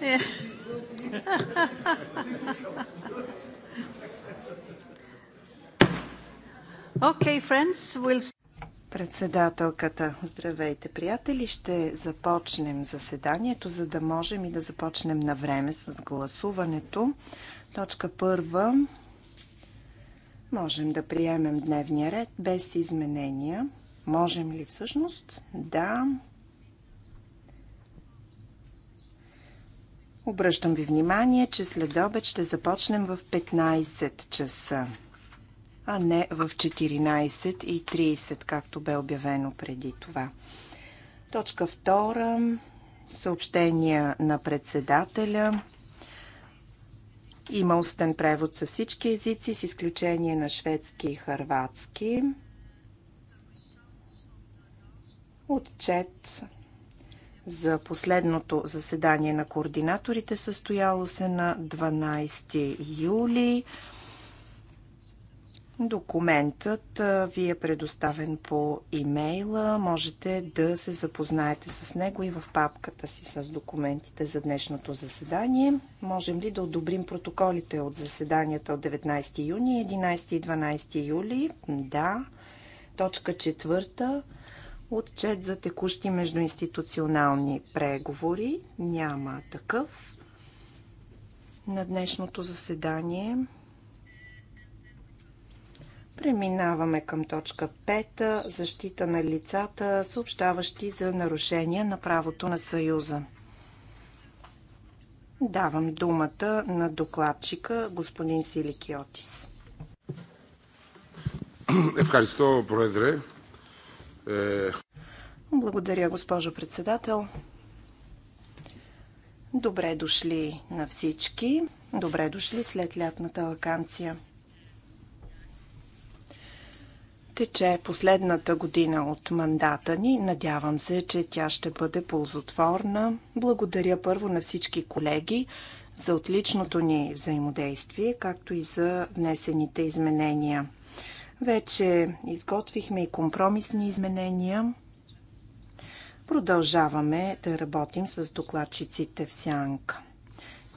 Е. okay, friends, we'll... Председателката, здравейте, приятели! Ще започнем заседанието, за да можем и да започнем на време с гласуването. Точка първа. Можем да приемем дневния ред без изменения. Можем ли всъщност? Да. Обръщам ви внимание, че след обед ще започнем в 15 часа, а не в 14 и 30, както бе обявено преди това. Точка 2. Съобщения на председателя. Има устен превод с всички езици, с изключение на шведски и хърватски. Отчет за последното заседание на координаторите, състояло се на 12 юли. Документът ви е предоставен по имейла. Можете да се запознаете с него и в папката си с документите за днешното заседание. Можем ли да одобрим протоколите от заседанията от 19 юни, 11 и 12 юли? Да. Точка четвърта Отчет за текущи междуинституционални преговори няма такъв. На днешното заседание преминаваме към точка 5 защита на лицата, съобщаващи за нарушения на правото на Съюза. Давам думата на докладчика господин Силикиотис. Ευχαριστώ, Πρόεδρε. Е. Благодаря, госпожо председател. Добре дошли на всички. Добре дошли след лятната вакансия. Тече последната година от мандата ни. Надявам се, че тя ще бъде ползотворна. Благодаря първо на всички колеги за отличното ни взаимодействие, както и за внесените изменения. Вече изготвихме и компромисни изменения. Продължаваме да работим с докладчиците в сянка.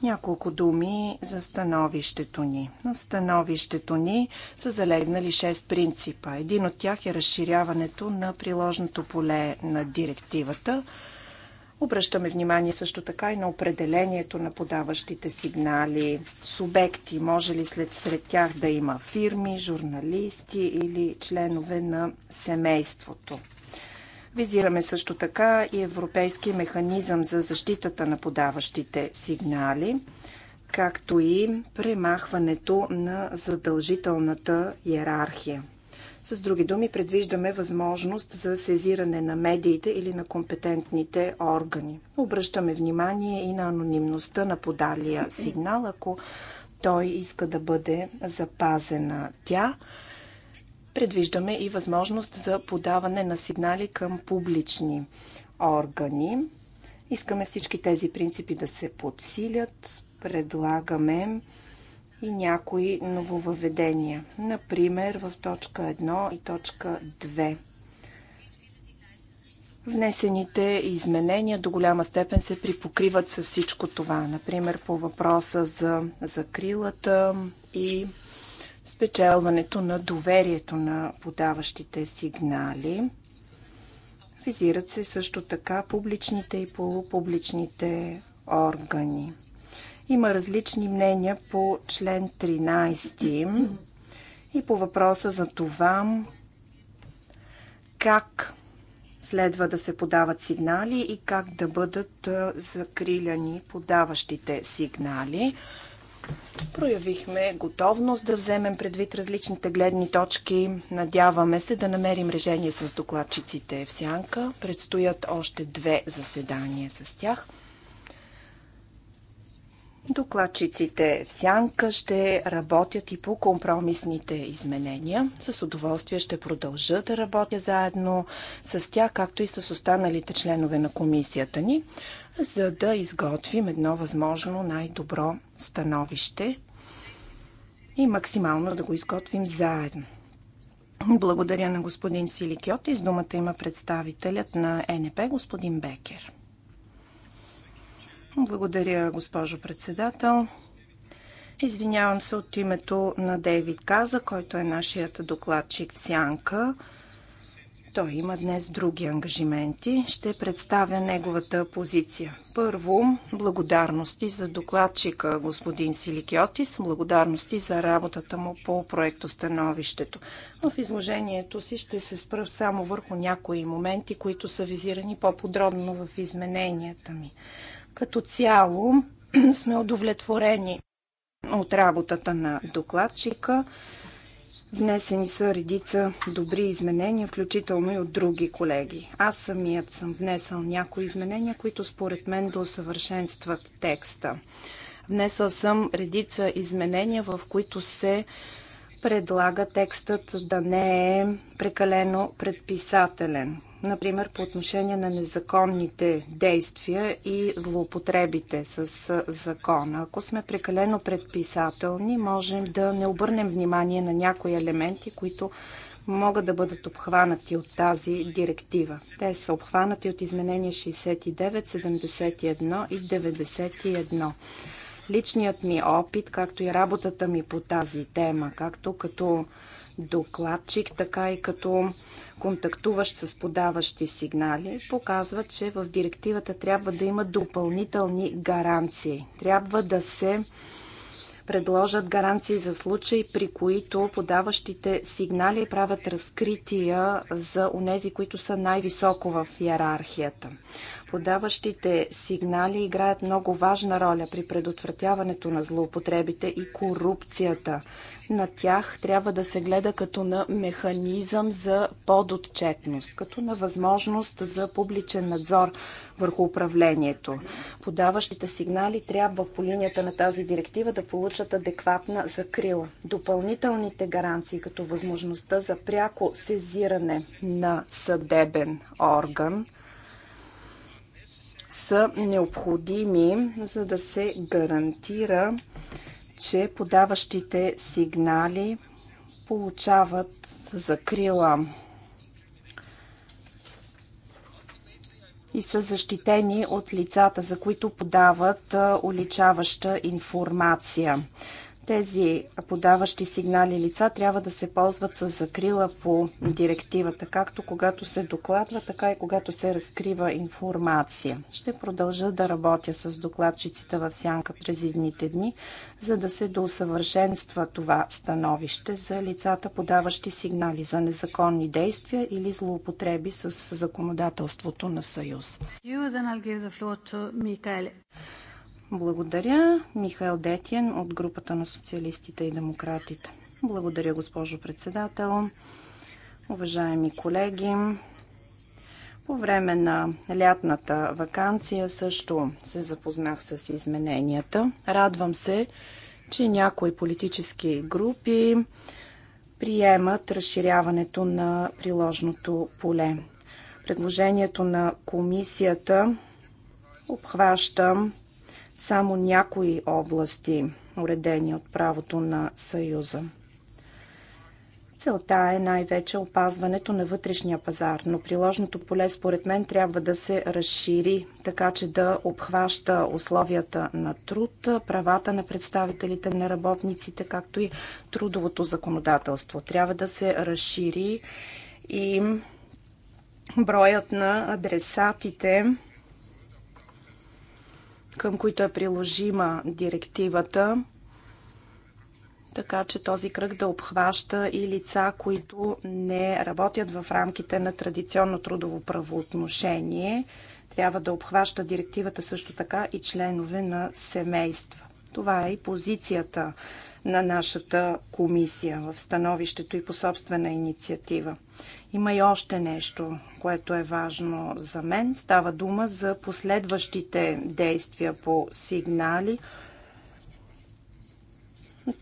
Няколко думи за становището ни. В становището ни са залегнали 6 принципа. Един от тях е разширяването на приложното поле на директивата – Обръщаме внимание също така и на определението на подаващите сигнали, субекти, може ли след сред тях да има фирми, журналисти или членове на семейството. Визираме също така и Европейски механизъм за защитата на подаващите сигнали, както и премахването на задължителната иерархия. С други думи, предвиждаме възможност за сезиране на медиите или на компетентните органи. Обръщаме внимание и на анонимността на подалия сигнал, ако той иска да бъде запазена тя. Предвиждаме и възможност за подаване на сигнали към публични органи. Искаме всички тези принципи да се подсилят. Предлагаме и някои нововъведения. Например, в точка 1 и точка 2. Внесените изменения до голяма степен се припокриват с всичко това. Например, по въпроса за закрилата и спечелването на доверието на подаващите сигнали. Визират се също така публичните и полупубличните органи. Има различни мнения по член 13 и по въпроса за това как следва да се подават сигнали и как да бъдат закриляни подаващите сигнали. Проявихме готовност да вземем предвид различните гледни точки. Надяваме се да намерим решение с докладчиците в Сянка. Предстоят още две заседания с тях – Докладчиците в Сянка ще работят и по компромисните изменения. С удоволствие ще продължа да работя заедно с тях, както и с останалите членове на комисията ни, за да изготвим едно възможно най-добро становище и максимално да го изготвим заедно. Благодаря на господин Силикиот из думата има представителят на НП господин Бекер. Благодаря, госпожо председател. Извинявам се от името на Дейвид Каза, който е нашият докладчик в Сянка. Той има днес други ангажименти. Ще представя неговата позиция. Първо, благодарности за докладчика господин Силикиотис, благодарности за работата му по проекто становището. В изложението си ще се спра само върху някои моменти, които са визирани по-подробно в измененията ми. Като цяло сме удовлетворени от работата на докладчика. Внесени са редица добри изменения, включително и от други колеги. Аз самият съм внесъл някои изменения, които според мен досъвършенстват текста. Внесъл съм редица изменения, в които се предлага текстът да не е прекалено предписателен например по отношение на незаконните действия и злоупотребите с закона. Ако сме прекалено предписателни, можем да не обърнем внимание на някои елементи, които могат да бъдат обхванати от тази директива. Те са обхванати от изменения 69, 71 и 91 личният ми опит, както и работата ми по тази тема, както като докладчик, така и като контактуващ с подаващи сигнали, показва, че в директивата трябва да има допълнителни гаранции. Трябва да се предложат гаранции за случаи, при които подаващите сигнали правят разкрития за онези, които са най-високо в иерархията. Подаващите сигнали играят много важна роля при предотвратяването на злоупотребите и корупцията. На тях трябва да се гледа като на механизъм за подотчетност, като на възможност за публичен надзор върху управлението. Подаващите сигнали трябва по линията на тази директива да получат адекватна закрила. Допълнителните гаранции, като възможността за пряко сезиране на съдебен орган – са необходими, за да се гарантира, че подаващите сигнали получават закрила и са защитени от лицата, за които подават уличаваща информация. Тези подаващи сигнали лица трябва да се ползват с закрила по директивата, както когато се докладва, така и когато се разкрива информация. Ще продължа да работя с докладчиците в сянка през едните дни, за да се доусъвършенства това становище за лицата, подаващи сигнали за незаконни действия или злоупотреби с законодателството на Съюз. Благодаря. Михаил Детиен от групата на социалистите и демократите. Благодаря, госпожо председател. Уважаеми колеги, по време на лятната вакансия също се запознах с измененията. Радвам се, че някои политически групи приемат разширяването на приложното поле. Предложението на комисията обхваща само някои области, уредени от правото на Съюза. Целта е най-вече опазването на вътрешния пазар, но приложното поле според мен трябва да се разшири, така че да обхваща условията на труд, правата на представителите на работниците, както и трудовото законодателство. Трябва да се разшири и броят на адресатите, към които е приложима директивата, така че този кръг да обхваща и лица, които не работят в рамките на традиционно трудово правоотношение. Трябва да обхваща директивата също така и членове на семейства. Това е и позицията на нашата комисия в становището и по собствена инициатива. Има и още нещо, което е важно за мен. Става дума за последващите действия по сигнали.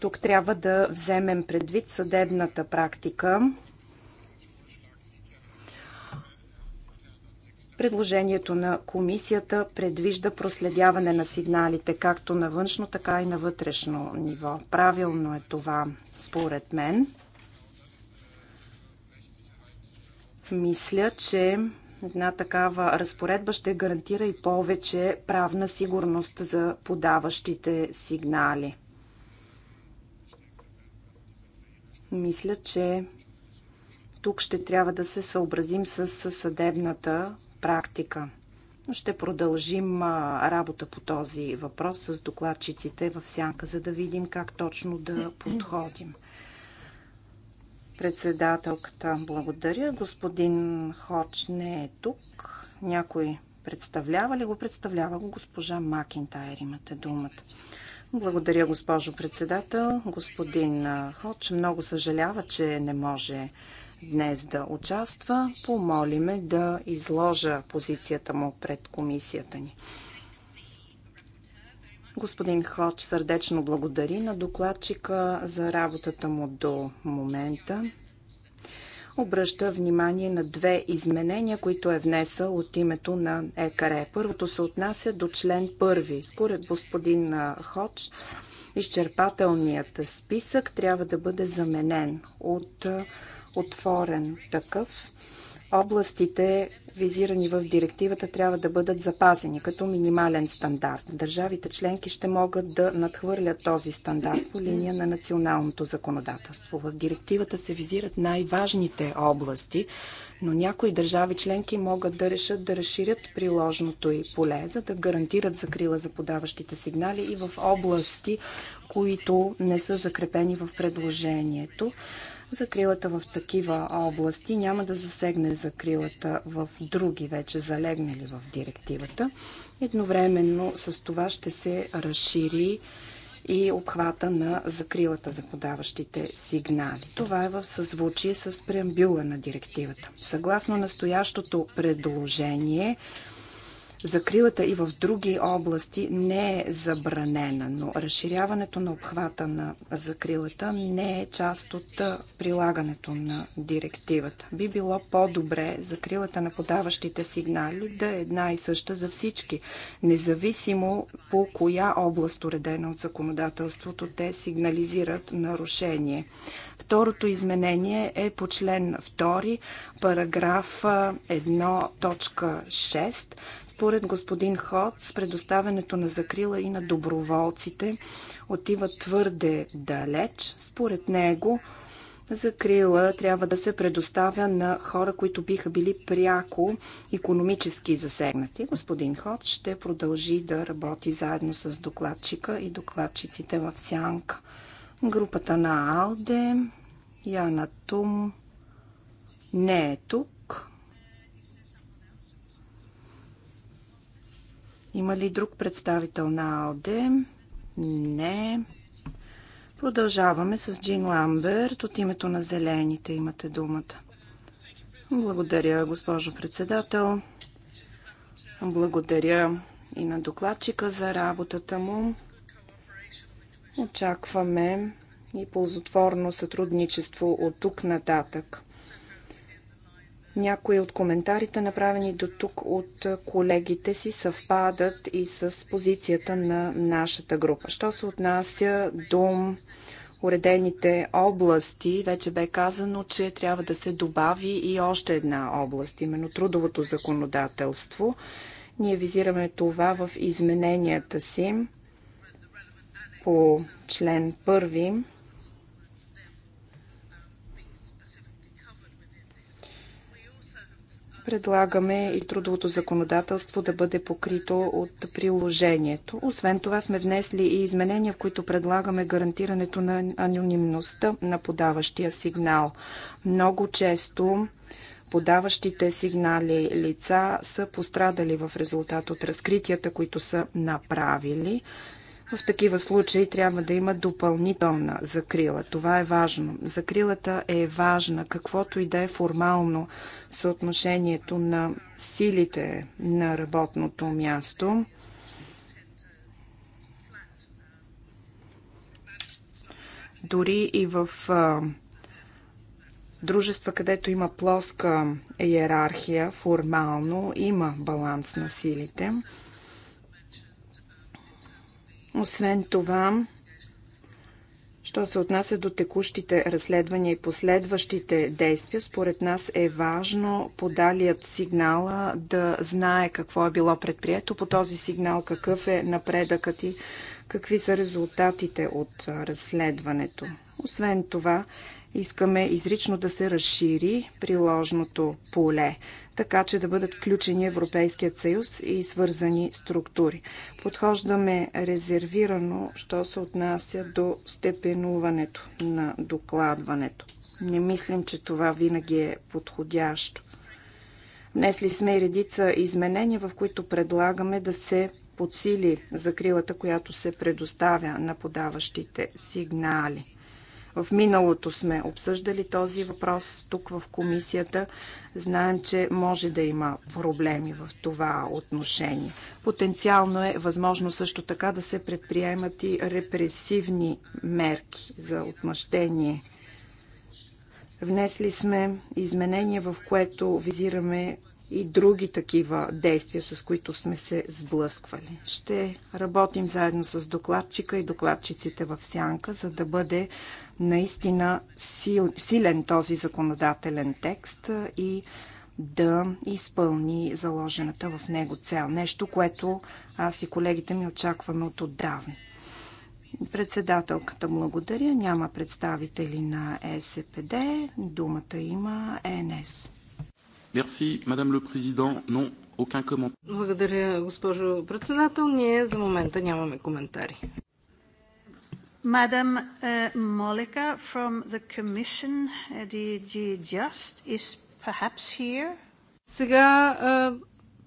Тук трябва да вземем предвид съдебната практика. Предложението на комисията предвижда проследяване на сигналите както на външно, така и на вътрешно ниво. Правилно е това, според мен. Мисля, че една такава разпоредба ще гарантира и повече правна сигурност за подаващите сигнали. Мисля, че тук ще трябва да се съобразим с съдебната практика. Ще продължим работа по този въпрос с докладчиците в сянка, за да видим как точно да подходим. Председателката, благодаря. Господин Хоч не е тук. Някой представлява ли го? Представлява го госпожа Макинтайр. Имате думата. Благодаря, госпожо председател. Господин Хоч много съжалява, че не може днес да участва. Помолиме да изложа позицията му пред комисията ни. Господин Ходж сърдечно благодари на докладчика за работата му до момента. Обръща внимание на две изменения, които е внесъл от името на ЕКРЕ. Първото се отнася до член първи. Според господин Ходж, изчерпателният списък трябва да бъде заменен от отворен такъв областите, визирани в директивата, трябва да бъдат запазени като минимален стандарт. Държавите членки ще могат да надхвърлят този стандарт по линия на националното законодателство. В директивата се визират най-важните области, но някои държави членки могат да решат да разширят приложното и поле, за да гарантират закрила за подаващите сигнали и в области, които не са закрепени в предложението. Закрилата в такива области няма да засегне закрилата в други, вече залегнали в директивата. Едновременно с това ще се разшири и обхвата на закрилата за подаващите сигнали. Това е в съзвучие с преамбюла на директивата. Съгласно настоящото предложение, закрилата и в други области не е забранена, но разширяването на обхвата на закрилата не е част от прилагането на директивата. Би било по-добре закрилата на подаващите сигнали да е една и съща за всички, независимо по коя област, уредена от законодателството, те сигнализират нарушение. Второто изменение е по член 2, параграф 1.6. Според господин Ход, с предоставянето на закрила и на доброволците отива твърде далеч. Според него, закрила трябва да се предоставя на хора, които биха били пряко економически засегнати. Господин Ход ще продължи да работи заедно с докладчика и докладчиците в Сянка. Групата на Алде, Яна Тум не е тук. Има ли друг представител на Алде? Не. Продължаваме с Джин Ламберт от името на Зелените. Имате думата. Благодаря, госпожо председател. Благодаря и на докладчика за работата му. Очакваме и ползотворно сътрудничество от тук нататък. Някои от коментарите, направени до тук от колегите си, съвпадат и с позицията на нашата група. Що се отнася до уредените области, вече бе казано, че трябва да се добави и още една област, именно трудовото законодателство. Ние визираме това в измененията си по член първи. предлагаме и трудовото законодателство да бъде покрито от приложението. Освен това сме внесли и изменения, в които предлагаме гарантирането на анонимността на подаващия сигнал. Много често подаващите сигнали лица са пострадали в резултат от разкритията, които са направили. В такива случаи трябва да има допълнителна закрила. Това е важно. Закрилата е важна, каквото и да е формално съотношението на силите на работното място. Дори и в дружества, където има плоска иерархия, формално има баланс на силите. Освен това, що се отнася до текущите разследвания и последващите действия, според нас е важно подалият сигнала да знае какво е било предприето по този сигнал, какъв е напредъкът и какви са резултатите от разследването. Освен това, искаме изрично да се разшири приложното поле така че да бъдат включени Европейският съюз и свързани структури. Подхождаме резервирано, що се отнася до степенуването на докладването. Не мислим, че това винаги е подходящо. Внесли сме и редица изменения, в които предлагаме да се подсили закрилата, която се предоставя на подаващите сигнали. В миналото сме обсъждали този въпрос тук в комисията. Знаем, че може да има проблеми в това отношение. Потенциално е възможно също така да се предприемат и репресивни мерки за отмъщение. Внесли сме изменения, в което визираме и други такива действия, с които сме се сблъсквали. Ще работим заедно с докладчика и докладчиците в сянка, за да бъде наистина сил, силен този законодателен текст и да изпълни заложената в него цел. Нещо, което аз и колегите ми очакваме от отдавна. Председателката благодаря. Няма представители на СПД. Думата има ЕНС. Мерси, мадам ле президент. Но, aucun коментар. Благодаря, госпожо председател. Ние за момента нямаме коментари. Madam uh, Mollica from the Commission, uh, DG Just, is perhaps here. Сега uh,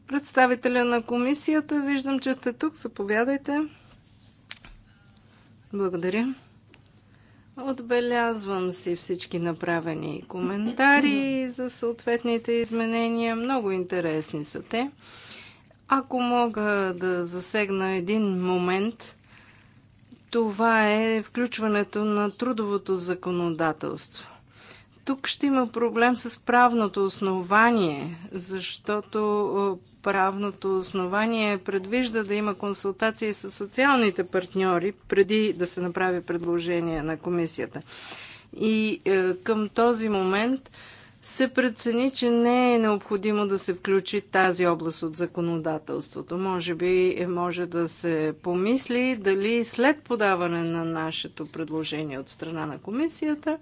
представителя на комисията, виждам, че сте тук. Заповядайте. Благодаря. Отбелязвам си всички направени коментари за съответните изменения. Много интересни са те. Ако мога да засегна един момент – това е включването на трудовото законодателство. Тук ще има проблем с правното основание, защото правното основание предвижда да има консултации с социалните партньори преди да се направи предложение на комисията. И е, към този момент се прецени, че не е необходимо да се включи тази област от законодателството. Може би е, може да се помисли дали след подаване на нашето предложение от страна на комисията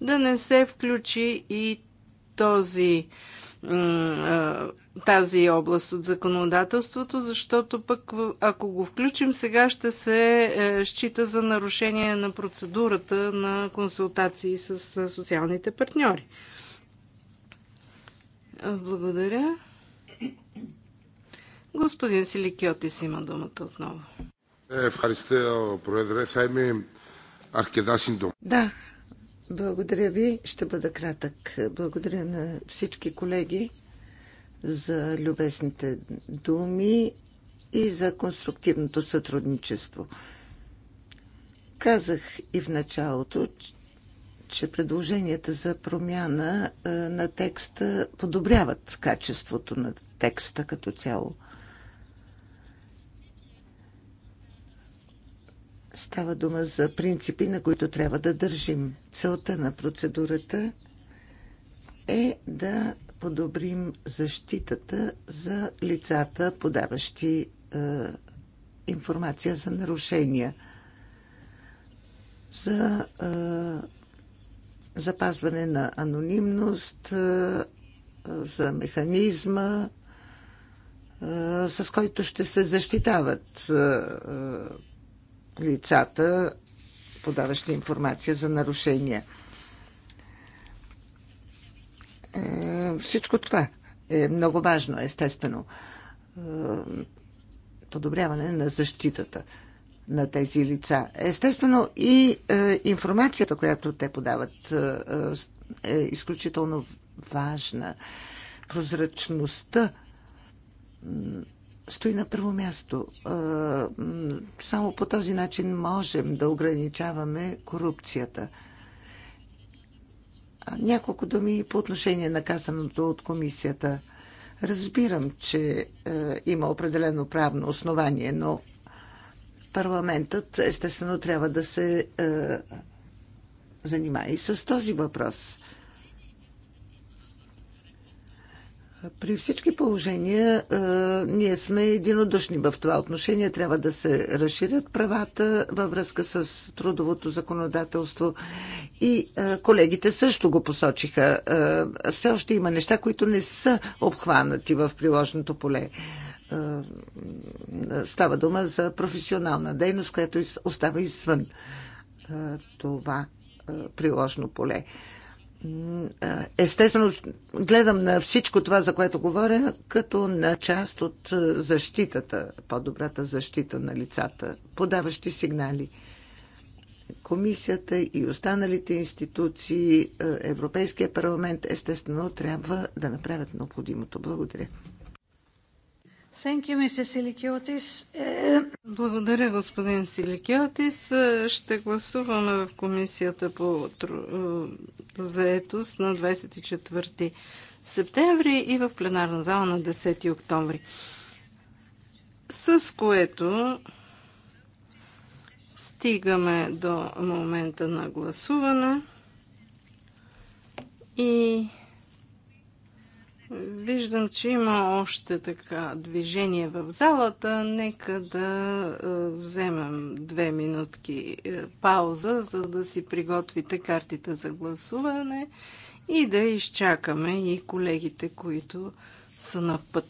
да не се включи и този, тази област от законодателството, защото пък ако го включим сега ще се е, счита за нарушение на процедурата на консултации с социалните партньори. Благодаря. Господин Силикиотис има думата отново. Ευχαριστώ, Πρόεδρε. Θα είμαι αρκετά Да, благодаря ви. Ще бъда кратък. Благодаря на всички колеги за любезните думи и за конструктивното сътрудничество. Казах и в началото, че предложенията за промяна е, на текста подобряват качеството на текста като цяло. Става дума за принципи, на които трябва да държим. Целта на процедурата е да подобрим защитата за лицата, подаващи е, информация за нарушения. За е, запазване на анонимност, е, за механизма, е, с който ще се защитават е, лицата, подаващи информация за нарушения. Всичко това е много важно, естествено. Подобряване на защитата на тези лица. Естествено и е, информацията, която те подават е, е, е изключително важна. Прозрачността стои на първо място. Е, само по този начин можем да ограничаваме корупцията. Няколко думи по отношение на казаното от комисията. Разбирам, че е, има определено правно основание, но Парламентът естествено трябва да се е, занимае и с този въпрос. При всички положения е, ние сме единодушни в това отношение. Трябва да се разширят правата във връзка с трудовото законодателство и е, колегите също го посочиха. Е, все още има неща, които не са обхванати в приложното поле. Е, е, става дума за професионална дейност, която остава извън е, това е, приложно поле. Естествено, гледам на всичко това, за което говоря, като на част от защитата, по-добрата защита на лицата, подаващи сигнали. Комисията и останалите институции, Европейския парламент, естествено, трябва да направят необходимото. Благодаря. Е, Благодаря, господин Силикиотис. Е, ще гласуваме в комисията по е, заетост на 24 септември и в пленарна зала на 10 октомври. С което стигаме до момента на гласуване и Виждам, че има още така движение в залата. Нека да е, вземем две минутки е, пауза, за да си приготвите картите за гласуване и да изчакаме и колегите, които са на път.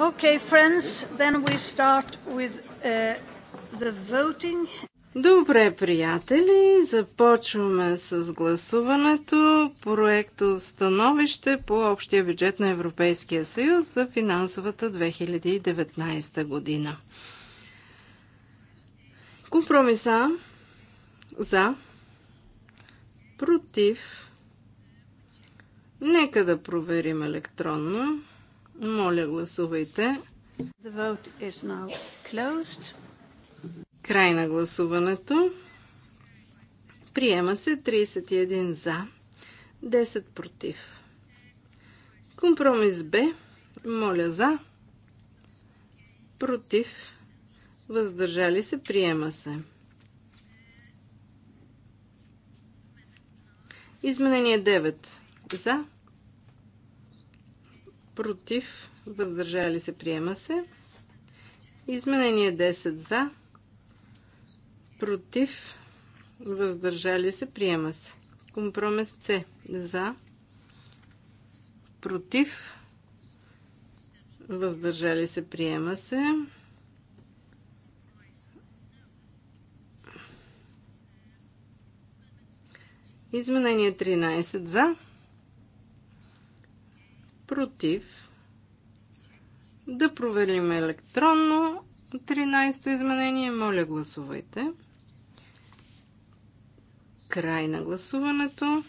Okay, friends, then we start with uh, the voting. Добре, приятели, започваме с гласуването проекто становище по общия бюджет на Европейския съюз за финансовата 2019 година. Компромиса за, против, нека да проверим електронно. Моля, гласувайте. The vote is now closed. Край на гласуването. Приема се 31 за, 10 против. Компромис Б. Моля за. Против. Въздържали се. Приема се. Изменение 9. За против, въздържали се, приема се. Изменение 10 за, против, въздържали се, приема се. Компромис С за, против, въздържали се, приема се. Изменение 13 за, против. Да проверим електронно 13-то изменение. Моля, гласувайте. Край на гласуването.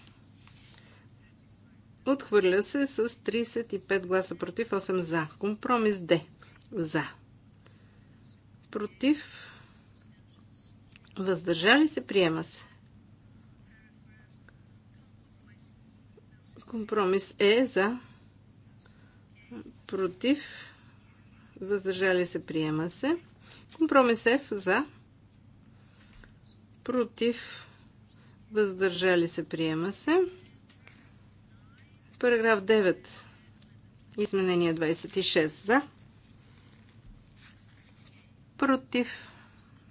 Отхвърля се с 35 гласа против, 8 за. Компромис Д. За. Против. Въздържали се, приема се. Компромис Е за против, въздържали се, приема се. Компромис F за, против, въздържали се, приема се. Параграф 9, изменение 26 за, против,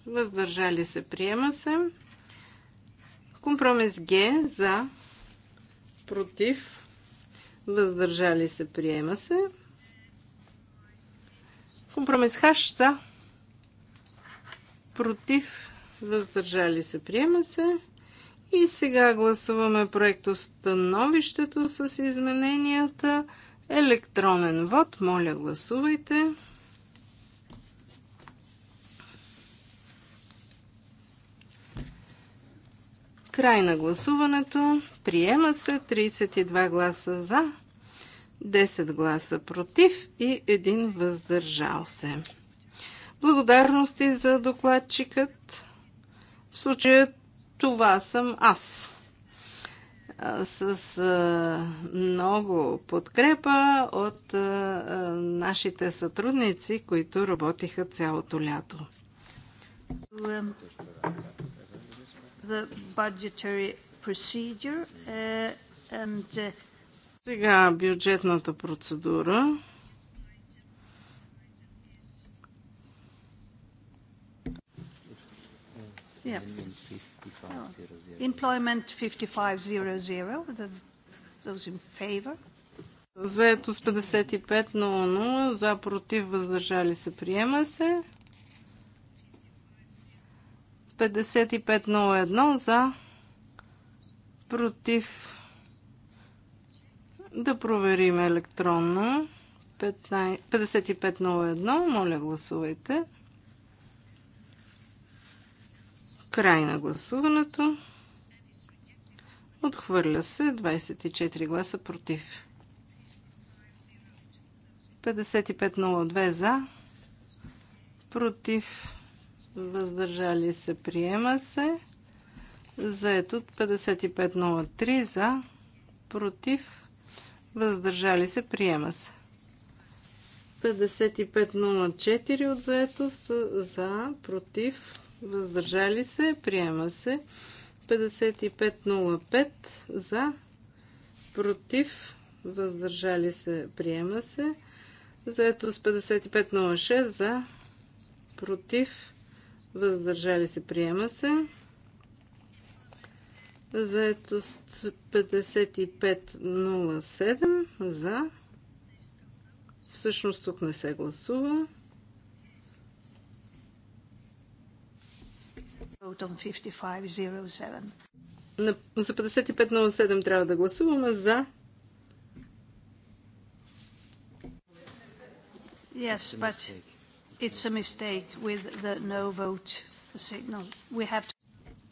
въздържали се, приема се. Компромис Г за, против, въздържали се, приема се. Компромис хаш за. Против. Въздържали се. Приема се. И сега гласуваме проекто становището с измененията. Електронен вод. Моля, гласувайте. Край на гласуването. Приема се 32 гласа за, 10 гласа против и 1 въздържал се. Благодарности за докладчикът. В случая това съм аз. С много подкрепа от нашите сътрудници, които работиха цялото лято. The budgetary procedure uh, and uh, сега бюджетната процедура. Employment 5500, those in favor. Заето с 55.00, за против въздържали се, приема се. 55.01 за против да проверим електронно. 5501. Моля, гласувайте. Край на гласуването. Отхвърля се 24 гласа против. 5502 за. Против. Въздържали се. Приема се. от 5503 за. Против въздържали се, приема се. 5504 от заетост за, против, въздържали се, приема се. 5505 за, против, въздържали се, приема се. Заето с 5506 за, против, въздържали се, приема се. Заетост 5507 за. Всъщност тук не се гласува. За 5507 трябва да гласуваме за. Yes, but it's a mistake with the no vote signal. We have to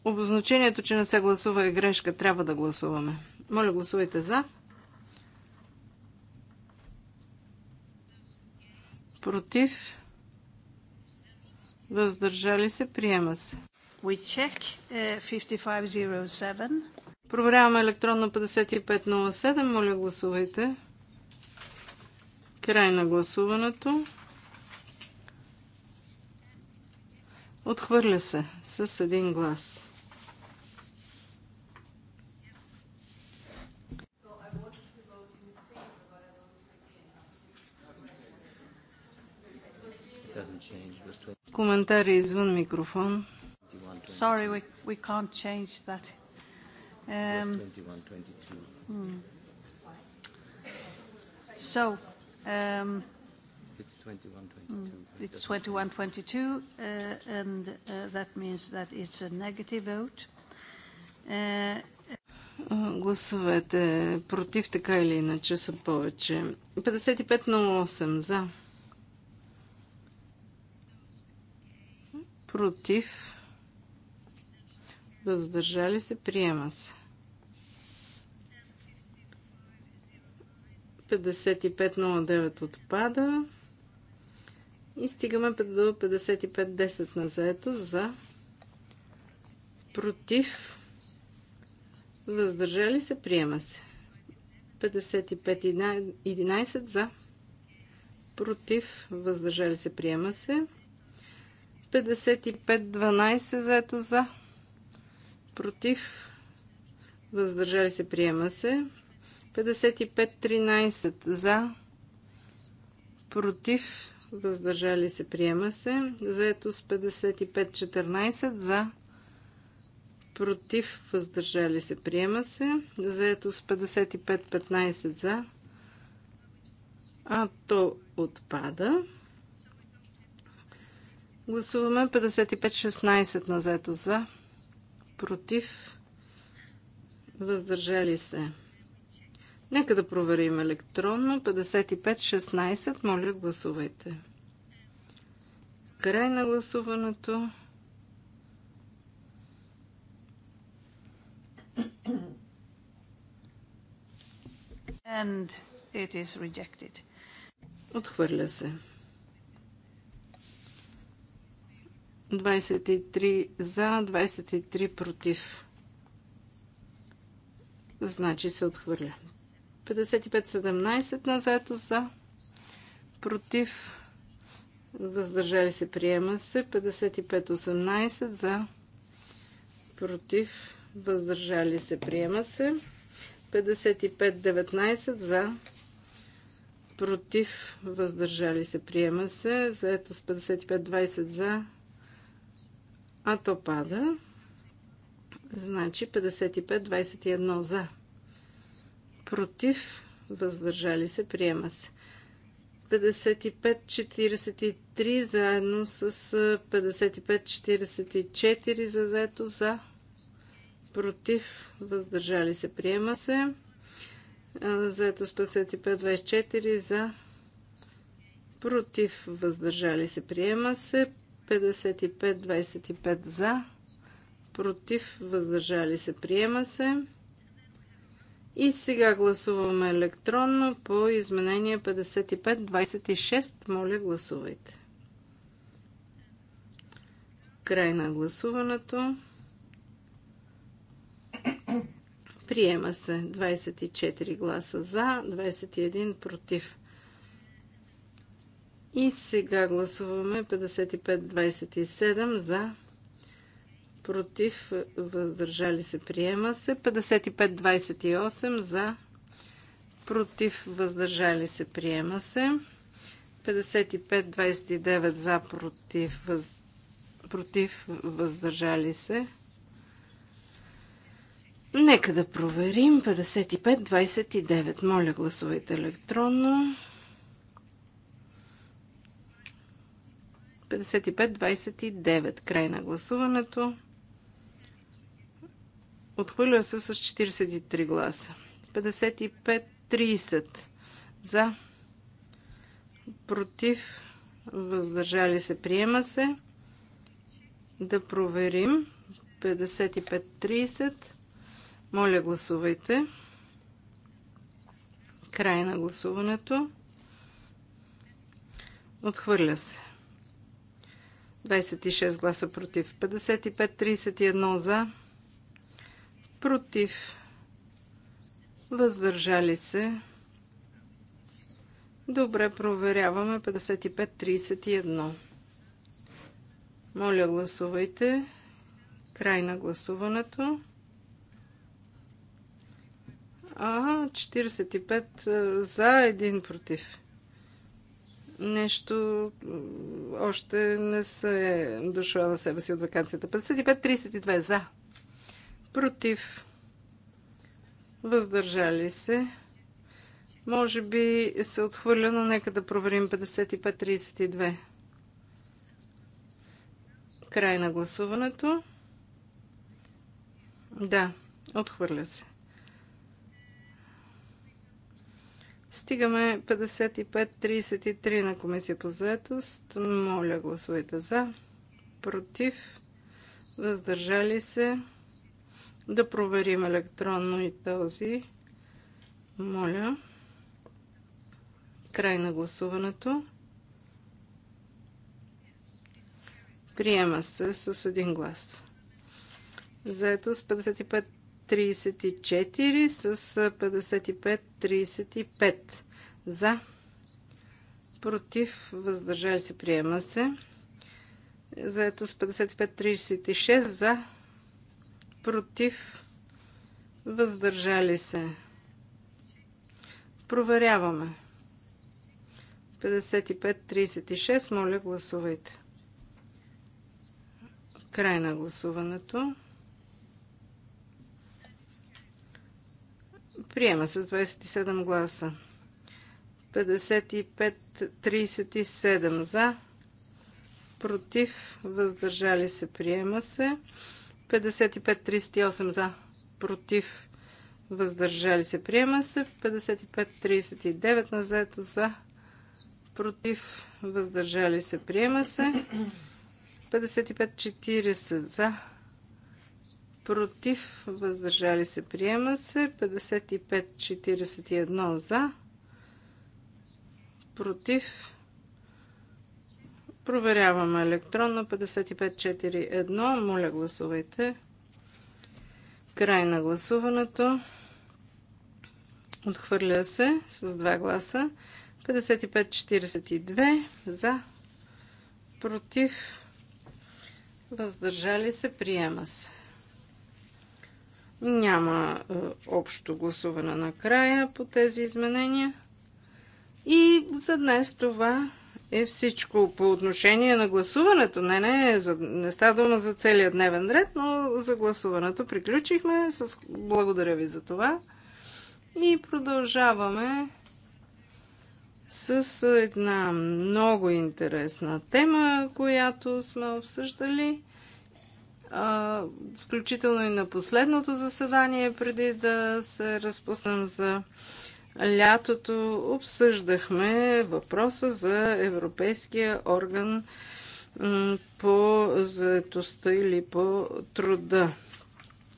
Обозначението, че не се гласува е грешка. Трябва да гласуваме. Моля, гласувайте за. Против. Въздържали се. Приема се. We check, uh, е, 5507. Проверяваме електронно 5507. Моля, гласувайте. Край на гласуването. Отхвърля се с един глас. Коментари извън микрофон. Sorry, we, we can't change that. Um, hmm. So, um, It's 21-22. It's 21-22, and that means that it's a negative vote. Гласовете против така или иначе са повече. 55 на 8 за. против, въздържали се, приема се. 5509 отпада. И стигаме до 5510 на заето за против, въздържали се, приема се. 5511 за против, въздържали се, приема се. 55-12 заето за. Против. Въздържали се. Приема се. 55-13 за. Против. Въздържали се. Приема се. Заето с 55-14 за. Против. Въздържали се. Приема се. Заето с 55-15 за. А то отпада. Гласуваме 55-16 на заето за, против, въздържали се. Нека да проверим електронно. 55-16, моля гласувайте. Край на гласуването. And it is rejected. Отхвърля се. 23 за, 23 против. Значи се отхвърля. 55-17 на заето за, против, въздържали се, приема се. 55-18 за, против, въздържали се, приема се. 55-19 за, против, въздържали се, приема се. Заето с 55-20 за, а то пада. Значи 55-21 за. Против, въздържали се, приема се. 55-43 заедно с 55-44 за заето за. Против, въздържали се, приема се. Заето с 55-24 за. Против, въздържали се, приема се. 55-25 за, против, въздържали се, приема се. И сега гласуваме електронно по изменение 55-26. Моля, гласувайте. Край на гласуването. Приема се 24 гласа за, 21 против. И сега гласуваме 55-27 за, против, въздържали се, приема се. 55-28 за, против, въздържали се, приема се. 55-29 за, против, въз... против, въздържали се. Нека да проверим. 55-29. Моля, гласувайте електронно. 55-29. Край на гласуването. Отхвърля се с 43 гласа. 55-30 за. Против. Въздържали се. Приема се. Да проверим. 55-30. Моля, гласувайте. Край на гласуването. Отхвърля се. 26 гласа против. 55-31 за. Против. Въздържали се. Добре, проверяваме 55-31. Моля, гласувайте. Край на гласуването. А, 45 за, 1 против нещо още не се дошла на себе си от вакансията. 55-32 за. Против. Въздържали се. Може би се отхвърля, но нека да проверим 55-32. Край на гласуването. Да, отхвърля се. 55 Стигаме 55-33 на комисия по заетост. Моля, гласувайте за. Против. Въздържали се. Да проверим електронно и този. Моля. Край на гласуването. Приема се с един глас. Заето с 55 34 с 55-35 за. Против, въздържали се, приема се. Заето с 55-36 за. Против, въздържали се. Проверяваме. 55-36, моля гласувайте. Край на гласуването. Приема с 27 гласа. 55-37 за. Против. Въздържали се. Приема се. 55-38 за. Против. Въздържали се. Приема се. 55-39 на заето за. Против. Въздържали се. Приема се. 55-40 за против, въздържали се, приема се. 55-41 за, против. Проверяваме електронно. 55-41. Моля, гласувайте. Край на гласуването. Отхвърля се с 2 гласа. 55-42 за, против, въздържали се, приема се. Няма е, общо гласуване на края по тези изменения. И за днес това е всичко по отношение на гласуването. Не, не, за, не става дума за целият дневен ред, но за гласуването приключихме. С... Благодаря ви за това. И продължаваме с една много интересна тема, която сме обсъждали – включително и на последното заседание, преди да се разпуснем за лятото, обсъждахме въпроса за Европейския орган по заетостта или по труда.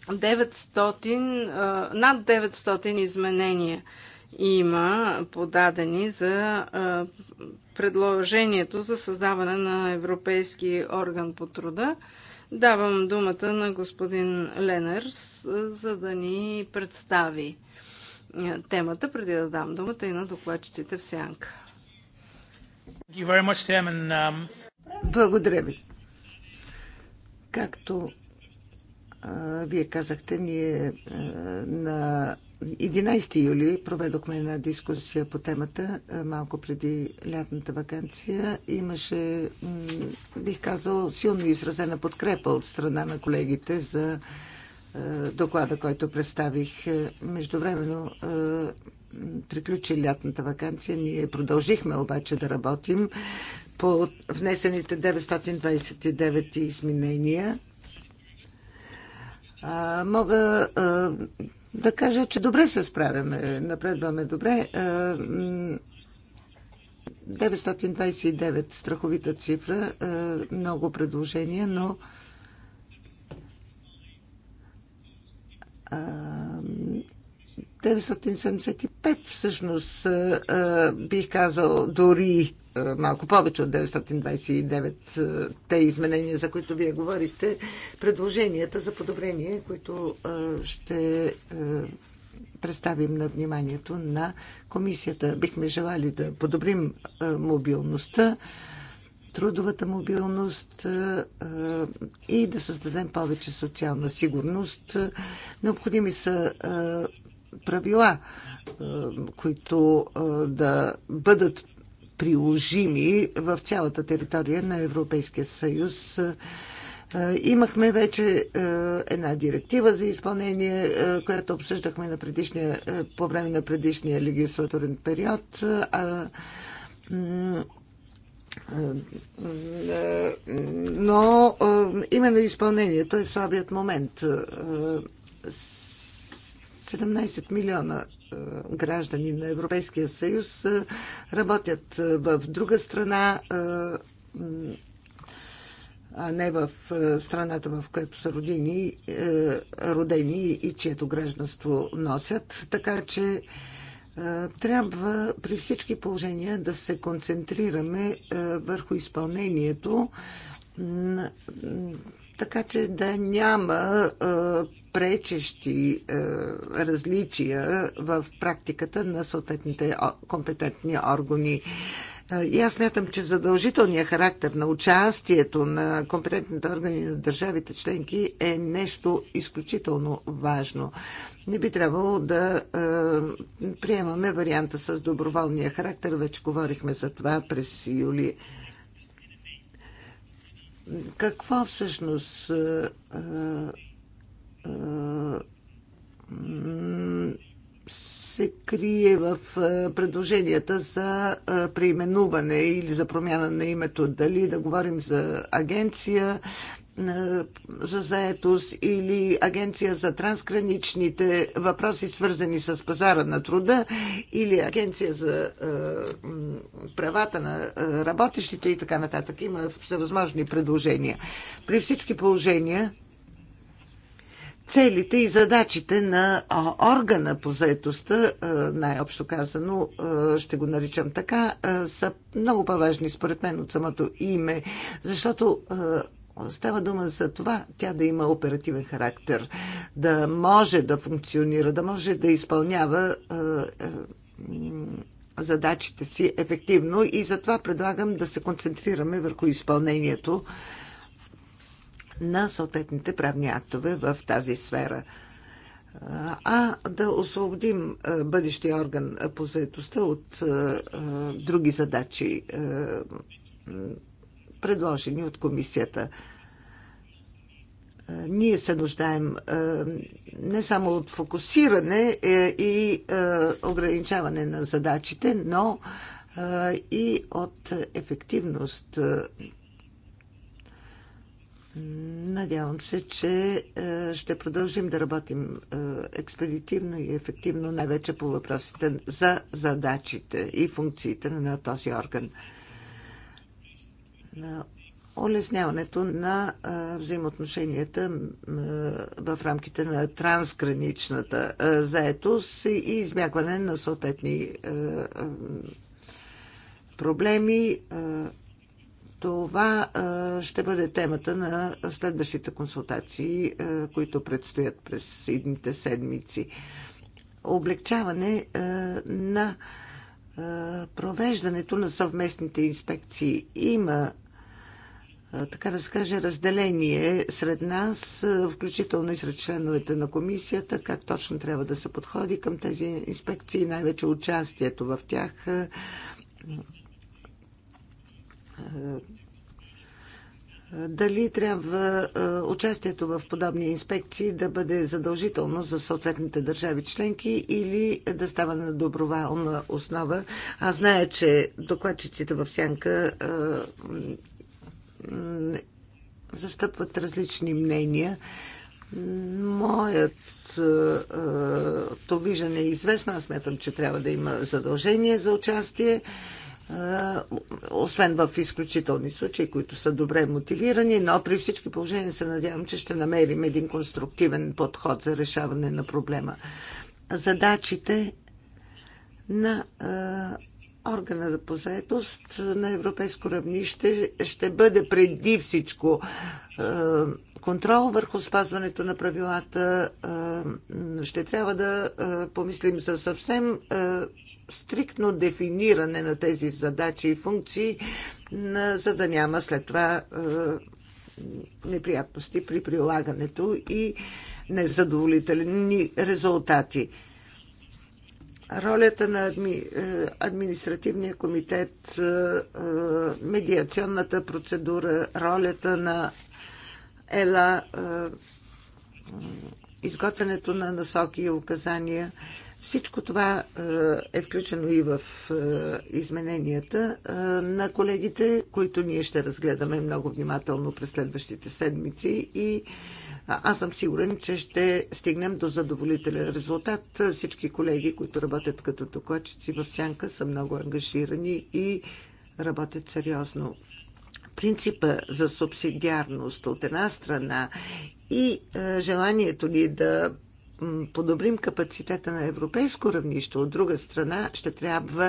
900, над 900 изменения има подадени за предложението за създаване на Европейски орган по труда. Давам думата на господин Ленерс, за да ни представи темата, преди да дам думата и на докладчиците в сянка. Um, Благодаря ви. Както вие казахте, ние на 11 юли проведохме една дискусия по темата е, малко преди лятната вакансия. Имаше, бих казал, силно изразена подкрепа от страна на колегите за е, доклада, който представих. Е, междувременно приключи лятната вакансия. Ние продължихме обаче да работим по внесените 929 изменения. Мога да кажа, че добре се справяме, напредваме добре. 929 е, страховита цифра, е, много предложения, но е, 975 всъщност бих казал дори малко повече от 929 те изменения, за които вие говорите, предложенията за подобрение, които ще представим на вниманието на комисията. Бихме желали да подобрим мобилността, трудовата мобилност и да създадем повече социална сигурност. Необходими са правила, е, които е, да бъдат приложими в цялата територия на Европейския съюз. Е, имахме вече една директива за изпълнение, която обсъждахме на предишния, по време на предишния легислатурен период. Но именно изпълнението е слабият момент. 17 милиона е, граждани на Европейския съюз е, работят е, в друга страна, а не в страната, в която са родини, родени и чието гражданство носят. Така че трябва при всички положения да се концентрираме върху изпълнението така че да няма пречещи е, различия в практиката на съответните компетентни органи. Е, и аз смятам, че задължителният характер на участието на компетентните органи на държавите членки е нещо изключително важно. Не би трябвало да е, приемаме варианта с доброволния характер. Вече говорихме за това през юли. Какво всъщност. е, е се крие в предложенията за преименуване или за промяна на името. Дали да говорим за агенция за заетост или агенция за трансграничните въпроси, свързани с пазара на труда, или агенция за правата на работещите и така нататък. Има всевъзможни предложения. При всички положения целите и задачите на органа по заетостта, най-общо казано, ще го наричам така, са много по-важни според мен от самото име, защото Става дума за това тя да има оперативен характер, да може да функционира, да може да изпълнява задачите си ефективно и затова предлагам да се концентрираме върху изпълнението на съответните правни актове в тази сфера а да освободим бъдещия орган по заедостта от други задачи, предложени от комисията. Ние се нуждаем не само от фокусиране е, и ограничаване на задачите, но и от ефективност Надявам се, че е, ще продължим да работим е, експедитивно и ефективно, най-вече по въпросите за задачите и функциите на този орган. Олесняването на е, взаимоотношенията в рамките на трансграничната заетост и измякване на съответни проблеми това ще бъде темата на следващите консултации, които предстоят през идните седмици. Облегчаване на провеждането на съвместните инспекции. Има така да се каже, разделение сред нас, включително и сред членовете на комисията, как точно трябва да се подходи към тези инспекции, най-вече участието в тях дали трябва е, участието в подобни инспекции да бъде задължително за съответните държави членки или да става на доброволна основа. Аз зная, че докладчиците в Сянка е, застъпват различни мнения. Моят е, то виждане е известно. Аз смятам, че трябва да има задължение за участие освен в изключителни случаи, които са добре мотивирани, но при всички положения се надявам, че ще намерим един конструктивен подход за решаване на проблема. Задачите на органа за позаетост на европейско равнище ще бъде преди всичко контрол върху спазването на правилата. Ще трябва да помислим за съвсем стриктно дефиниране на тези задачи и функции, за да няма след това е, неприятности при прилагането и незадоволителни резултати. Ролята на адми, е, административния комитет, е, медиационната процедура, ролята на ЕЛА, изготвянето на насоки и указания – всичко това е, е включено и в е, измененията е, на колегите, които ние ще разгледаме много внимателно през следващите седмици и аз съм сигурен, че ще стигнем до задоволителен резултат. Всички колеги, които работят като докладчици в Сянка, са много ангажирани и работят сериозно. Принципа за субсидиарност от една страна и желанието ни да подобрим капацитета на европейско равнище, от друга страна ще трябва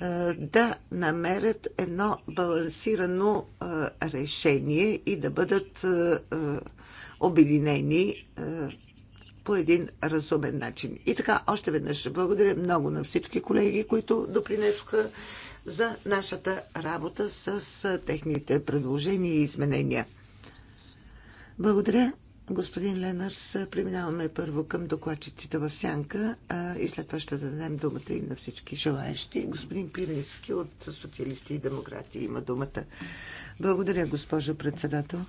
е, да намерят едно балансирано е, решение и да бъдат е, обединени по един разумен начин. И така, още веднъж благодаря много на всички колеги, които допринесоха за нашата работа с техните предложения и изменения. Благодаря. Господин Ленърс, преминаваме първо към докладчиците в сянка а, и след това ще дадем думата и на всички желаящи. Господин Пирински от Социалисти и Демократи има думата. Благодаря, госпожо председател.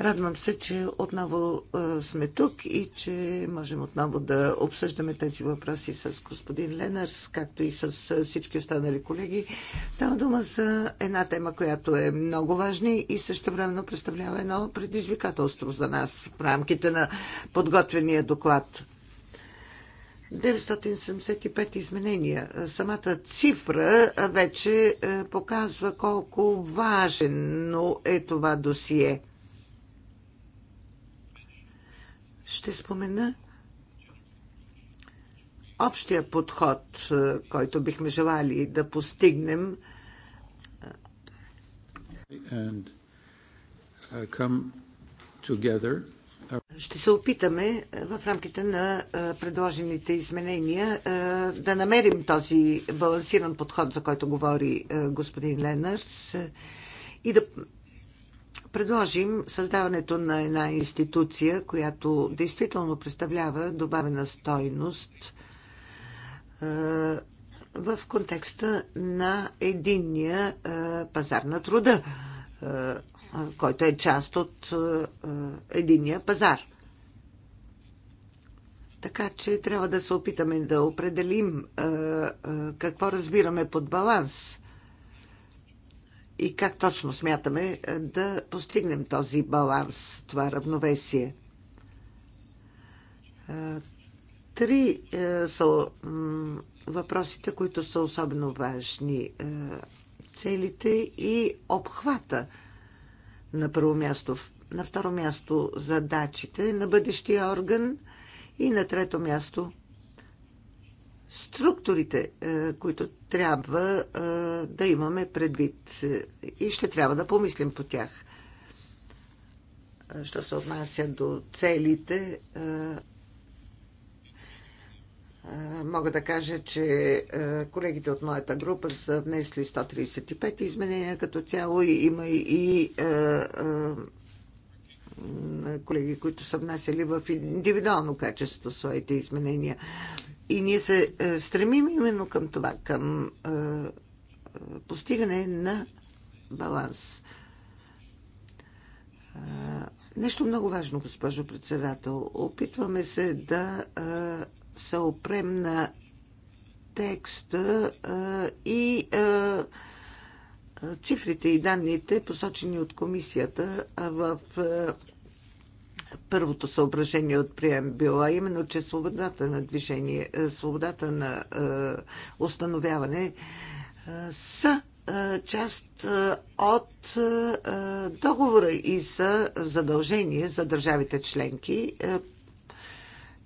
Радвам се, че отново е, сме тук и че можем отново да обсъждаме тези въпроси с господин Ленърс, както и с е, всички останали колеги. Става дума за една тема, която е много важна и също времено представлява едно предизвикателство за нас в рамките на подготвения доклад. 975 изменения. Самата цифра вече е, показва колко важно е това досие. Ще спомена общия подход, е, който бихме желали да постигнем. Uh, Ще се опитаме е, в рамките на е, предложените изменения да намерим този балансиран подход, за който говори господин Ленърс и да предложим създаването на една институция, която действително представлява добавена стойност в контекста на единния пазар на труда, който е част от единния пазар. Така че трябва да се опитаме да определим какво разбираме под баланс и как точно смятаме е, да постигнем този баланс, това равновесие. Е, три е, са въпросите, които са особено важни. Целите и обхвата на първо място. На второ място задачите на бъдещия орган и на трето място структурите, е, които трябва е, да имаме предвид и ще трябва да помислим по тях. Е, що се отнася до целите, мога да кажа, че колегите от моята група са внесли 135 изменения като цяло и има и колеги, които са внасяли в индивидуално качество своите изменения. И ние се е, стремим именно към това, към е, постигане на баланс. Е, нещо много важно, госпожо председател. Опитваме се да се опрем на текста и цифрите и данните, посочени от комисията в първото съображение от прием била именно, че свободата на движение, е, свободата на е, установяване е, са част от договора и са задължение за държавите членки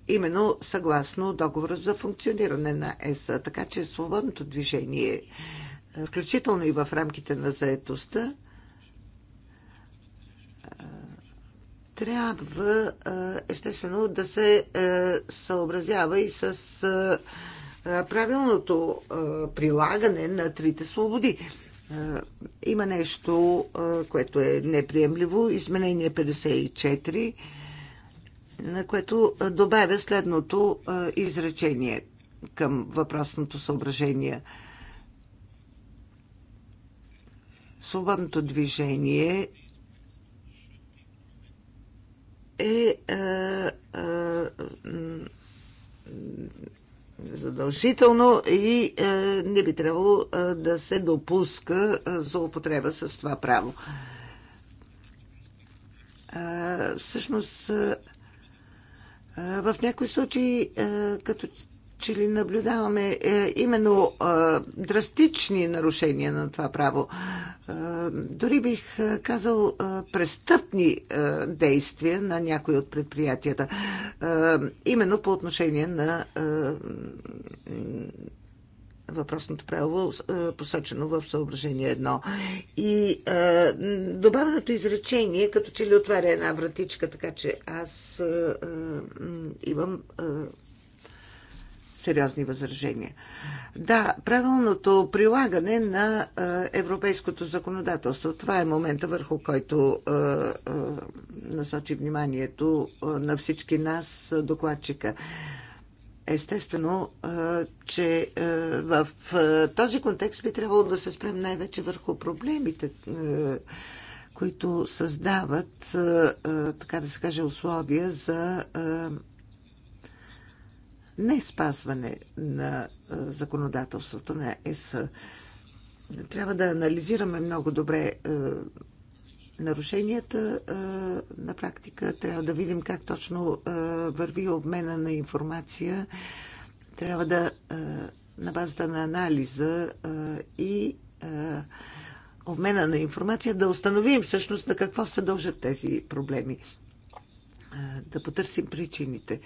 именно съгласно договора за функциониране на ЕС. Така че свободното движение, включително и в рамките на заетостта, трябва естествено да се съобразява и с правилното прилагане на трите свободи. Има нещо, което е неприемливо. Изменение 54, на което добавя следното изречение към въпросното съображение. Свободното движение е, е, е задължително и е, не би трябвало да се допуска злоупотреба с това право. Всъщност, в някои случаи, като че ли наблюдаваме е, именно е, драстични нарушения на това право. Е, дори бих е, казал е, престъпни е, действия на някои от предприятията. Е, именно по отношение на е, въпросното право, е, посочено в съображение едно. И е, добавеното изречение, като че ли отваря една вратичка, така че аз е, е, имам е, сериозни възражения. Да, правилното прилагане на европейското законодателство. Това е момента върху който насочи вниманието на всички нас, докладчика. Естествено, че в този контекст би трябвало да се спрем най-вече върху проблемите, които създават, така да се каже, условия за не спазване на законодателството на ЕС. Трябва да анализираме много добре нарушенията на практика. Трябва да видим как точно върви обмена на информация. Трябва да на базата на анализа и обмена на информация да установим всъщност на какво се дължат тези проблеми. Да потърсим причините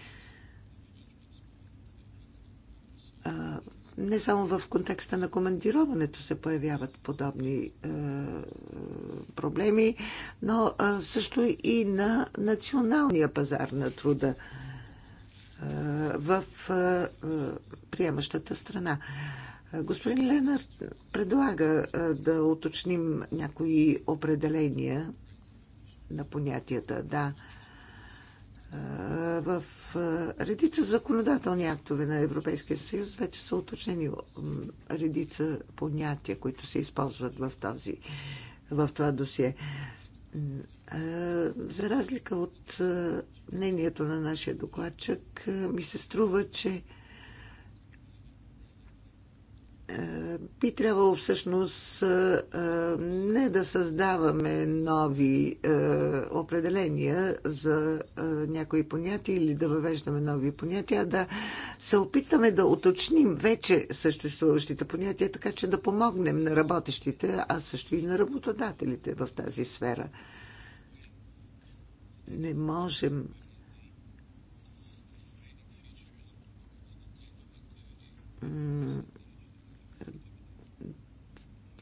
не само в контекста на командироването се появяват подобни е, проблеми, но също и на националния пазар на труда е, в е, приемащата страна. Господин Ленар предлага да уточним някои определения на понятията. Да в редица законодателни актове на Европейския съюз вече са уточнени редица понятия, които се използват в, тази, в това досие. За разлика от мнението на нашия докладчик, ми се струва, че е, би трябвало всъщност е, не да създаваме нови е, определения за някои понятия или да въвеждаме нови понятия, а да се опитаме да уточним вече съществуващите понятия, така че да помогнем на работещите, а също и на работодателите в тази сфера. Не можем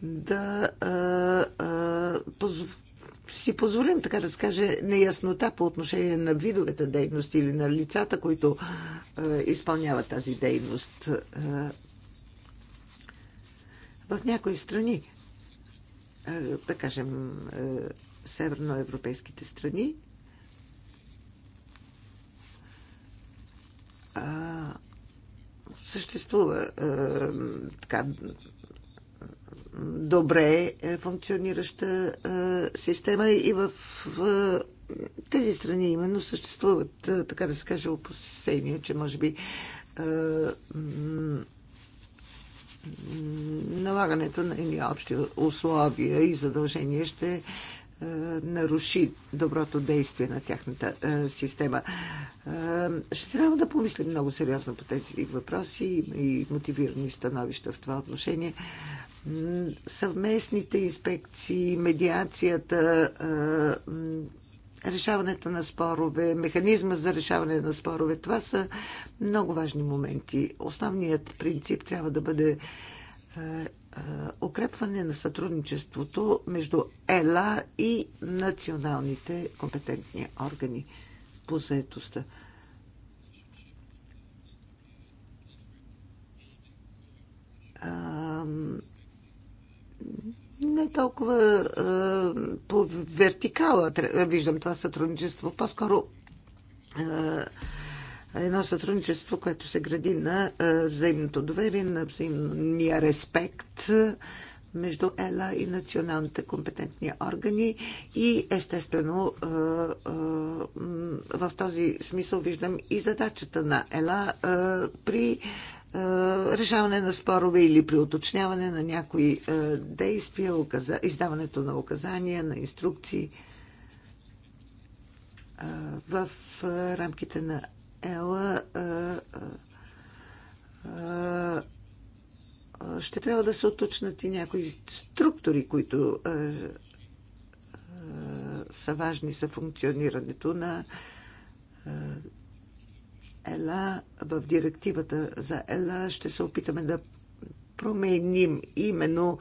да а, а, поз... си позволим, така да се каже, неяснота по отношение на видовете дейност или на лицата, които а, изпълняват тази дейност. А, в някои страни, а, да кажем, а, северноевропейските страни, а, съществува а, така добре е функционираща е, система и в е, тези страни именно съществуват, така да се каже, опасения, че може би налагането на едни общи условия и задължения ще наруши доброто действие на тяхната система. ще трябва да помислим много сериозно по тези въпроси и мотивирани становища в това отношение съвместните инспекции, медиацията, решаването на спорове, механизма за решаване на спорове. Това са много важни моменти. Основният принцип трябва да бъде укрепване на сътрудничеството между ЕЛА и националните компетентни органи по заедостта не толкова по вертикала виждам това сътрудничество, по-скоро едно сътрудничество, което се гради на взаимното доверие, на взаимния респект между ЕЛА и националните компетентни органи и естествено в този смисъл виждам и задачата на ЕЛА при е, решаване на спорове или при уточняване на някои е, действия, издаването на указания, на инструкции е, в рамките на ЕЛА ще трябва да се оточнат и някои структури, които са важни за функционирането на ЕЛА, в директивата за ЕЛА ще се опитаме да променим именно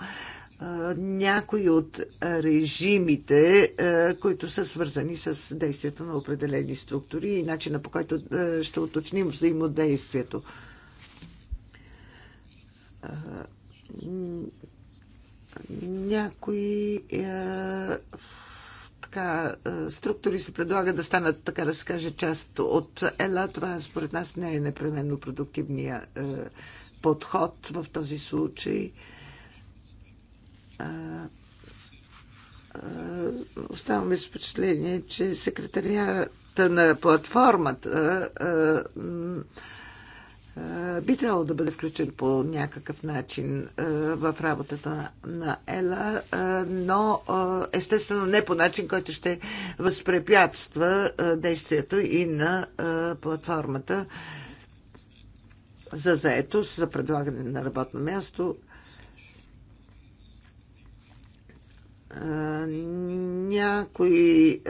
някои от режимите, които са свързани с действието на определени структури и начина по който ще уточним взаимодействието. Някои така, е, структури се предлага да станат, така да се каже, част от ЕЛА. Това според нас не е непременно продуктивния е, подход в този случай. Е, е, оставаме с впечатление, че секретарията на платформата е, е, би трябвало да бъде включен по някакъв начин в работата на Ела, но естествено не по начин, който ще възпрепятства действието и на платформата за заетост, за предлагане на работно място някои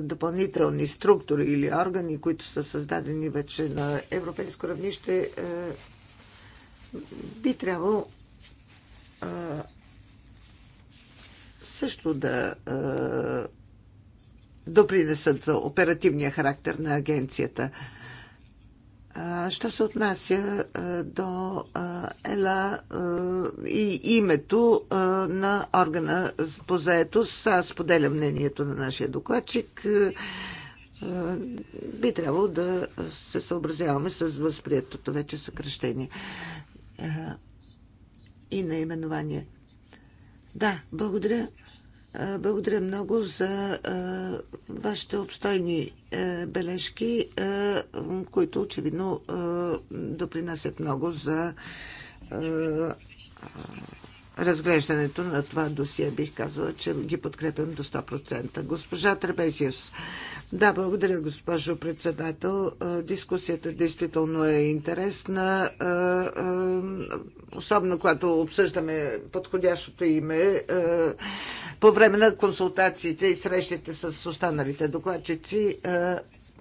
допълнителни структури или органи, които са създадени вече на европейско равнище, би трябвало също да допринесат за оперативния характер на агенцията. Що се отнася до ЕЛА и името на органа по заетост, аз споделям мнението на нашия докладчик. Би трябвало да се съобразяваме с възприятото вече съкръщение и наименование. Да, благодаря благодаря много за вашите обстойни бележки, които очевидно допринасят много за разглеждането на това досие. Бих казала, че ги подкрепям до 100%. Госпожа Требезиус. Да, благодаря, госпожо председател. Дискусията действително е интересна, особено когато обсъждаме подходящото име по време на консултациите и срещите с останалите докладчици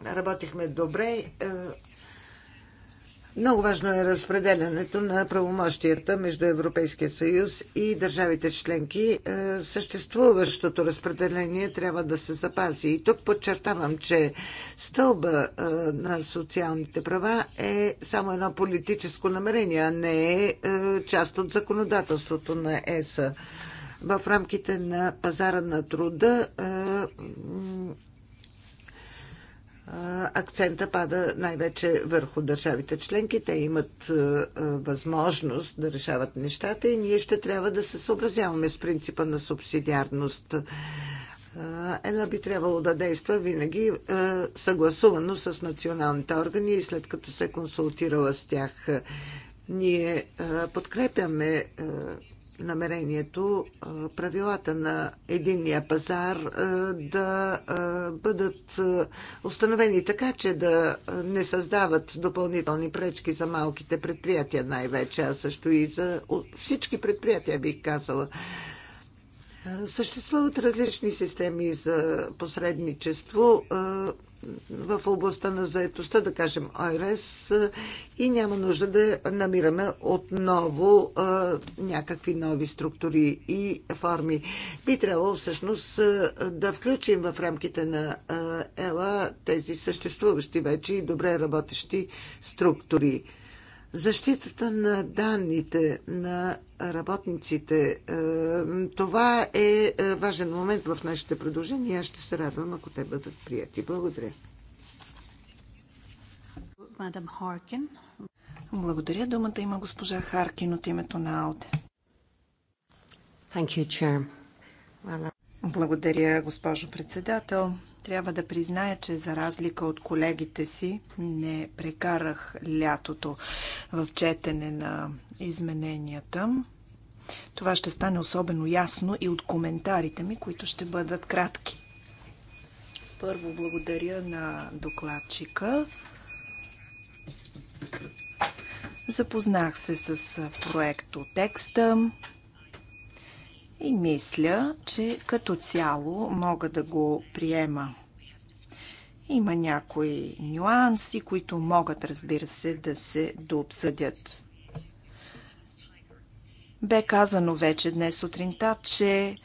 работихме добре. Много важно е разпределянето на правомощията между Европейския съюз и държавите членки. Е, съществуващото разпределение трябва да се запази. И тук подчертавам, че стълба е, на социалните права е само едно политическо намерение, а не е, е част от законодателството на ЕСА в рамките на пазара на труда акцента пада най-вече върху държавите членки. Те имат възможност да решават нещата и ние ще трябва да се съобразяваме с принципа на субсидиарност. Една би трябвало да действа винаги съгласувано с националните органи и след като се консултирала с тях. Ние подкрепяме намерението правилата на единния пазар да бъдат установени така, че да не създават допълнителни пречки за малките предприятия най-вече, а също и за всички предприятия, бих казала. Съществуват различни системи за посредничество в областта на заетостта, да кажем ОРС, и няма нужда да намираме отново някакви нови структури и форми. Би трябвало всъщност да включим в рамките на ЕЛА тези съществуващи вече и добре работещи структури. Защитата на данните на работниците. Е, това е, е важен момент в нашите предложения. Аз ще се радвам, ако те бъдат прияти. Благодаря. Благодаря. Думата има госпожа Харкин от името на АЛДЕ. Uh, Благодаря, госпожо председател. Трябва да призная, че за разлика от колегите си, не прекарах лятото в четене на измененията. Това ще стане особено ясно и от коментарите ми, които ще бъдат кратки. Първо благодаря на докладчика. Запознах се с проекто текста и мисля, че като цяло мога да го приема. Има някои нюанси, които могат, разбира се, да се дообсъдят. Бе казано вече днес сутринта, че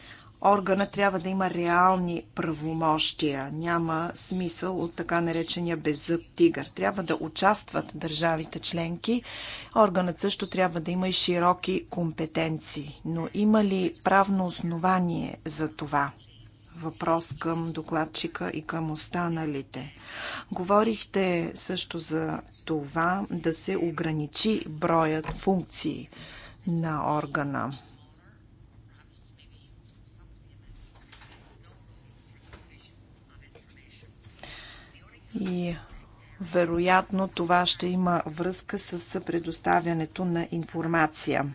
органа трябва да има реални правомощия. Няма смисъл от така наречения беззъб тигър. Трябва да участват държавите членки. Органът също трябва да има и широки компетенции. Но има ли правно основание за това? Въпрос към докладчика и към останалите. Говорихте също за това да се ограничи броят функции на органа. И вероятно това ще има връзка с предоставянето на информация.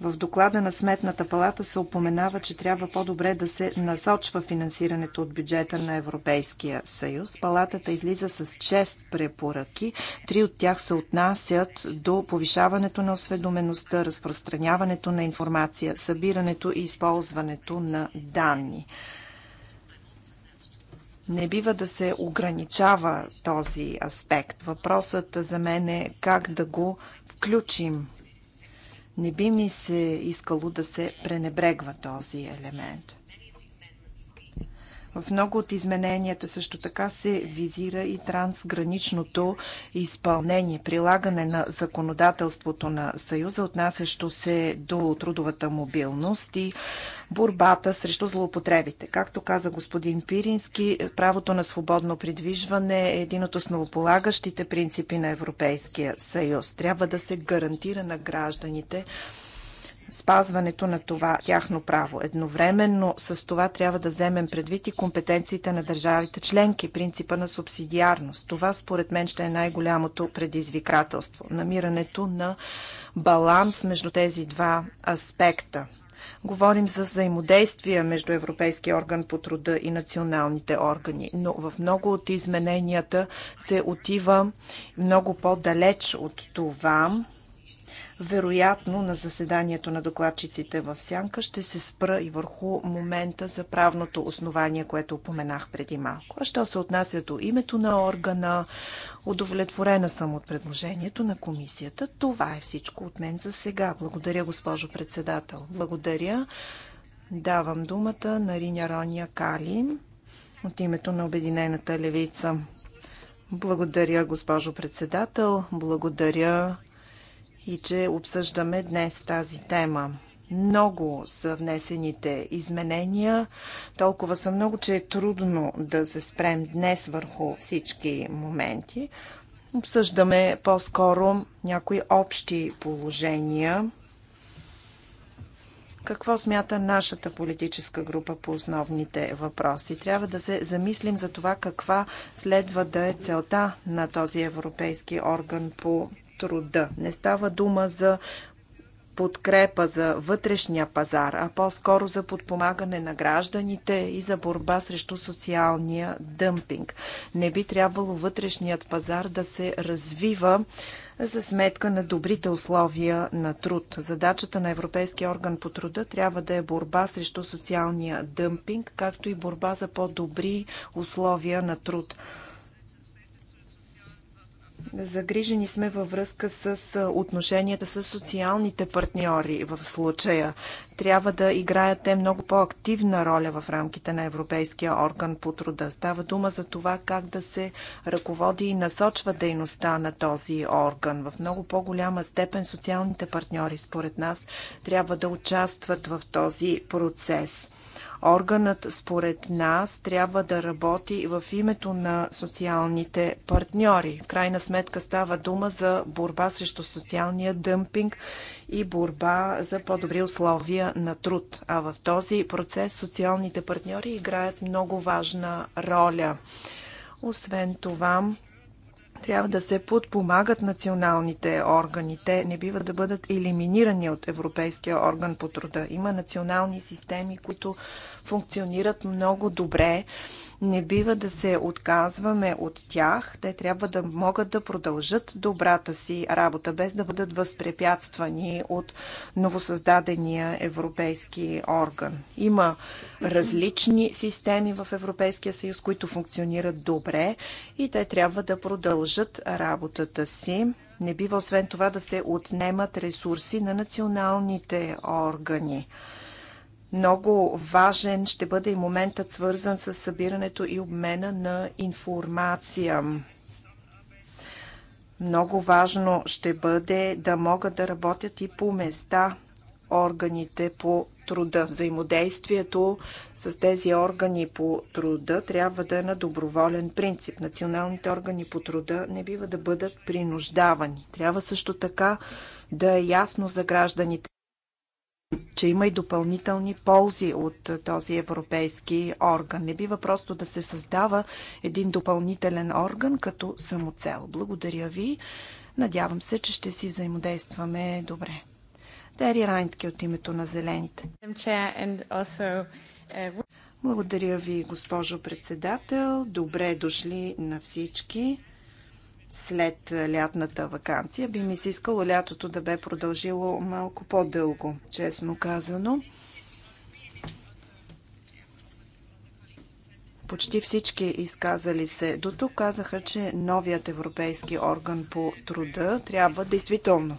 В доклада на Сметната палата се упоменава, че трябва по-добре да се насочва финансирането от бюджета на Европейския съюз. Палатата излиза с 6 препоръки. Три от тях се отнасят до повишаването на осведомеността, разпространяването на информация, събирането и използването на данни. Не бива да се ограничава този аспект. Въпросът за мен е как да го включим. Не би ми се искало да се пренебрегва този елемент. В много от измененията също така се визира и трансграничното изпълнение, прилагане на законодателството на Съюза, отнасящо се до трудовата мобилност и борбата срещу злоупотребите. Както каза господин Пирински, правото на свободно придвижване е един от основополагащите принципи на Европейския съюз. Трябва да се гарантира на гражданите спазването на това тяхно право. Едновременно с това трябва да вземем предвид и компетенциите на държавите членки, принципа на субсидиарност. Това според мен ще е най-голямото предизвикателство. Намирането на баланс между тези два аспекта. Говорим за взаимодействие между Европейския орган по труда и националните органи, но в много от измененията се отива много по-далеч от това, вероятно на заседанието на докладчиците в Сянка ще се спра и върху момента за правното основание, което упоменах преди малко. А що се отнася до името на органа, удовлетворена съм от предложението на комисията. Това е всичко от мен за сега. Благодаря, госпожо председател. Благодаря. Давам думата на Риня Рония Кали от името на Обединената левица. Благодаря, госпожо председател. Благодаря и че обсъждаме днес тази тема. Много са внесените изменения, толкова са много, че е трудно да се спрем днес върху всички моменти. Обсъждаме по-скоро някои общи положения. Какво смята нашата политическа група по основните въпроси? Трябва да се замислим за това каква следва да е целта на този европейски орган по труда. Не става дума за подкрепа за вътрешния пазар, а по-скоро за подпомагане на гражданите и за борба срещу социалния дъмпинг. Не би трябвало вътрешният пазар да се развива за сметка на добрите условия на труд. Задачата на Европейския орган по труда трябва да е борба срещу социалния дъмпинг, както и борба за по-добри условия на труд. Загрижени сме във връзка с отношенията с социалните партньори в случая. Трябва да играят те много по-активна роля в рамките на Европейския орган по труда. Става дума за това как да се ръководи и насочва дейността на този орган. В много по-голяма степен социалните партньори, според нас, трябва да участват в този процес. Органът, според нас, трябва да работи в името на социалните партньори. В крайна сметка става дума за борба срещу социалния дъмпинг и борба за по-добри условия на труд. А в този процес социалните партньори играят много важна роля. Освен това, трябва да се подпомагат националните органи. Те не бива да бъдат елиминирани от Европейския орган по труда. Има национални системи, които функционират много добре не бива да се отказваме от тях. Те трябва да могат да продължат добрата си работа, без да бъдат възпрепятствани от новосъздадения европейски орган. Има различни системи в Европейския съюз, които функционират добре и те трябва да продължат работата си. Не бива освен това да се отнемат ресурси на националните органи. Много важен ще бъде и моментът свързан с събирането и обмена на информация. Много важно ще бъде да могат да работят и по места органите по труда. Взаимодействието с тези органи по труда трябва да е на доброволен принцип. Националните органи по труда не бива да бъдат принуждавани. Трябва също така да е ясно за гражданите че има и допълнителни ползи от този европейски орган. Не бива просто да се създава един допълнителен орган като самоцел. Благодаря ви. Надявам се, че ще си взаимодействаме добре. Дери Райнтке от името на Зелените. Благодаря ви, госпожо председател. Добре дошли на всички след лятната вакансия. Би ми се искало лятото да бе продължило малко по-дълго, честно казано. Почти всички изказали се до тук казаха, че новият европейски орган по труда трябва действително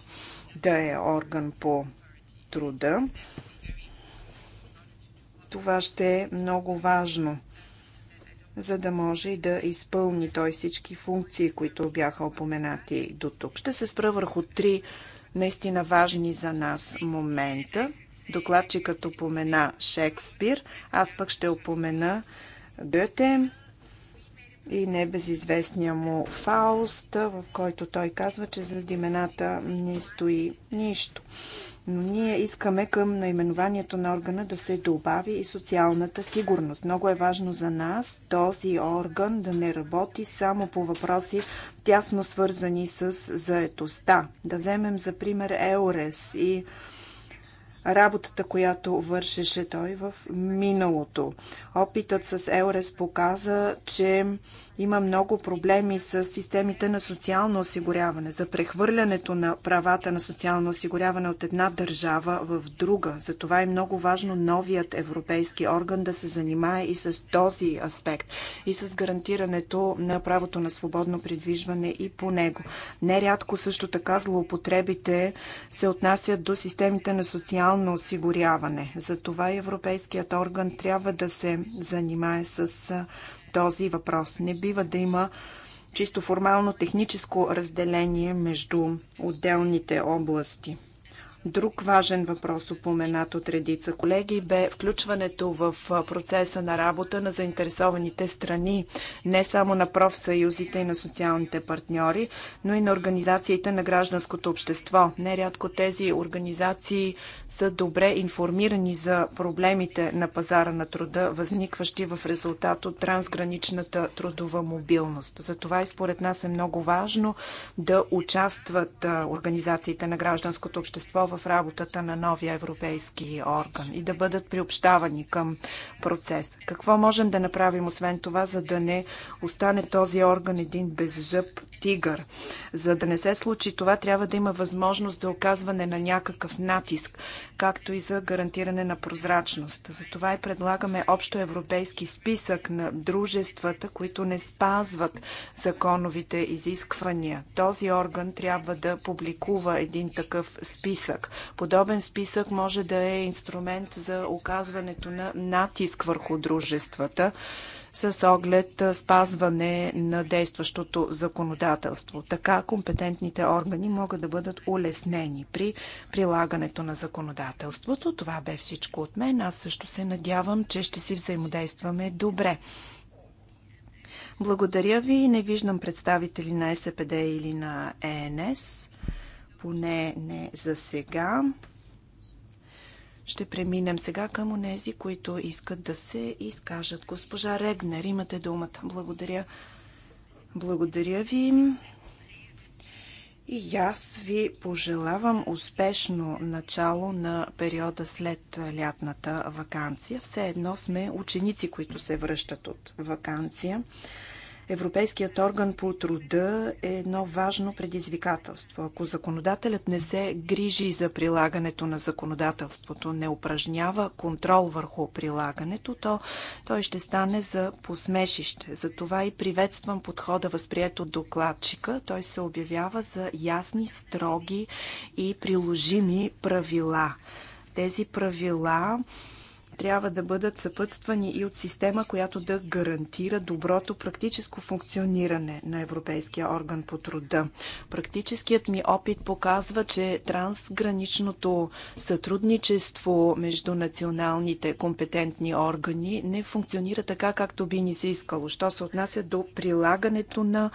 да е орган по труда. Това ще е много важно за да може и да изпълни той всички функции, които бяха опоменати до тук. Ще се спра върху три наистина важни за нас момента. Докладчикът опомена Шекспир, аз пък ще опомена Гете, и небезизвестния му Фауст, в който той казва, че зад имената не стои нищо. Но ние искаме към наименованието на органа да се добави и социалната сигурност. Много е важно за нас този орган да не работи само по въпроси тясно свързани с заетостта. Да вземем за пример Еурес и работата, която вършеше той в миналото. Опитът с Еурес показа, че има много проблеми с системите на социално осигуряване, за прехвърлянето на правата на социално осигуряване от една държава в друга. Затова е много важно новият европейски орган да се занимае и с този аспект, и с гарантирането на правото на свободно придвижване и по него. Нерядко също така злоупотребите се отнасят до системите на социално социално осигуряване. Затова Европейският орган трябва да се занимае с този въпрос. Не бива да има чисто формално техническо разделение между отделните области. Друг важен въпрос, упоменат от редица колеги, бе включването в процеса на работа на заинтересованите страни, не само на профсъюзите и на социалните партньори, но и на организациите на гражданското общество. Нерядко тези организации са добре информирани за проблемите на пазара на труда, възникващи в резултат от трансграничната трудова мобилност. Затова и според нас е много важно да участват организациите на гражданското общество в работата на новия европейски орган и да бъдат приобщавани към процес. Какво можем да направим освен това, за да не остане този орган един беззъб Тигър. За да не се случи това, трябва да има възможност за оказване на някакъв натиск, както и за гарантиране на прозрачност. Затова и предлагаме общо европейски списък на дружествата, които не спазват законовите изисквания. Този орган трябва да публикува един такъв списък. Подобен списък може да е инструмент за оказването на натиск върху дружествата, с оглед спазване на действащото законодателство. Така компетентните органи могат да бъдат улеснени при прилагането на законодателството. Това бе всичко от мен. Аз също се надявам, че ще си взаимодействаме добре. Благодаря ви. Не виждам представители на СПД или на ЕНС. Поне не за сега. Ще преминем сега към онези, които искат да се изкажат. Госпожа Регнер, имате думата. Благодаря. Благодаря ви. И аз ви пожелавам успешно начало на периода след лятната вакансия. Все едно сме ученици, които се връщат от вакансия. Европейският орган по труда е едно важно предизвикателство. Ако законодателят не се грижи за прилагането на законодателството, не упражнява контрол върху прилагането, то той ще стане за посмешище. Затова и приветствам подхода възприят от докладчика. Той се обявява за ясни, строги и приложими правила. Тези правила трябва да бъдат съпътствани и от система, която да гарантира доброто практическо функциониране на Европейския орган по труда. Практическият ми опит показва, че трансграничното сътрудничество между националните компетентни органи не функционира така, както би ни се искало. Що се отнася до прилагането на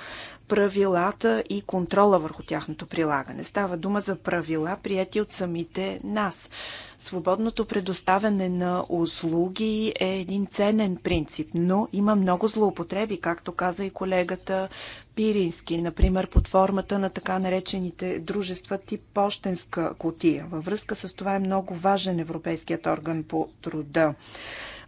правилата и контрола върху тяхното прилагане. Става дума за правила, прияти от самите нас. Свободното предоставяне на услуги е един ценен принцип, но има много злоупотреби, както каза и колегата Пирински, например под формата на така наречените дружества тип пощенска котия. Във връзка с това е много важен Европейският орган по труда.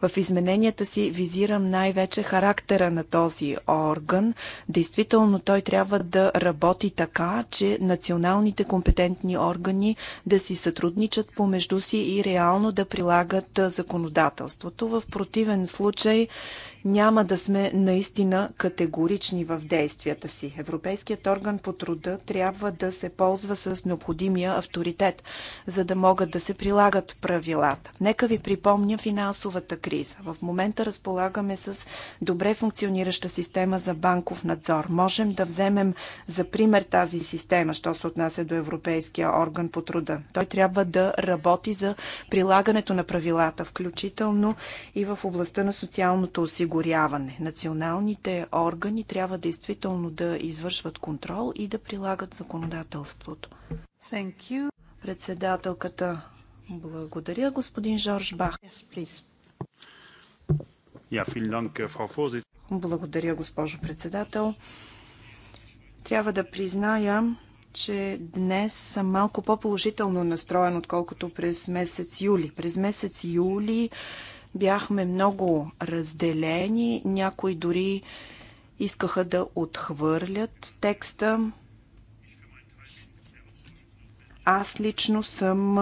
В измененията си визирам най-вече характера на този орган. Действително той трябва да работи така, че националните компетентни органи да си сътрудничат помежду си и реално да прилагат законодателството. В противен случай няма да сме наистина категорични в действията си. Европейският орган по труда трябва да се ползва с необходимия авторитет, за да могат да се прилагат правилата. Нека ви припомня финансовата криза. В момента разполагаме с добре функционираща система за банков надзор. Можем да вземем за пример тази система, що се отнася до Европейския орган по труда. Той трябва да работи за прилагането на правилата, включително и в областта на социалното осигуряване осигуряване. Националните органи трябва действително да извършват контрол и да прилагат законодателството. Thank you. Председателката, благодаря. Господин Жорж Бах. Yes, yeah, Dank, äh, благодаря, госпожо председател. Трябва да призная, че днес съм малко по-положително настроен, отколкото през месец юли. През месец юли бяхме много разделени. Някои дори искаха да отхвърлят текста. Аз лично съм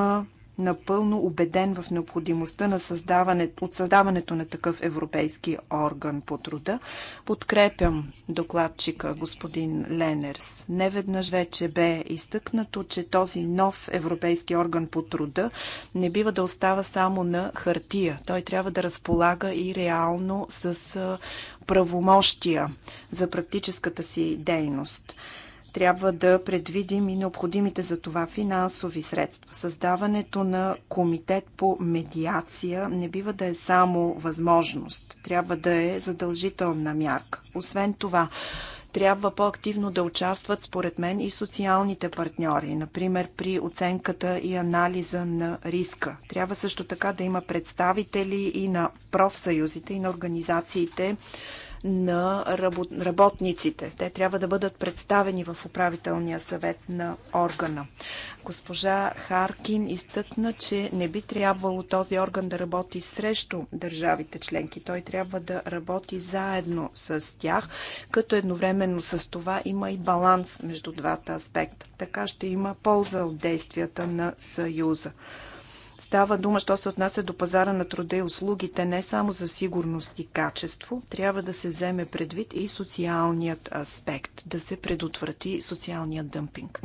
напълно убеден в необходимостта на създаване, от създаването на такъв европейски орган по труда. Подкрепям докладчика господин Ленерс. Неведнъж вече бе изтъкнато, че този нов европейски орган по труда не бива да остава само на хартия. Той трябва да разполага и реално с правомощия за практическата си дейност трябва да предвидим и необходимите за това финансови средства. Създаването на комитет по медиация не бива да е само възможност, трябва да е задължителна мярка. Освен това, трябва по-активно да участват, според мен, и социалните партньори, например при оценката и анализа на риска. Трябва също така да има представители и на профсъюзите, и на организациите, на работниците. Те трябва да бъдат представени в управителния съвет на органа. Госпожа Харкин изтъкна, че не би трябвало този орган да работи срещу държавите членки. Той трябва да работи заедно с тях, като едновременно с това има и баланс между двата аспекта. Така ще има полза от действията на Съюза става дума, що се отнася до пазара на труда и услугите, не само за сигурност и качество, трябва да се вземе предвид и социалният аспект, да се предотврати социалният дъмпинг.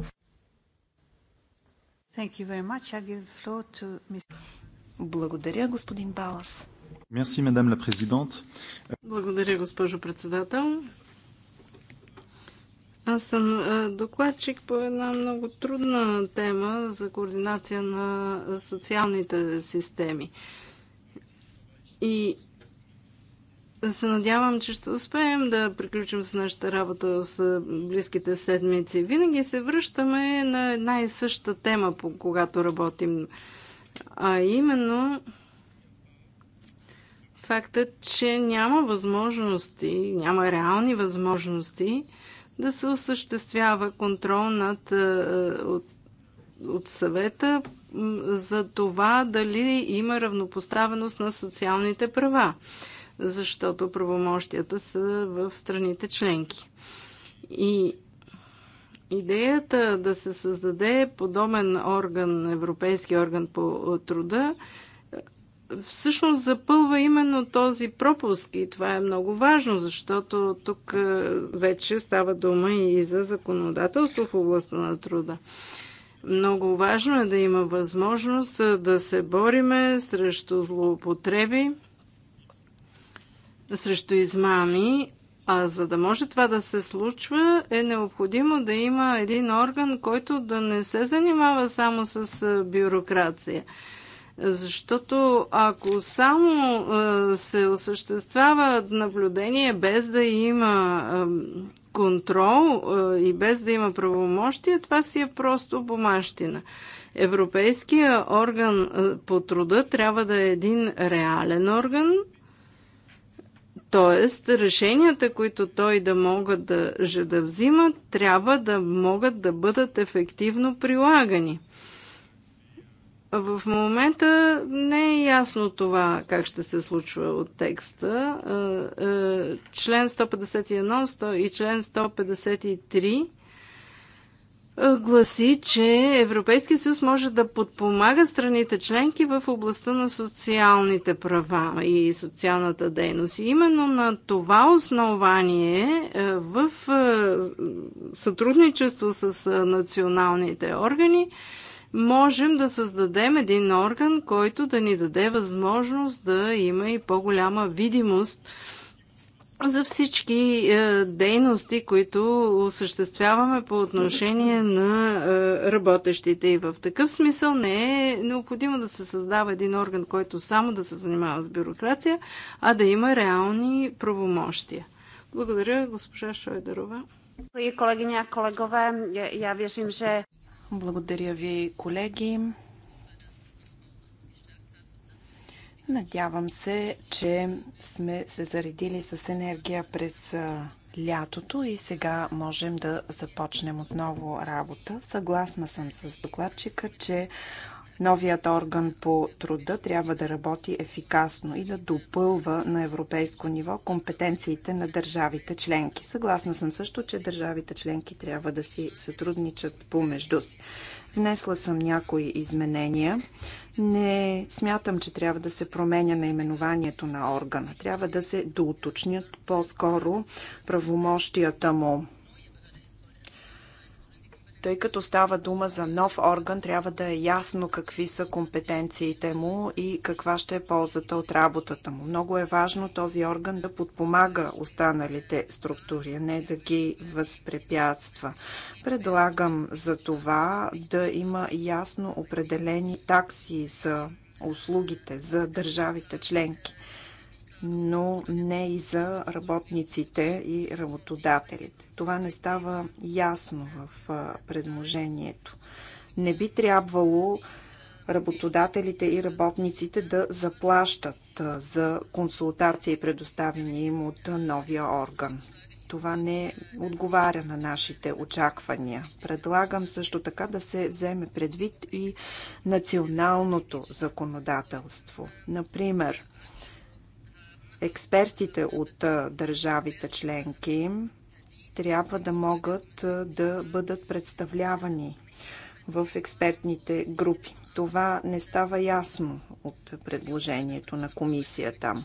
Благодаря, господин Балас. Благодаря, госпожо председател. Аз съм докладчик по една много трудна тема за координация на социалните системи. И се надявам, че ще успеем да приключим с нашата работа с близките седмици. Винаги се връщаме на една и съща тема, по когато работим. А именно фактът, че няма възможности, няма реални възможности – да се осъществява контрол над, е, от, от съвета за това дали има равнопоставеност на социалните права, защото правомощията са в страните членки. И идеята да се създаде подобен орган, европейски орган по е, труда, всъщност запълва именно този пропуск и това е много важно, защото тук е, вече става дума и за законодателство в областта на труда. Много важно е да има възможност е, да се бориме срещу злоупотреби, срещу измами, а за да може това да се случва, е необходимо да има един орган, който да не се занимава само с е, бюрокрация. Защото ако само се осъществява наблюдение без да има контрол и без да има правомощия, това си е просто бумащина. Европейския орган по труда трябва да е един реален орган, т.е. решенията, които той да могат да, да взима, трябва да могат да бъдат ефективно прилагани. В момента не е ясно това как ще се случва от текста. Е, е, член 151 и член 153 е, гласи, че Европейския съюз може да подпомага страните членки в областта на социалните права и социалната дейност. И именно на това основание в сътрудничество с националните органи можем да създадем един орган, който да ни даде възможност да има и по-голяма видимост за всички е, дейности, които осъществяваме по отношение на е, работещите. И в такъв смисъл не е необходимо да се създава един орган, който само да се занимава с бюрокрация, а да има реални правомощия. Благодаря, госпожа Шойдарова. Колеги, колегове, я виждам, че... Благодаря ви, колеги. Надявам се, че сме се заредили с енергия през лятото и сега можем да започнем отново работа. Съгласна съм с докладчика, че Новият орган по труда трябва да работи ефикасно и да допълва на европейско ниво компетенциите на държавите членки. Съгласна съм също, че държавите членки трябва да си сътрудничат помежду си. Внесла съм някои изменения. Не смятам, че трябва да се променя наименованието на органа. Трябва да се доуточнят по-скоро правомощията му. Тъй като става дума за нов орган, трябва да е ясно какви са компетенциите му и каква ще е ползата от работата му. Много е важно този орган да подпомага останалите структури, а не да ги възпрепятства. Предлагам за това да има ясно определени такси за услугите за държавите членки но не и за работниците и работодателите. Това не става ясно в предложението. Не би трябвало работодателите и работниците да заплащат за консултации, предоставени им от новия орган. Това не отговаря на нашите очаквания. Предлагам също така да се вземе предвид и националното законодателство. Например, експертите от държавите членки трябва да могат да бъдат представлявани в експертните групи. Това не става ясно от предложението на комисията.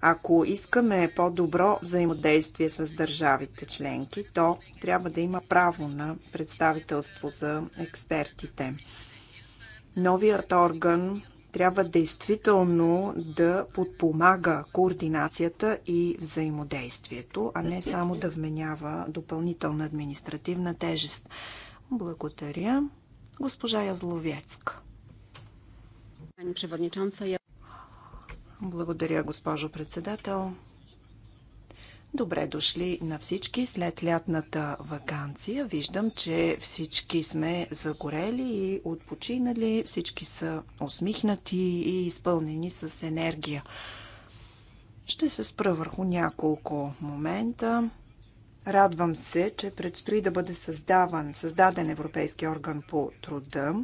Ако искаме по-добро взаимодействие с държавите членки, то трябва да има право на представителство за експертите. Новият орган трябва действително да подпомага координацията и взаимодействието, а не само да вменява допълнителна административна тежест. Благодаря. Госпожа Язловецка. Благодаря, госпожо председател. Добре дошли на всички след лятната вакансия. Виждам, че всички сме загорели и отпочинали, всички са усмихнати и изпълнени с енергия. Ще се спра върху няколко момента. Радвам се, че предстои да бъде създаван, създаден Европейски орган по труда.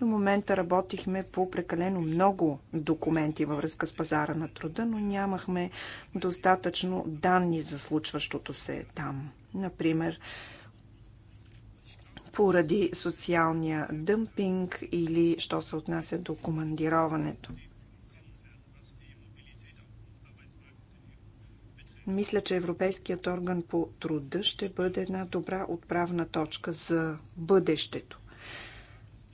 До момента работихме по прекалено много документи във връзка с пазара на труда, но нямахме достатъчно данни за случващото се там. Например, поради социалния дъмпинг или що се отнася до командироването. Мисля, че Европейският орган по труда ще бъде една добра отправна точка за бъдещето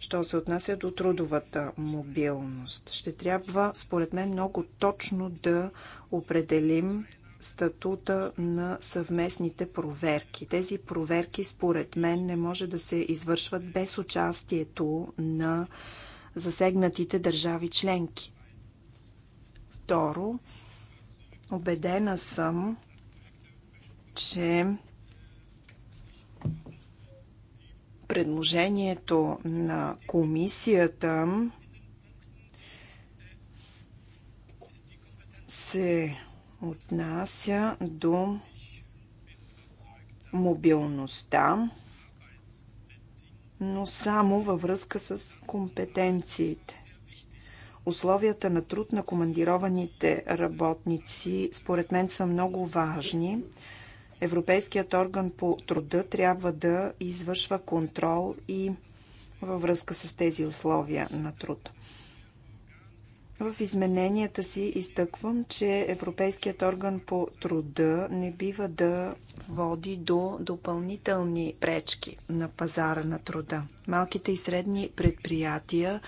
що се отнася до трудовата мобилност. Ще трябва, според мен, много точно да определим статута на съвместните проверки. Тези проверки, според мен, не може да се извършват без участието на засегнатите държави членки. Второ, убедена съм, че предложението на комисията се отнася до мобилността, но само във връзка с компетенциите. Условията на труд на командированите работници според мен са много важни. Европейският орган по труда трябва да извършва контрол и във връзка с тези условия на труд. В измененията си изтъквам, че Европейският орган по труда не бива да води до допълнителни пречки на пазара на труда. Малките и средни предприятия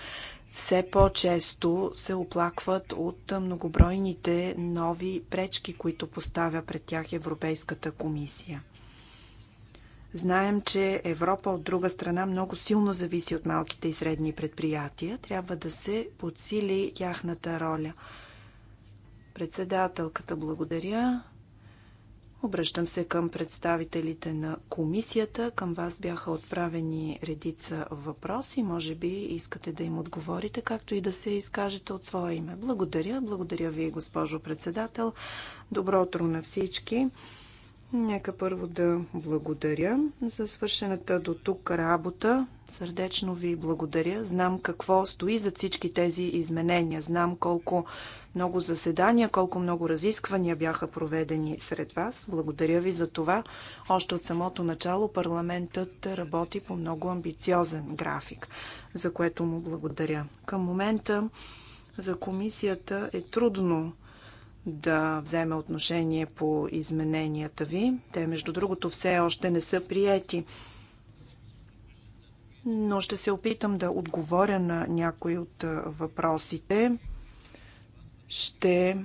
все по-често се оплакват от многобройните нови пречки, които поставя пред тях Европейската комисия. Знаем, че Европа от друга страна много силно зависи от малките и средни предприятия. Трябва да се подсили тяхната роля. Председателката благодаря. Обръщам се към представителите на комисията. Към вас бяха отправени редица въпроси. Може би искате да им отговорите, както и да се изкажете от своя име. Благодаря. Благодаря ви, госпожо председател. Добро утро на всички. Нека първо да благодаря за свършената до тук работа. Сърдечно ви благодаря. Знам какво стои за всички тези изменения. Знам колко много заседания, колко много разисквания бяха проведени сред вас. Благодаря ви за това. Още от самото начало парламентът работи по много амбициозен график, за което му благодаря. Към момента за комисията е трудно да вземе отношение по измененията ви. Те, между другото, все още не са приети. Но ще се опитам да отговоря на някои от въпросите. Ще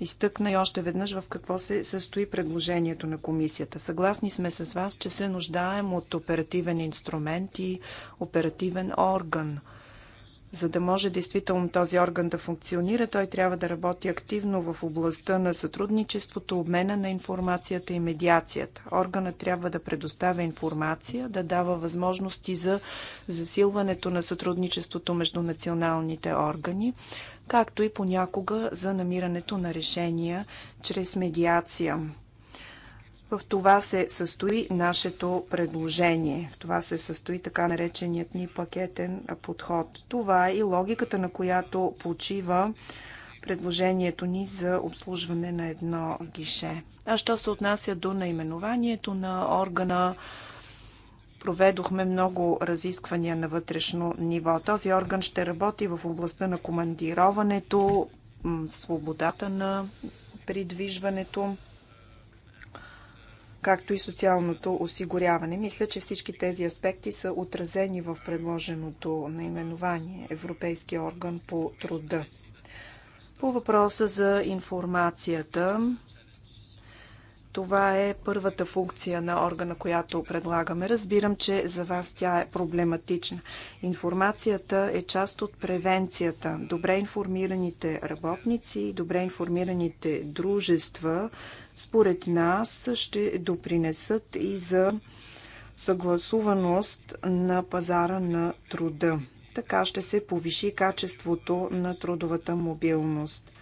изтъкна и още веднъж в какво се състои предложението на комисията. Съгласни сме с вас, че се нуждаем от оперативен инструмент и оперативен орган – за да може действително този орган да функционира, той трябва да работи активно в областта на сътрудничеството, обмена на информацията и медиацията. Органът трябва да предоставя информация, да дава възможности за засилването на сътрудничеството между националните органи, както и понякога за намирането на решения чрез медиация. В това се състои нашето предложение. В това се състои така нареченият ни пакетен подход. Това е и логиката, на която почива предложението ни за обслужване на едно гише. А що се отнася до наименованието на органа, проведохме много разисквания на вътрешно ниво. Този орган ще работи в областта на командироването, свободата на придвижването както и социалното осигуряване. Мисля, че всички тези аспекти са отразени в предложеното наименование Европейски орган по труда. По въпроса за информацията, това е първата функция на органа, която предлагаме. Разбирам, че за вас тя е проблематична. Информацията е част от превенцията. Добре информираните работници, добре информираните дружества според нас ще допринесат и за съгласуваност на пазара на труда. Така ще се повиши качеството на трудовата мобилност.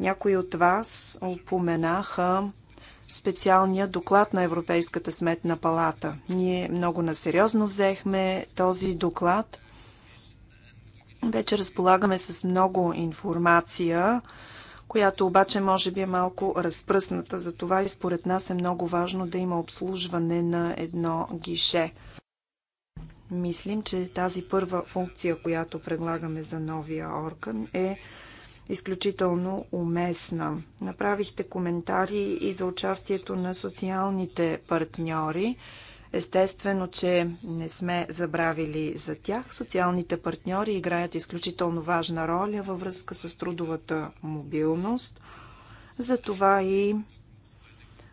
Някои от вас упоменаха специалния доклад на Европейската сметна палата. Ние много насериозно взехме този доклад. Вече разполагаме с много информация която обаче може би е малко разпръсната. За това и според нас е много важно да има обслужване на едно гише. Мислим, че тази първа функция, която предлагаме за новия орган е изключително уместна. Направихте коментари и за участието на социалните партньори. Естествено, че не сме забравили за тях. Социалните партньори играят изключително важна роля във връзка с трудовата мобилност. Затова и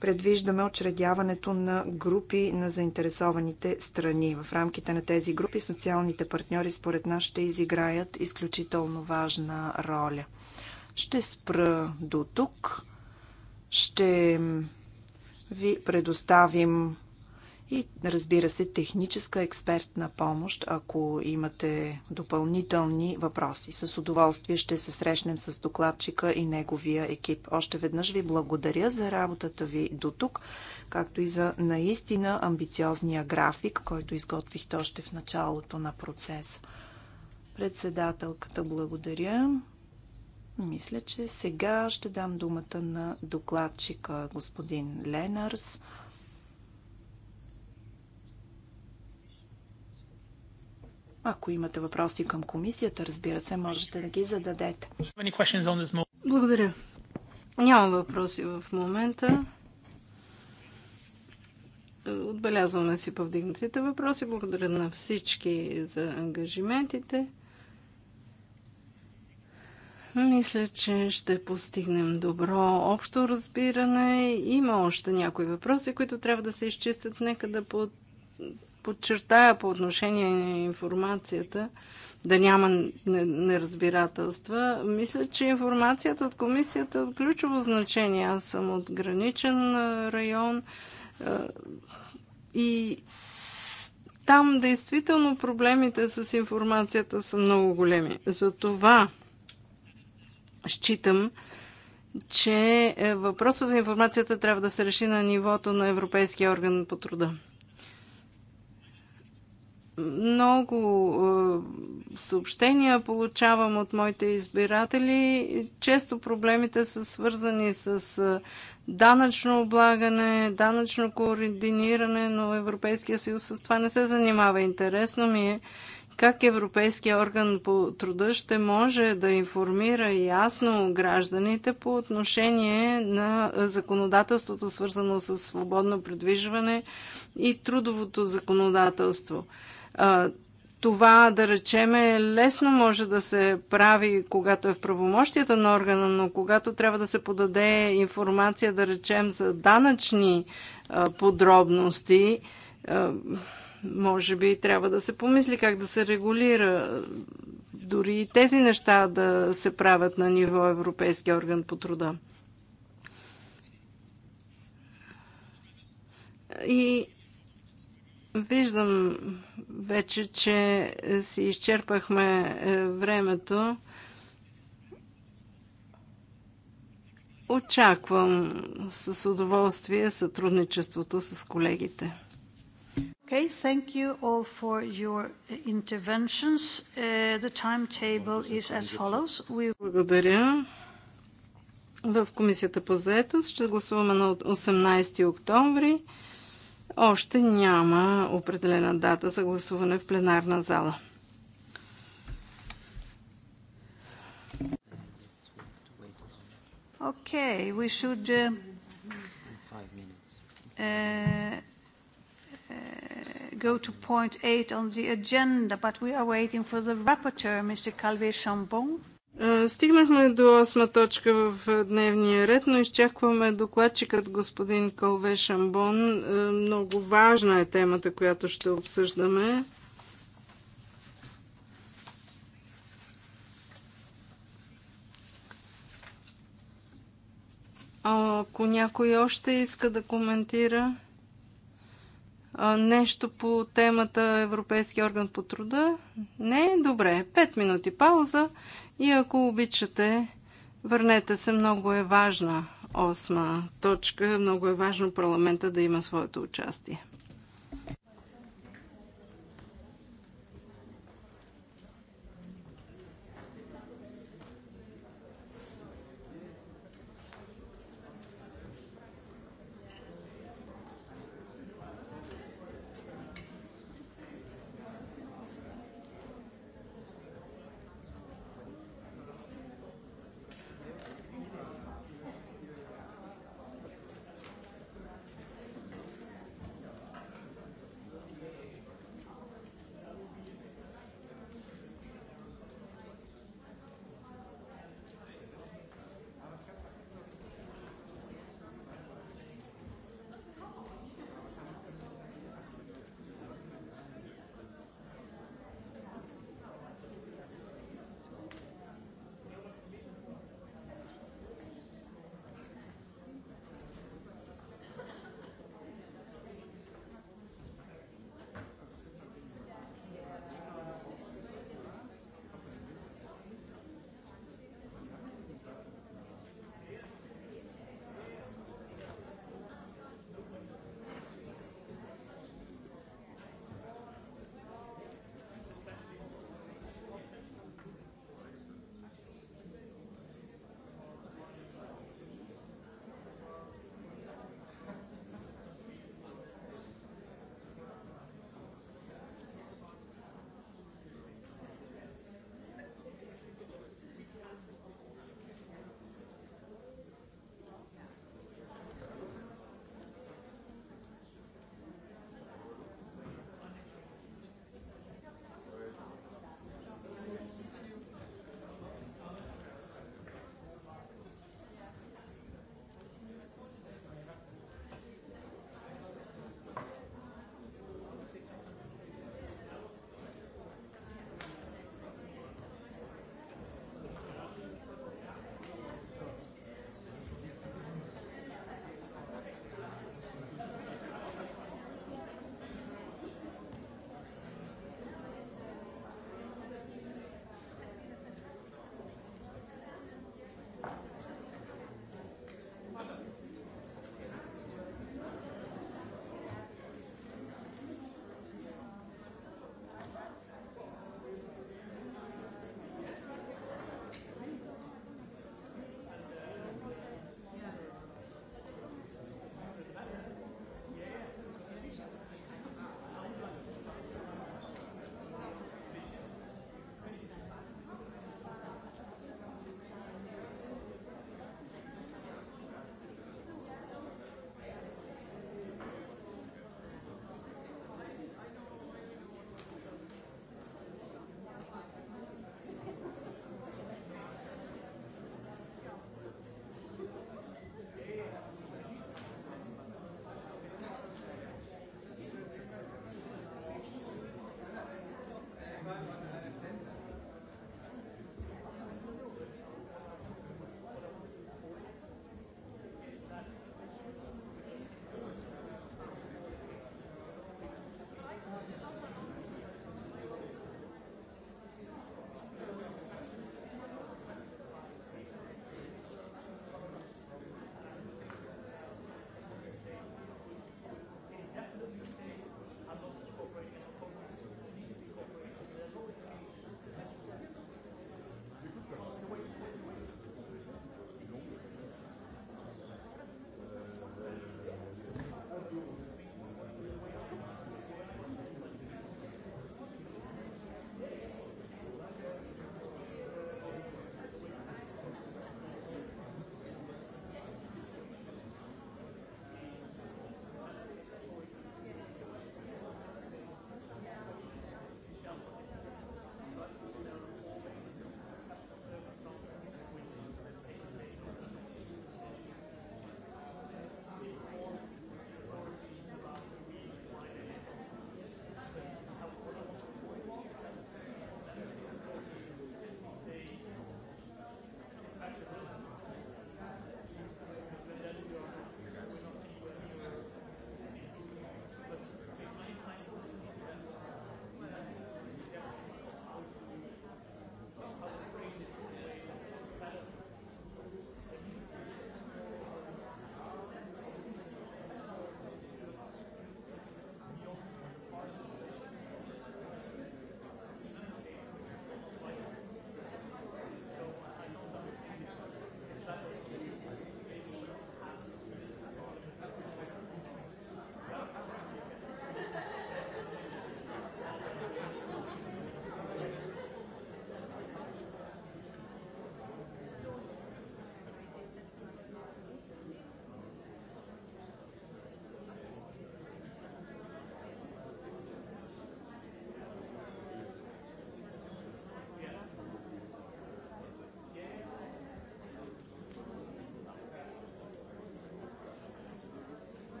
предвиждаме очредяването на групи на заинтересованите страни. В рамките на тези групи социалните партньори според нас ще изиграят изключително важна роля. Ще спра до тук. Ще ви предоставим и разбира се техническа експертна помощ, ако имате допълнителни въпроси. С удоволствие ще се срещнем с докладчика и неговия екип. Още веднъж ви благодаря за работата ви до тук, както и за наистина амбициозния график, който изготвихте още в началото на процеса. Председателката благодаря. Мисля, че сега ще дам думата на докладчика господин Ленарс. Ако имате въпроси към комисията, разбира се, можете да ги зададете. Благодаря. Няма въпроси в момента. Отбелязваме си повдигнатите въпроси. Благодаря на всички за ангажиментите. Мисля, че ще постигнем добро общо разбиране. Има още някои въпроси, които трябва да се изчистят. Нека да подчертая по отношение на информацията, да няма неразбирателства. Мисля, че информацията от комисията е от ключово значение. Аз съм от граничен район и там действително проблемите с информацията са много големи. Затова считам, че е, въпросът за информацията трябва да се реши на нивото на Европейския орган по труда много е, съобщения получавам от моите избиратели. Често проблемите са свързани с е, данъчно облагане, данъчно координиране, но Европейския съюз с това не се занимава. Интересно ми е как Европейския орган по труда ще може да информира ясно гражданите по отношение на законодателството, свързано с свободно придвижване и трудовото законодателство това, да речеме, лесно може да се прави, когато е в правомощията на органа, но когато трябва да се подаде информация, да речем, за данъчни подробности, може би трябва да се помисли как да се регулира дори и тези неща да се правят на ниво Европейски орган по труда. И Виждам вече, че си изчерпахме е, времето. Очаквам с удоволствие сътрудничеството с колегите. Okay, thank you all for your uh, interventions. Uh, the timetable is as follows. We... Благодаря. В Комисията по заетост ще гласуваме на 18 октомври. Още няма определена дата за гласуване в пленарна зала. Okay, we should uh, uh, go to point eight on the agenda, but we are waiting for the rapporteur, Mr. Calvé Chambon. Стигнахме до осма точка в дневния ред, но изчакваме докладчикът господин Калве Шамбон. Много важна е темата, която ще обсъждаме. Ако някой още иска да коментира нещо по темата Европейски орган по труда, не, добре, 5 минути пауза. И ако обичате, върнете се, много е важна осма точка, много е важно парламента да има своето участие.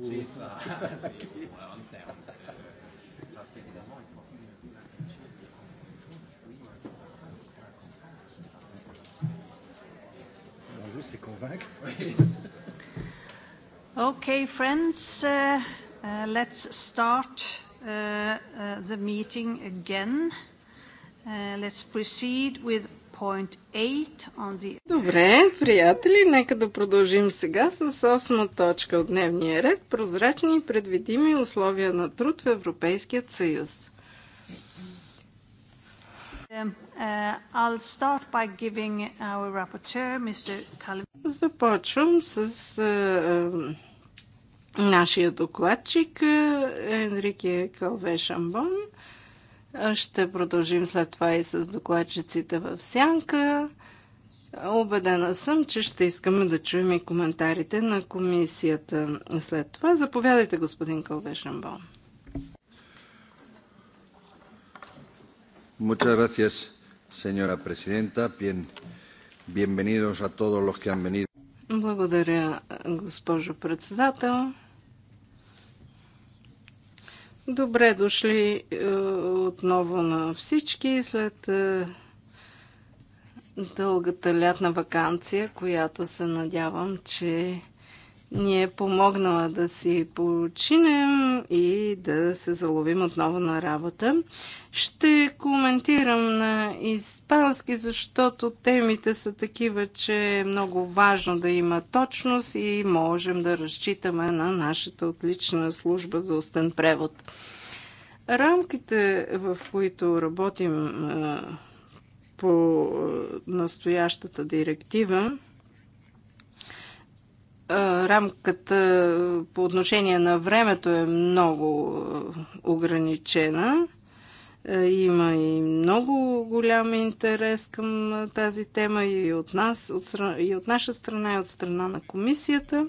Sì, sa, sì, c'est convaincre. Okay, friends, uh, uh, let's start uh, uh, the meeting again. Uh, let's proceed with Добре, приятели, нека да продължим сега с осма точка от дневния ред – прозрачни и предвидими условия на труд в Европейският съюз. Е, Започвам с е, е, нашия докладчик Енрике Калвешамбон – ще продължим след това и с докладчиците в сянка. Обедена съм, че ще искаме да чуем и коментарите на комисията след това. Заповядайте, господин Калвешенбон. Muchas gracias, señora presidenta. Bien, bienvenidos a todos los que han venido. Благодаря, госпожо председател. Добре дошли е, отново на всички след е, дългата лятна вакансия, която се надявам, че ни е помогнала да си починем и да се заловим отново на работа. Ще коментирам на испански, защото темите са такива, че е много важно да има точност и можем да разчитаме на нашата отлична служба за устен превод. Рамките, в които работим по настоящата директива, рамката по отношение на времето е много ограничена. Има и много голям интерес към тази тема и от нас, от, и от наша страна, и от страна на комисията.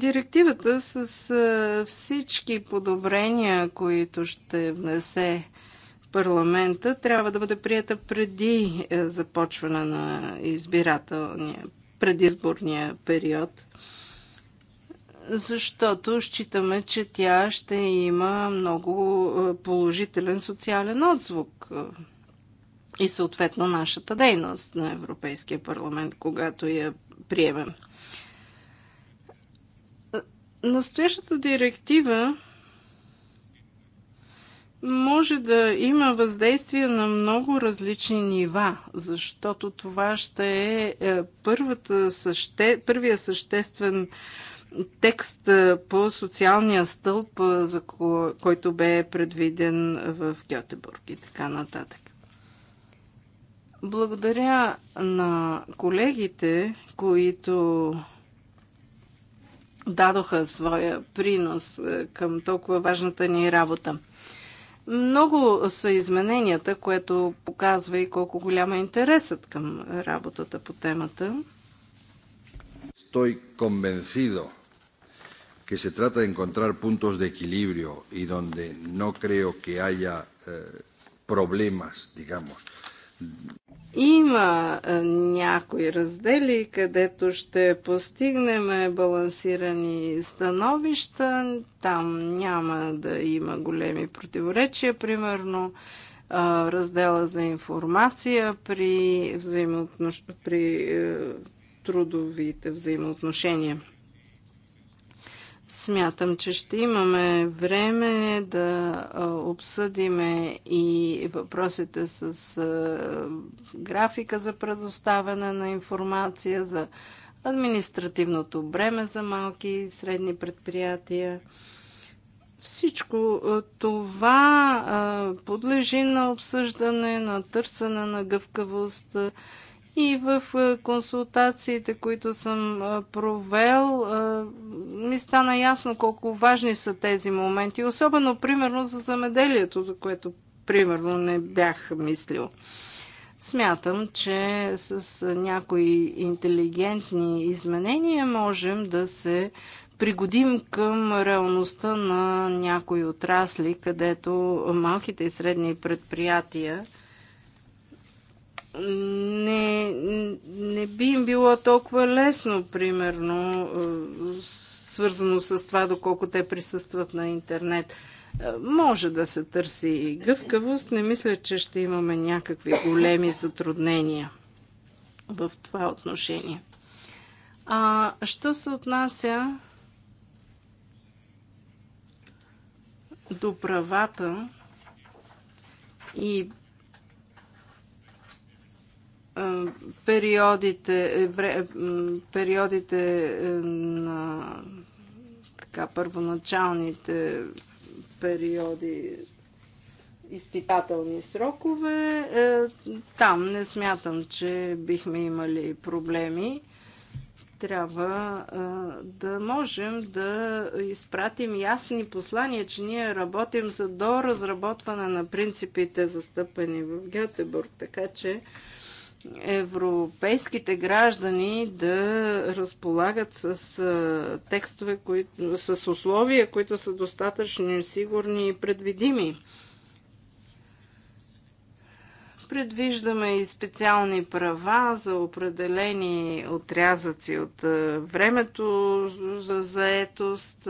Директивата с всички подобрения, които ще внесе парламента трябва да бъде прията преди е, започване на избирателния, предизборния период, защото считаме, че тя ще има много е, положителен социален отзвук е, и съответно нашата дейност на Европейския парламент, когато я приемем. Настоящата директива може да има въздействие на много различни нива, защото това ще е, е първата съще, първия съществен текст е, по социалния стълб, е, за който бе предвиден в Гетебург и така нататък. Благодаря на колегите, които дадоха своя принос към толкова важната ни работа. Много са измененията, което показва и колко голям е интересът към работата по темата. Estoy convencido que se trata de encontrar puntos de equilibrio y donde no creo que haya eh, problemas, digamos. Има някои раздели, където ще постигнем балансирани становища. Там няма да има големи противоречия. Примерно раздела за информация при, при трудовите взаимоотношения. Смятам, че ще имаме време да обсъдиме и въпросите с графика за предоставяне на информация, за административното бреме за малки и средни предприятия. Всичко това подлежи на обсъждане, на търсене на гъвкавост и в консултациите, които съм провел, ми стана ясно колко важни са тези моменти. Особено, примерно, за замеделието, за което, примерно, не бях мислил. Смятам, че с някои интелигентни изменения можем да се пригодим към реалността на някои отрасли, където малките и средни предприятия не, не би им било толкова лесно, примерно, е, свързано с това, доколко те присъстват на интернет. Е, може да се търси гъвкавост, не мисля, че ще имаме някакви големи затруднения в това отношение. А що се отнася до правата и периодите, е, вре, периодите е, на така, първоначалните периоди изпитателни срокове, е, там не смятам, че бихме имали проблеми. Трябва да можем да изпратим ясни послания, че ние работим за доразработване на принципите, застъпени в Гетебург, така че европейските граждани да разполагат с текстове, които, с условия, които са достатъчно сигурни и предвидими. Предвиждаме и специални права за определени отрязъци от времето за заетост,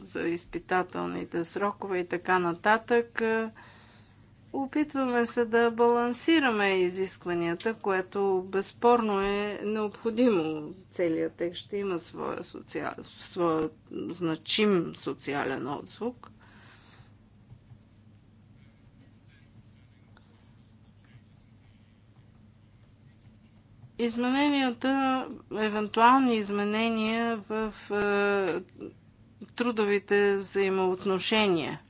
за изпитателните срокове и така нататък. Опитваме се да балансираме изискванията, което безспорно е необходимо. Целият текст ще има своя, социал... своя значим социален отзвук. Измененията, евентуални изменения в е, трудовите взаимоотношения –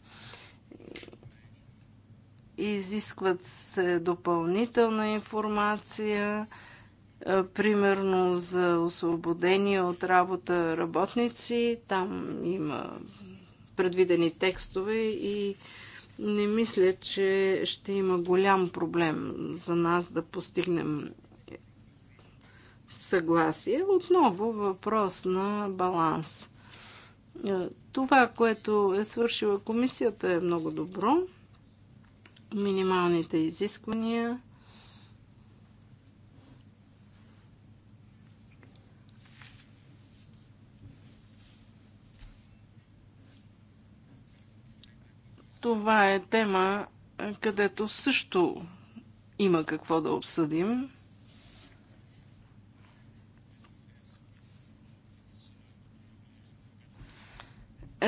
изискват се допълнителна информация, примерно за освободени от работа работници. Там има предвидени текстове и не мисля, че ще има голям проблем за нас да постигнем съгласие. Отново въпрос на баланс. Това, което е свършила комисията е много добро минималните изисквания. Това е тема, където също има какво да обсъдим.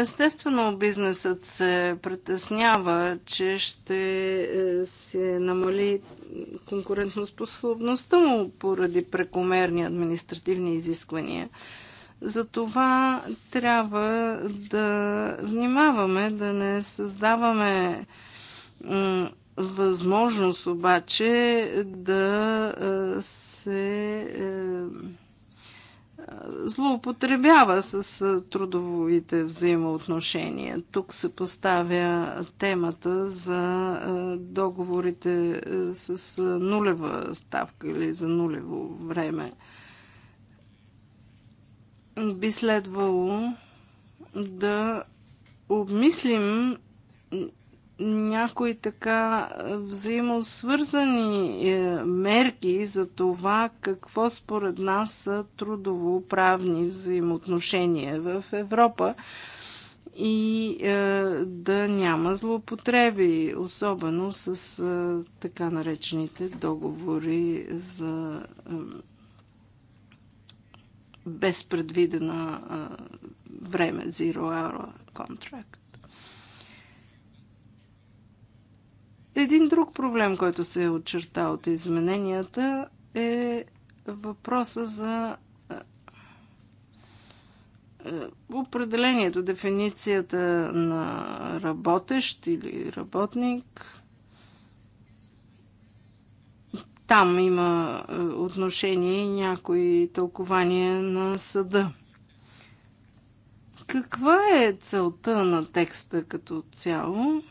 Естествено, бизнесът се притеснява, че ще е, се намали конкурентоспособността му поради прекомерни административни изисквания. Затова трябва да внимаваме, да не създаваме възможност обаче да е, се е, злоупотребява с трудовите взаимоотношения. Тук се поставя темата за договорите с нулева ставка или за нулево време. Би следвало да обмислим някои така взаимосвързани е, мерки за това какво според нас са трудово-правни взаимоотношения в Европа и е, да няма злоупотреби, особено с е, така наречените договори за е, безпредвидена е, време, zero hour contract. Един друг проблем, който се е очерта от измененията е въпроса за определението, дефиницията на работещ или работник. Там има отношение и някои тълкования на съда. Каква е целта на текста като цяло?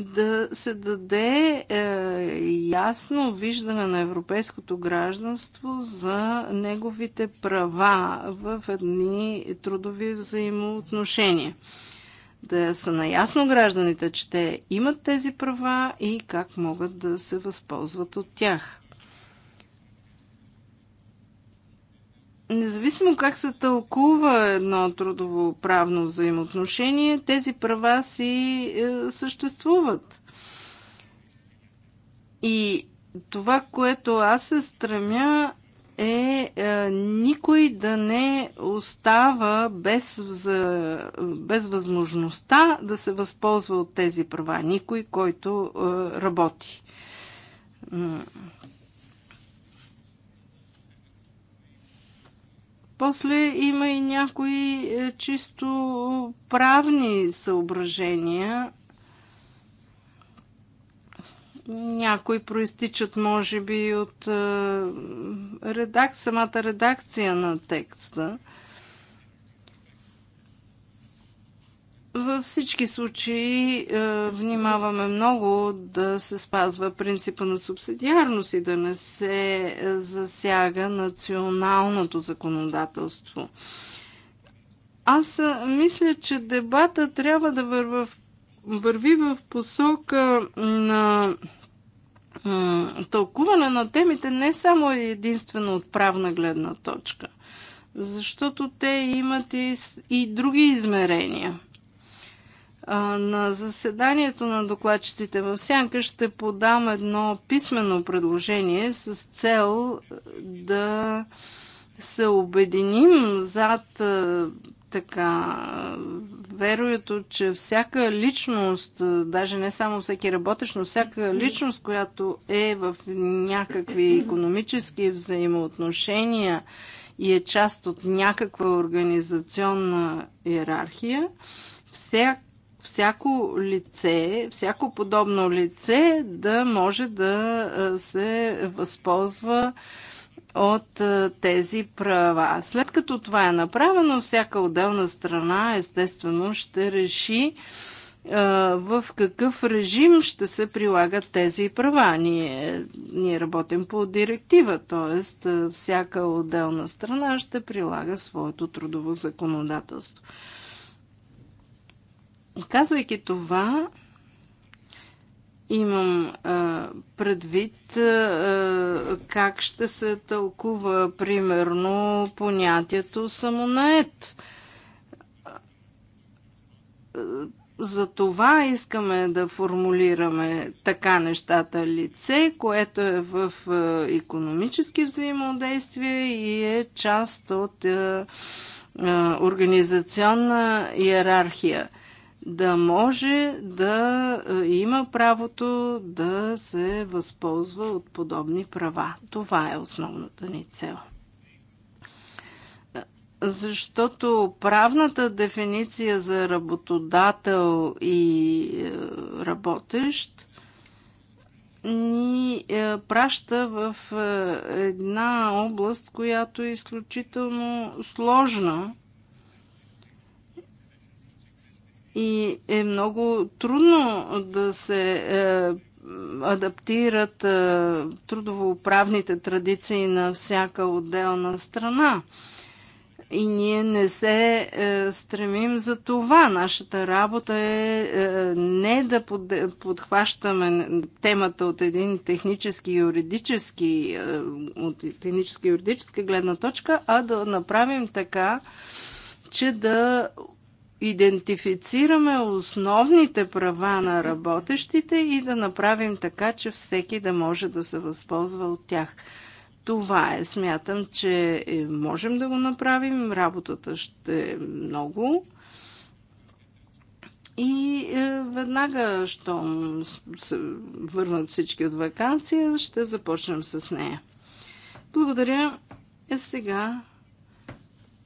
да се даде е, ясно виждане на европейското гражданство за неговите права в едни трудови взаимоотношения. Да са наясно гражданите, че те имат тези права и как могат да се възползват от тях. Независимо как се тълкува едно трудово правно взаимоотношение, тези права си е, съществуват. И това, което аз се стремя е, е никой да не остава без, вза... без възможността да се възползва от тези права. Никой, който е, работи. После има и някои е, чисто правни съображения. Някои проистичат, може би, от е, редак... самата редакция на текста. Във всички случаи е, внимаваме много да се спазва принципа на субсидиарност и да не се е, засяга националното законодателство. Аз е, мисля, че дебата трябва да върви в посока на тълкуване на темите не само единствено от правна гледна точка, защото те имат и други измерения – на заседанието на докладчиците в Сянка ще подам едно писмено предложение с цел да се обединим зад така вероятно, че всяка личност, даже не само всеки работещ, но всяка личност, която е в някакви економически взаимоотношения и е част от някаква организационна иерархия, всяка всяко лице, всяко подобно лице да може да се възползва от тези права. След като това е направено, всяка отделна страна естествено ще реши в какъв режим ще се прилагат тези права. Ние, ние работим по директива, т.е. всяка отделна страна ще прилага своето трудово законодателство. Казвайки това, имам а, предвид а, как ще се тълкува, примерно, понятието самонает. За това искаме да формулираме така нещата лице, което е в економически взаимодействие и е част от организационна иерархия – да може да е, има правото да се възползва от подобни права. Това е основната ни цел. Защото правната дефиниция за работодател и е, работещ ни е, праща в една област, която е изключително сложна и е много трудно да се е, адаптират е, трудовоправните традиции на всяка отделна страна. И ние не се е, стремим за това. Нашата работа е, е не да под, подхващаме темата от един технически юридически, е, от технически и юридическа гледна точка, а да направим така, че да идентифицираме основните права на работещите и да направим така, че всеки да може да се възползва от тях. Това е. Смятам, че е, можем да го направим. Работата ще е много. И е, веднага, щом се върнат всички от вакансия, ще започнем с нея. Благодаря. Е сега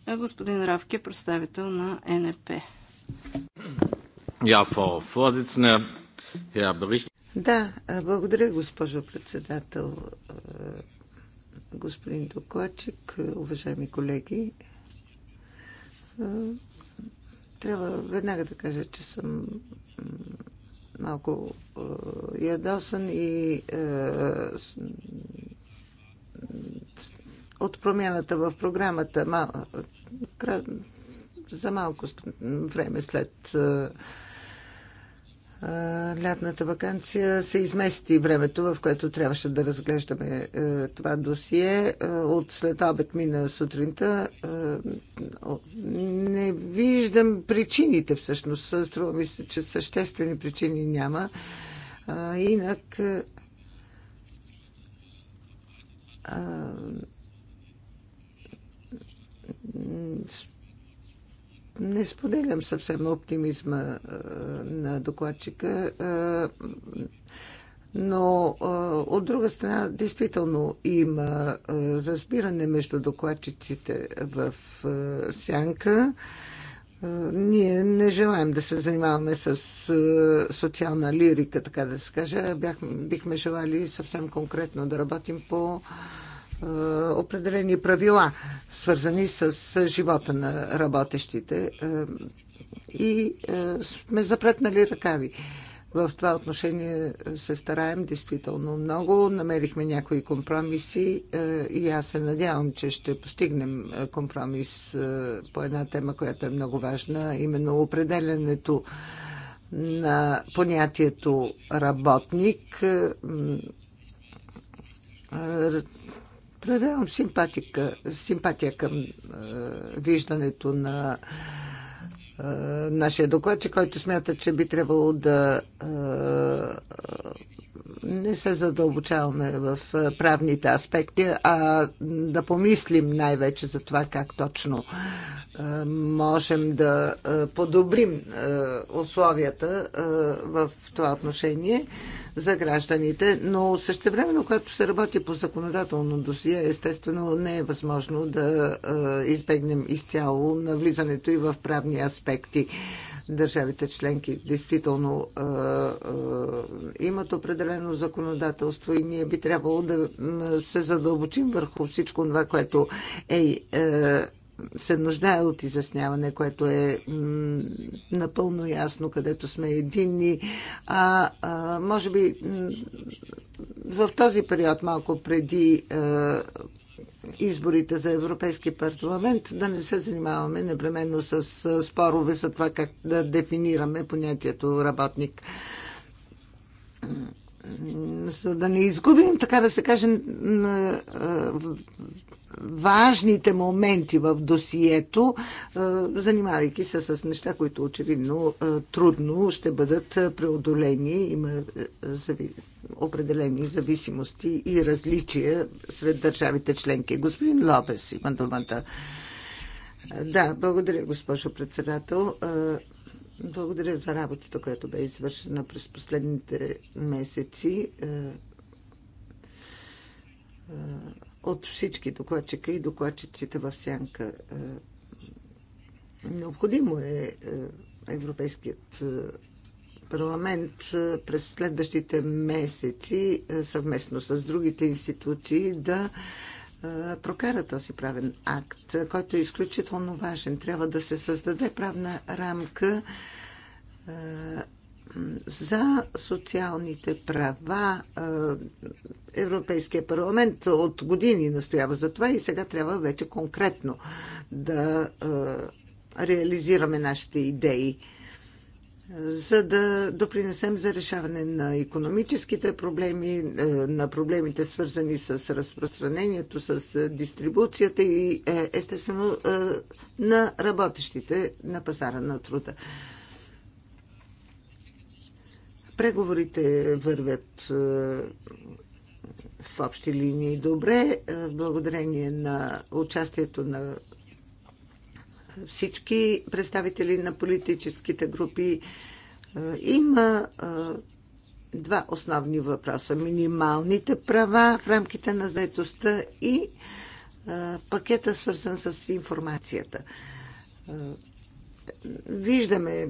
Господин Равки, представител на НП. Да, благодаря, госпожо председател, господин докладчик, уважаеми колеги. Трябва веднага да кажа, че съм малко ядосан и от промяната в програмата за малко време след лятната вакансия се измести времето, в което трябваше да разглеждаме е, това досие. Е, от след обед мина сутринта. Е, не виждам причините всъщност. Струва ми се, че съществени причини няма. Инак не споделям съвсем оптимизма е, на докладчика, е, но е, от друга страна, действително има разбиране между докладчиците в сянка. Ние не желаем да се занимаваме с социална лирика, така да се каже. Бяхме, бихме желали съвсем конкретно да работим по е, определени правила, свързани с живота на работещите е, и е, сме запретнали ръкави. В това отношение се стараем действително много. Намерихме някои компромиси и аз се надявам, че ще постигнем компромис по една тема, която е много важна, именно определенето на понятието работник проявявам симпатика, симпатия към е, виждането на е, нашия докладчик, който смята, че би трябвало да е, не се задълбочаваме в правните аспекти, а да помислим най-вече за това как точно можем да подобрим условията в това отношение за гражданите, но същевременно, когато се работи по законодателно досие, естествено не е възможно да избегнем изцяло навлизането и в правни аспекти. Държавите членки действително а, а, имат определено законодателство и ние би трябвало да се задълбочим върху всичко това, което е. А, е, се нуждае от изясняване, което е напълно ясно, където сме единни. А, а може би в този период, малко преди изборите за Европейски парламент, да не се занимаваме непременно с спорове за това как да дефинираме понятието работник. За да не изгубим, така да се каже, важните моменти в досието, е, занимавайки се с неща, които очевидно е, трудно ще бъдат преодолени. Има е, определени зависимости и различия сред държавите членки. Господин Лопес има думата. Да, благодаря, госпожо председател. Благодаря за работата, която бе извършена през последните месеци от всички докладчика и докладчиците в сянка. Е, необходимо е, е Европейският е, парламент през следващите месеци съвместно с другите институции да прокара този правен акт, който е изключително важен. Трябва да се създаде правна рамка за социалните права, Европейския парламент от години настоява за това и сега трябва вече конкретно да реализираме нашите идеи за да допринесем за решаване на економическите проблеми, на проблемите свързани с разпространението, с дистрибуцията и естествено на работещите на пазара на труда. Преговорите вървят в общи линии добре, е, благодарение на участието на всички представители на политическите групи. Е, има е, два основни въпроса. Минималните права в рамките на заедостта и пакета свързан с информацията. Виждаме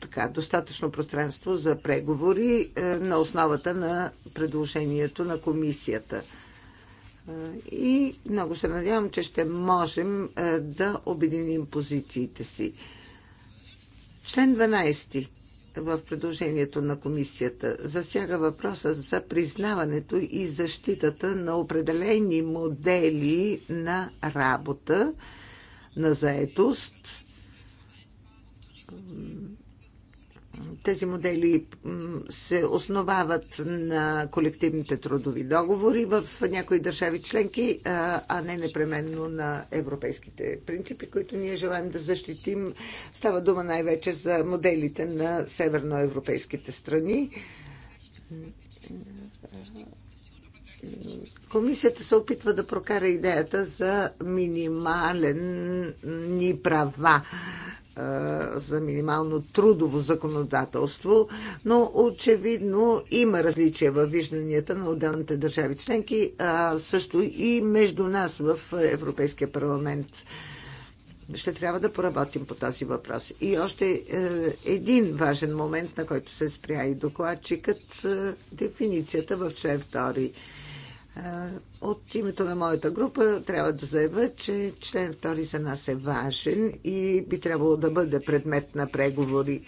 така, достатъчно пространство за преговори е, на основата на предложението на комисията. Е, и много се надявам, че ще можем е, да обединим позициите си. Член 12 в предложението на комисията засяга въпроса за признаването и защитата на определени модели на работа, на заетост, тези модели се основават на колективните трудови договори в някои държави членки, а не непременно на европейските принципи, които ние желаем да защитим. Става дума най-вече за моделите на северноевропейските страни. Комисията се опитва да прокара идеята за минимален ни права за минимално трудово законодателство, но очевидно има различия във вижданията на отделните държави членки, а също и между нас в Европейския парламент. Ще трябва да поработим по този въпрос. И още е, един важен момент, на който се спря и докладчикът, е, дефиницията в член 2 от името на моята група трябва да заявя, че член 2 за нас е важен и би трябвало да бъде предмет на преговори.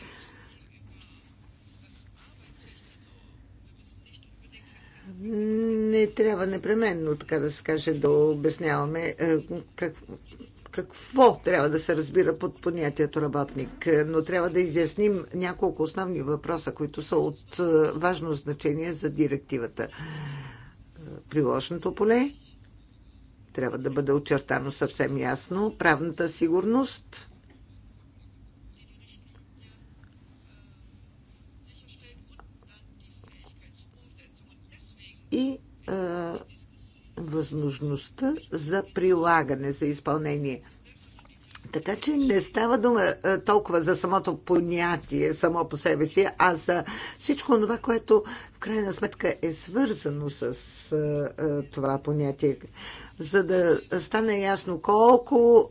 Не трябва непременно, така да се каже, да обясняваме е, как, какво трябва да се разбира под понятието работник, но трябва да изясним няколко основни въпроса, които са от е, важно значение за директивата приложното поле трябва да бъде очертано съвсем ясно, правната сигурност, и а, възможността за прилагане, за изпълнение – така че не става дума е, толкова за самото понятие, само по себе си, а за всичко това, което в крайна сметка е свързано с е, е, това понятие. За да стане ясно колко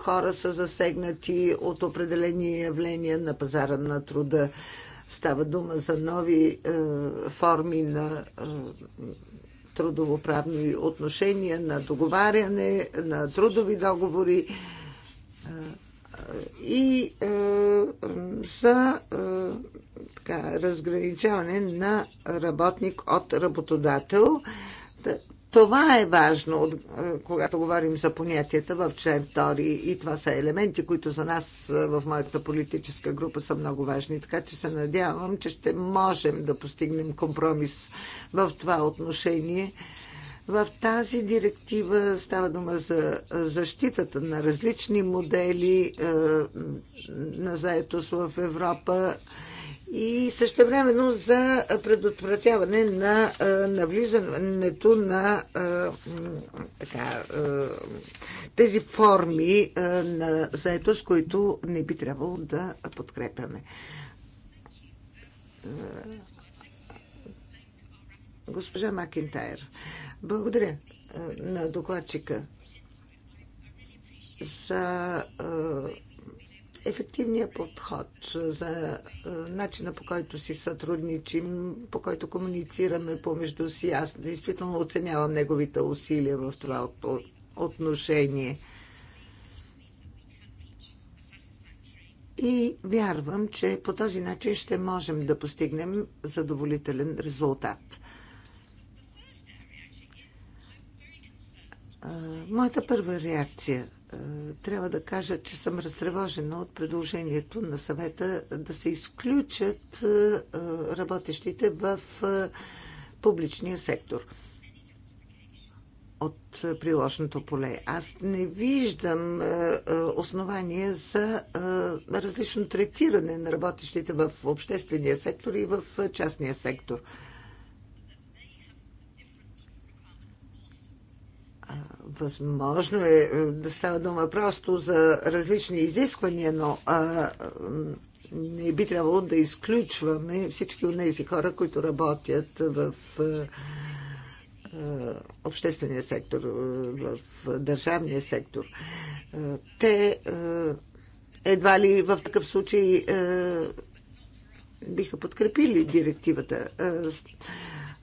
хора са засегнати от определени явления на пазара на труда. Става дума за нови форми на трудовоправни отношения, на договаряне, на трудови договори и е, за е, така, разграничаване на работник от работодател. Това е важно, е, когато говорим за понятията в член 2 и това са елементи, които за нас в моята политическа група са много важни. Така че се надявам, че ще можем да постигнем компромис в това отношение. В тази директива става дума за защитата на различни модели е, на заетост в Европа и същевременно за предотвратяване на е, навлизането на е, така, тези форми на заетост, които не би трябвало да подкрепяме. Госпожа Макентайр. благодаря на докладчика за ефективния подход, за начина по който си сътрудничим, по който комуницираме помежду си. Аз действително оценявам неговите усилия в това отношение. И вярвам, че по този начин ще можем да постигнем задоволителен резултат. Моята първа реакция трябва да кажа, че съм разтревожена от предложението на съвета да се изключат работещите в публичния сектор от приложното поле. Аз не виждам основания за различно третиране на работещите в обществения сектор и в частния сектор. Възможно е, е да става дума просто за различни изисквания, но а, не би трябвало да изключваме всички от тези хора, които работят в а, обществения сектор, в държавния сектор. Те едва ли в такъв случай биха подкрепили директивата.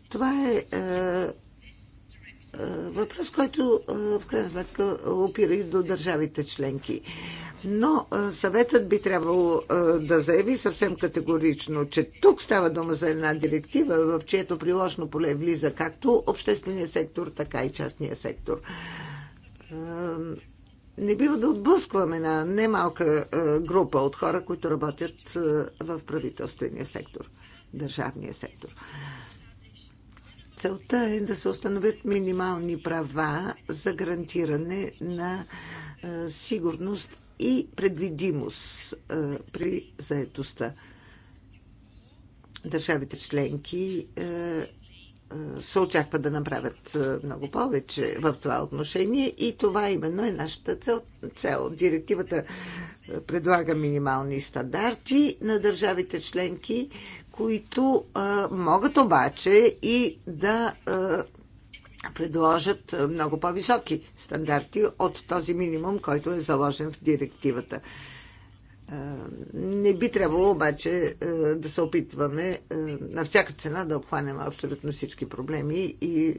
Това е е, въпрос, който е, в крайна сметка опира и до държавите членки. Но е, съветът би трябвало да заяви съвсем категорично, че тук става дума за една директива, в чието приложно поле влиза както обществения сектор, така и частния сектор. Не бива да отблъскваме на немалка група от хора, които работят в правителствения сектор, държавния сектор. Целта е да се установят минимални права за гарантиране на сигурност и предвидимост при заетостта. Държавите членки се очаква да направят много повече в това отношение и това именно е нашата цел. цел. Директивата предлага минимални стандарти на държавите членки, които а, могат обаче и да а, предложат много по-високи стандарти от този минимум, който е заложен в директивата. Не би трябвало обаче да се опитваме на всяка цена да обхванем абсолютно всички проблеми и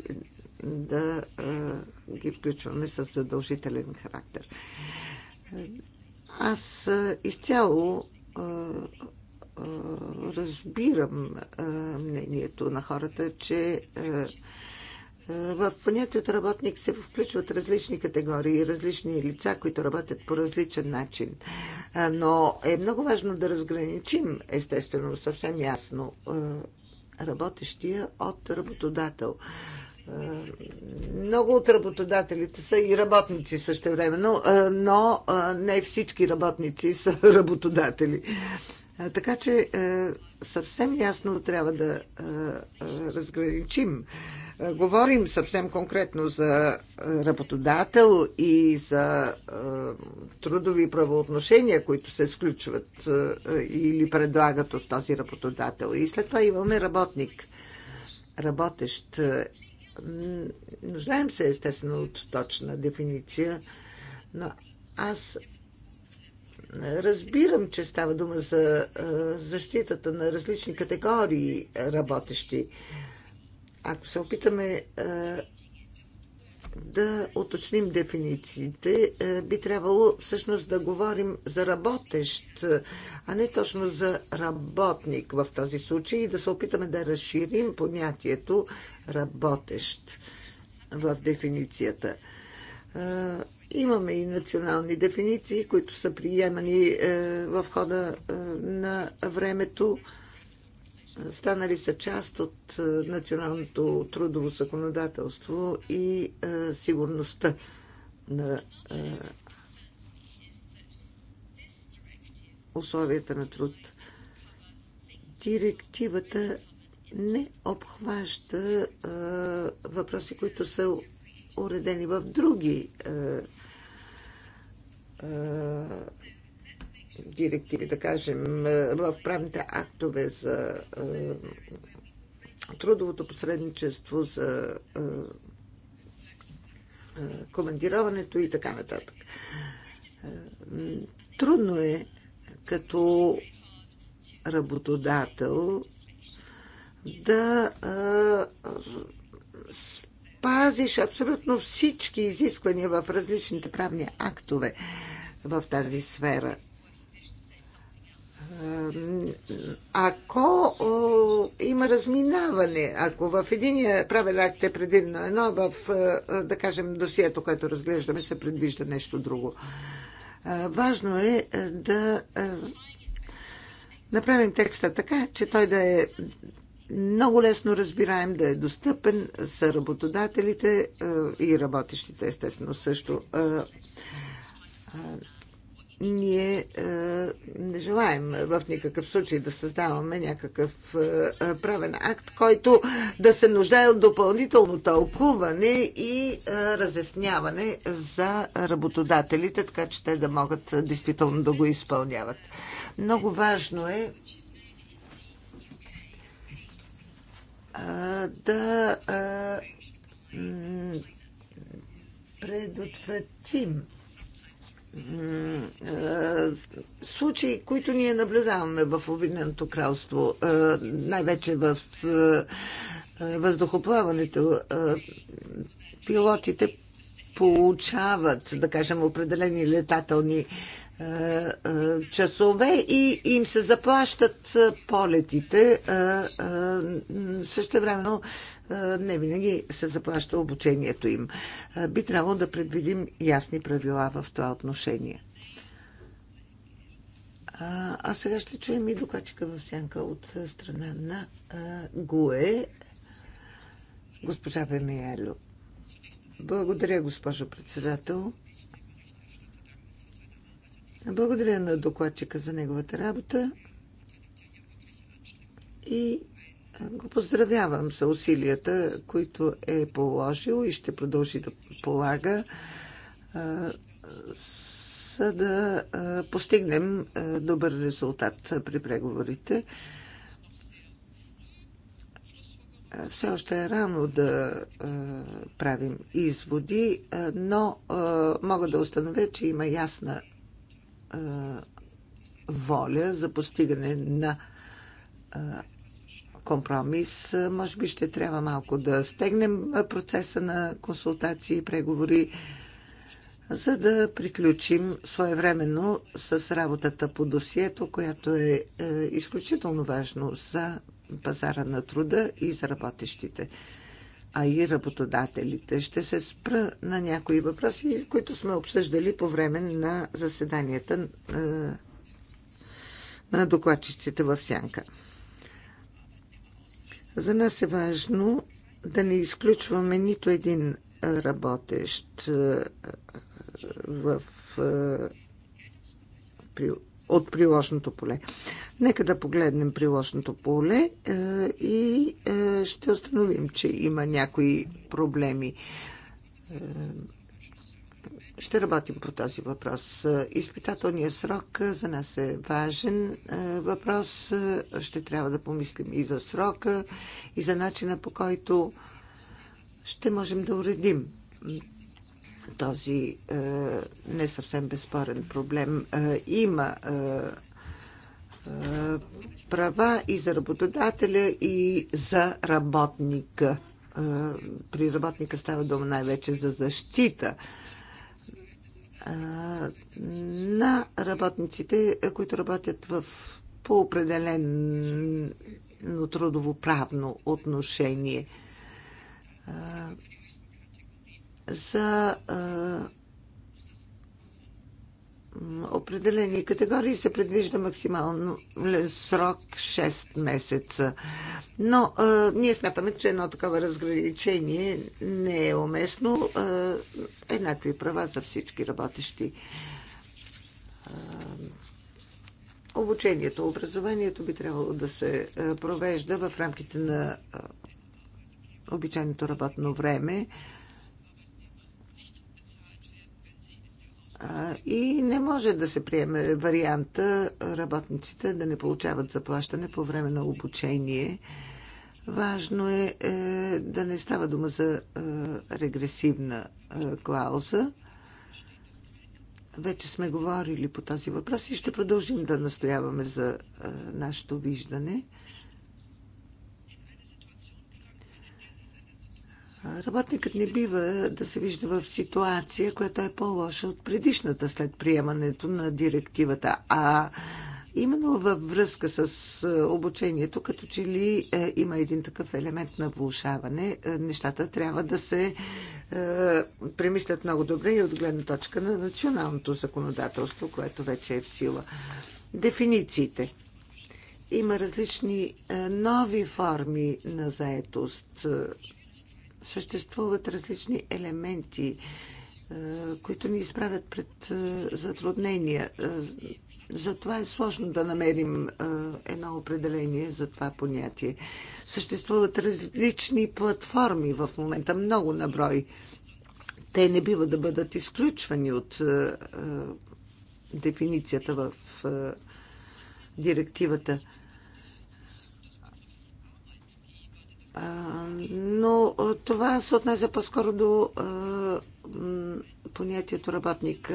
да ги включваме с задължителен характер. Аз изцяло е, разбирам е, мнението на хората, че е, в понятието работник се включват различни категории, различни лица, които работят по различен начин. Но е много важно да разграничим, естествено, съвсем ясно, работещия от работодател. Много от работодателите са и работници също времено, но не всички работници са работодатели. Така че е, съвсем ясно трябва да е, е, разграничим. Говорим съвсем конкретно за работодател и за трудови правоотношения, които се сключват или предлагат от този работодател. И след това имаме работник, работещ. Нуждаем се естествено от точна дефиниция, но аз Разбирам, че става дума за защитата на различни категории работещи. Ако се опитаме да уточним дефинициите, би трябвало всъщност да говорим за работещ, а не точно за работник в този случай и да се опитаме да разширим понятието работещ в дефиницията. Имаме и национални дефиниции, които са приемани е, в хода е, на времето. Станали са част от е, националното трудово законодателство и сигурността на условията на труд. Директивата не обхваща въпроси, които са уредени в други е, директиви, да кажем, е, в правните актове за е, трудовото посредничество, за командироването и така нататък. Трудно е като работодател да спазиш абсолютно всички изисквания в различните правни актове в тази сфера. Ако има разминаване, ако в единия правен акт е предвидено едно, в, е, е, да кажем, досието, което разглеждаме, се предвижда нещо друго. Важно е, е да направим текста така, че той да е много лесно разбираем, да е достъпен за работодателите и работещите, естествено, също. Ние не желаем в никакъв случай да създаваме някакъв правен акт, който да се нуждае от допълнително тълкуване и разясняване за работодателите, така че те да могат действително да го изпълняват. Много важно е да предотвратим случаи, които ние наблюдаваме в Обединеното кралство, най-вече в въздухоплаването. Пилотите получават, да кажем, определени летателни е, е, часове и им се заплащат е, полетите. Също времено не винаги се заплаща обучението им. Би трябвало да предвидим ясни правила в това отношение. А, сега ще чуем и докачка в сянка от страна на ГУЕ, госпожа Бемиело. Благодаря, госпожо председател. Благодаря на докладчика за неговата работа и го поздравявам за усилията, които е положил и ще продължи да полага, за да постигнем добър резултат при преговорите. Все още е рано да правим изводи, но мога да установя, че има ясна воля за постигане на компромис. Може би ще трябва малко да стегнем процеса на консултации и преговори, за да приключим своевременно с работата по досието, която е, е изключително важно за пазара на труда и за работещите а и работодателите. Ще се спра на някои въпроси, които сме обсъждали по време на заседанията е, на докладчиците в Сянка. За нас е важно да не изключваме нито един работещ е, в е, при от приложното поле. Нека да погледнем приложното поле е, и е, ще установим, че има някои проблеми. Е, ще работим по този въпрос. Изпитателният срок е, за нас е важен е, въпрос. Е, ще трябва да помислим и за срока, и за начина по който ще можем да уредим този е, не съвсем безспорен проблем. Е, има е, е права и за работодателя, и за работника. Е, при работника става дума най-вече за защита е, на работниците, които работят в по определено трудово-правно отношение за определени категории се предвижда максимално срок 6 месеца. Но а, ние смятаме, че едно такова разграничение не е уместно. А, еднакви права за всички работещи. А, обучението, образованието би трябвало да се провежда в рамките на обичайното работно време. А, И не може да се приеме варианта работниците да не получават заплащане по време на обучение. Важно е, е да не става дума за е, регресивна е, клауза. Вече сме говорили по този въпрос и ще продължим да настояваме за е, нашето виждане. Работникът не бива да се вижда в ситуация, която е по-лоша от предишната след приемането на директивата. А именно във връзка с е, обучението, като че ли е, има един такъв елемент на влушаване, е, нещата трябва да се е, премислят много добре и от гледна точка на националното законодателство, което вече е в сила. Дефинициите. Има различни е, нови форми на заетост е, съществуват различни елементи, е, които ни изправят пред е, затруднения. Е, затова е сложно да намерим едно определение за това понятие. Съществуват различни платформи в момента, много наброй. Те не бива да бъдат изключвани от дефиницията в директивата. но това се отнесе по-скоро до понятието работник.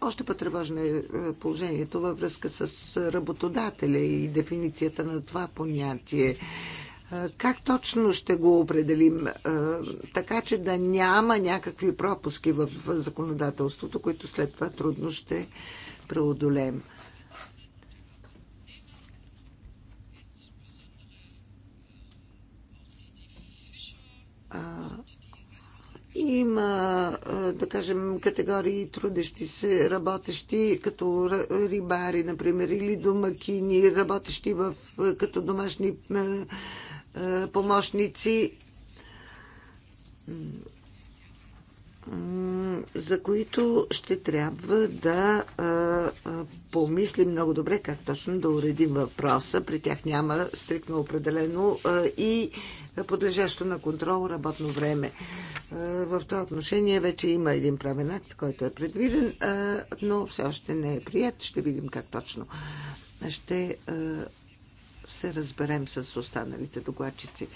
Още по-тревожно е положението във връзка с работодателя и дефиницията на това понятие. Как точно ще го определим? Така, че да няма някакви пропуски в законодателството, които след това трудно ще преодолеем. Има, да кажем, категории трудещи се, работещи като рибари, например, или домакини, работещи в, като домашни помощници за които ще трябва да помислим много добре как точно да уредим въпроса. При тях няма стрикно определено и подлежащо на контрол работно време. В това отношение вече има един правен акт, който е предвиден, но все още не е прият. Ще видим как точно ще се разберем с останалите докладчици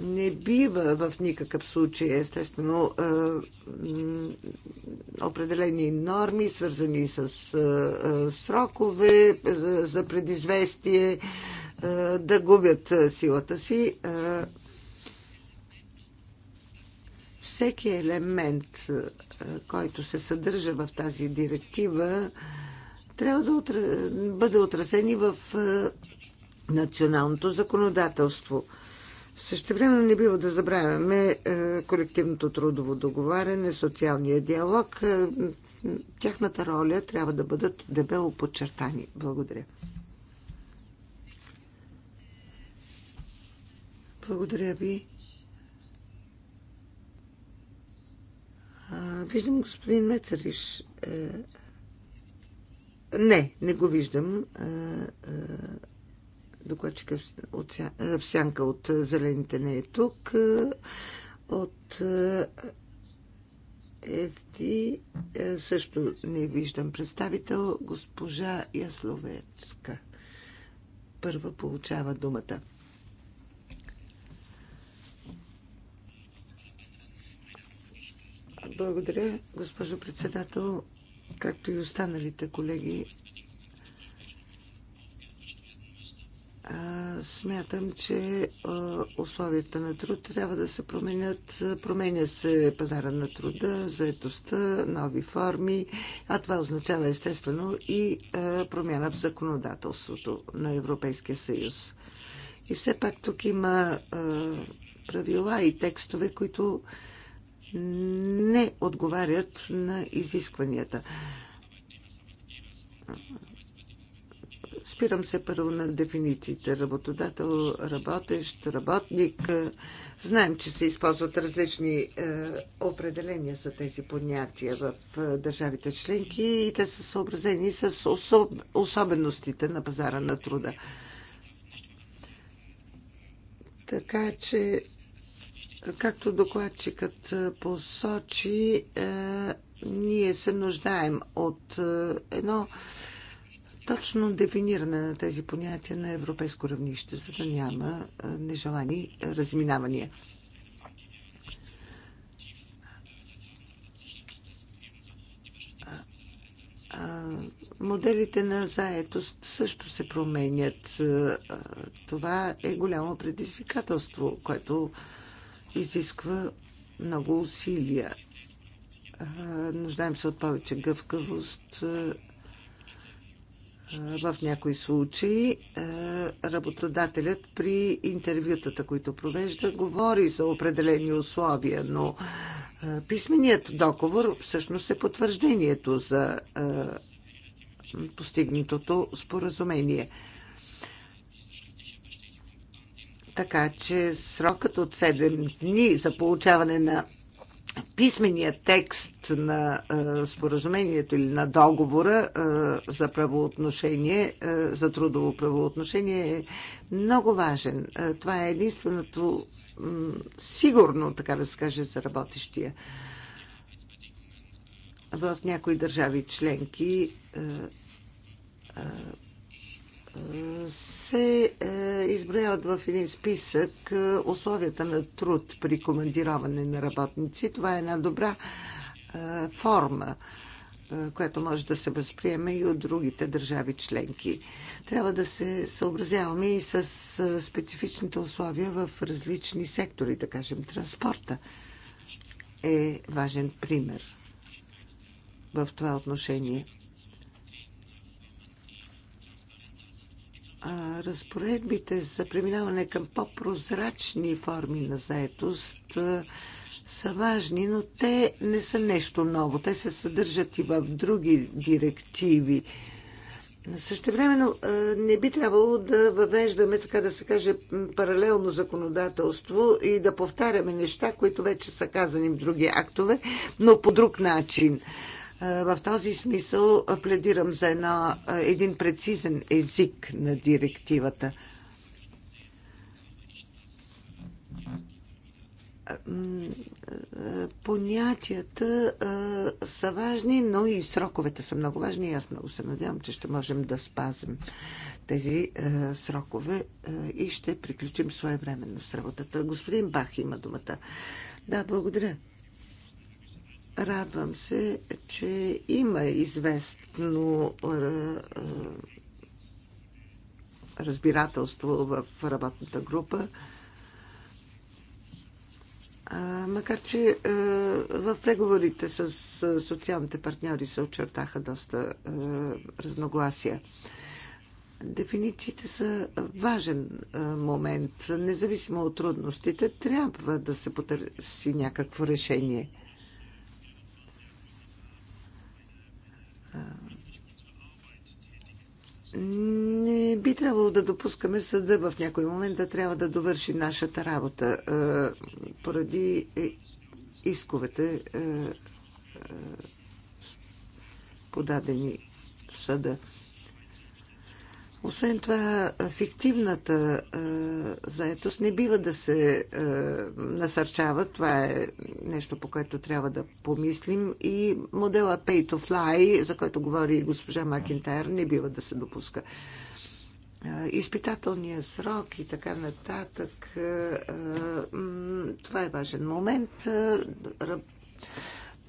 не бива в никакъв случай, естествено, е, определени норми, свързани с е, е, срокове за предизвестие, да губят силата си. Всеки елемент, който се съдържа в тази директива, трябва да бъде отразен и в националното законодателство – също време не бива да забравяме е, колективното трудово договаряне, социалния диалог. Е, тяхната роля трябва да бъдат дебело подчертани. Благодаря. Благодаря ви. Виждам господин Мецариш. Е, не, не го виждам. Докладчика е, в сянка от е, зелените не е тук. Е, от FD също не виждам представител. Госпожа Ясловецка първа получава думата. Благодаря, госпожо председател. Както и останалите колеги, смятам, че условията на труд трябва да се променят. Променя се пазара на труда, заетостта, нови форми, а това означава естествено и промяна в законодателството на Европейския съюз. И все пак тук има правила и текстове, които не отговарят на изискванията Спирам се първо на дефинициите. Работодател, работещ, работник. Знаем, че се използват различни е, определения за тези понятия в е, държавите членки и те са съобразени с особ... особеностите на пазара на труда. Така че, както докладчикът посочи, е, ние се нуждаем от е, едно. Е, точно дефиниране на тези понятия на европейско равнище, за да няма нежелани разминавания. Моделите на заетост също се променят. Това е голямо предизвикателство, което изисква много усилия. Нуждаем се от повече гъвкавост в някои случаи е, работодателят при интервютата, които провежда, говори за определени условия, но е, писменият договор всъщност е потвърждението за е, постигнатото споразумение. Така че срокът от 7 дни за получаване на писмения текст на а, е, споразумението или на договора а, е, за правоотношение, а, е, за трудово правоотношение е много важен. А, това е единственото м- сигурно, така да се каже, за работещия. В някои държави членки а, а, се е, изброяват в един списък е, условията на труд при командироване на работници. Това е една добра е, форма, която може да се възприеме и от другите държави членки. Трябва да се съобразяваме и с специфичните условия в различни сектори, да кажем транспорта е важен пример в това отношение. разпоредбите за преминаване към по-прозрачни форми на заетост са важни, но те не са нещо ново. Те се съдържат и в други директиви. Същевременно не би трябвало да въвеждаме, така да се каже, паралелно законодателство и да повтаряме неща, които вече са казани в други актове, но по друг начин. Е, в този смисъл е, пледирам за една, е, един прецизен език на директивата. Понятията са важни, но и сроковете са много важни и аз много се надявам, че ще можем да спазим тези срокове и ще приключим своевременно с работата. Господин Бах има думата. Да, благодаря. Радвам се, че има известно разбирателство в работната група. Макар, че в преговорите с социалните партньори се очертаха доста разногласия. Дефинициите са важен момент. Независимо от трудностите, трябва да се потърси някакво решение. не би трябвало да допускаме съда в някой момент да трябва да довърши нашата работа е, поради е, исковете е, подадени в съда. Освен това, фиктивната а, заетост не бива да се а, насърчава. Това е нещо, по което трябва да помислим. И модела Pay to Fly, за който говори и госпожа Макинтайр, не бива да се допуска. Изпитателния срок и така нататък. А, а, това е важен момент.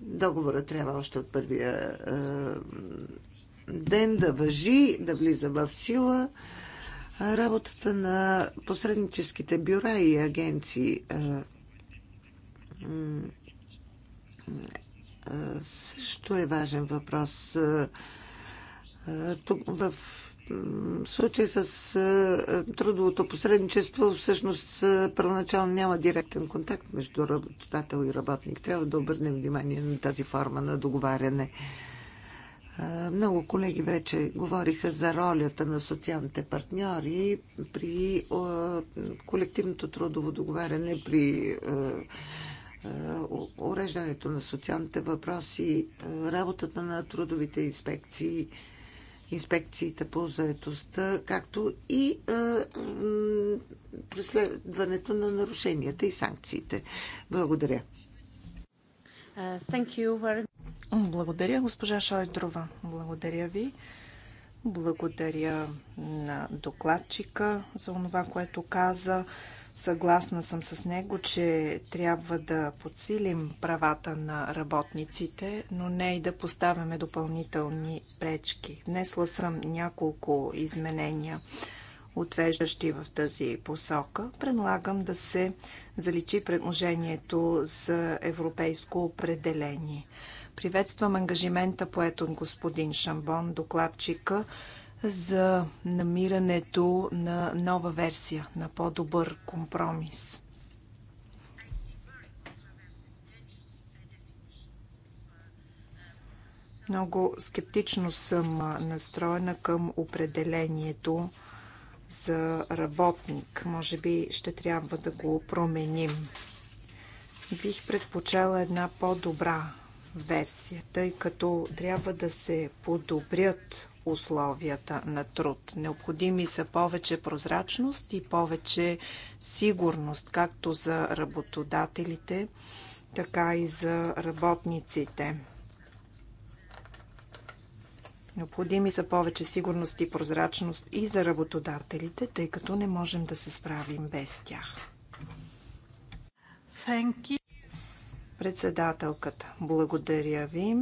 Договорът трябва още от първия. А, ден да въжи, да влиза в сила работата на посредническите бюра и агенции също е важен въпрос. Тук в случай с трудовото посредничество, всъщност първоначално няма директен контакт между работодател и работник. Трябва да обърнем внимание на тази форма на договаряне. Много колеги вече говориха за ролята на социалните партньори при колективното трудово договаряне, при уреждането на социалните въпроси, работата на трудовите инспекции, инспекциите по заетостта, както и преследването на нарушенията и санкциите. Благодаря. Благодаря, госпожа Шойдрова. Благодаря ви. Благодаря на докладчика за това, което каза. Съгласна съм с него, че трябва да подсилим правата на работниците, но не и да поставяме допълнителни пречки. Внесла съм няколко изменения отвеждащи в тази посока. Предлагам да се заличи предложението за европейско определение. Приветствам ангажимента, поет от господин Шамбон, докладчика, за намирането на нова версия, на по-добър компромис. Много скептично съм настроена към определението за работник. Може би ще трябва да го променим. Бих предпочела една по-добра версия, тъй като трябва да се подобрят условията на труд. Необходими са повече прозрачност и повече сигурност, както за работодателите, така и за работниците. Необходими са повече сигурност и прозрачност и за работодателите, тъй като не можем да се справим без тях. Председателката, благодаря ви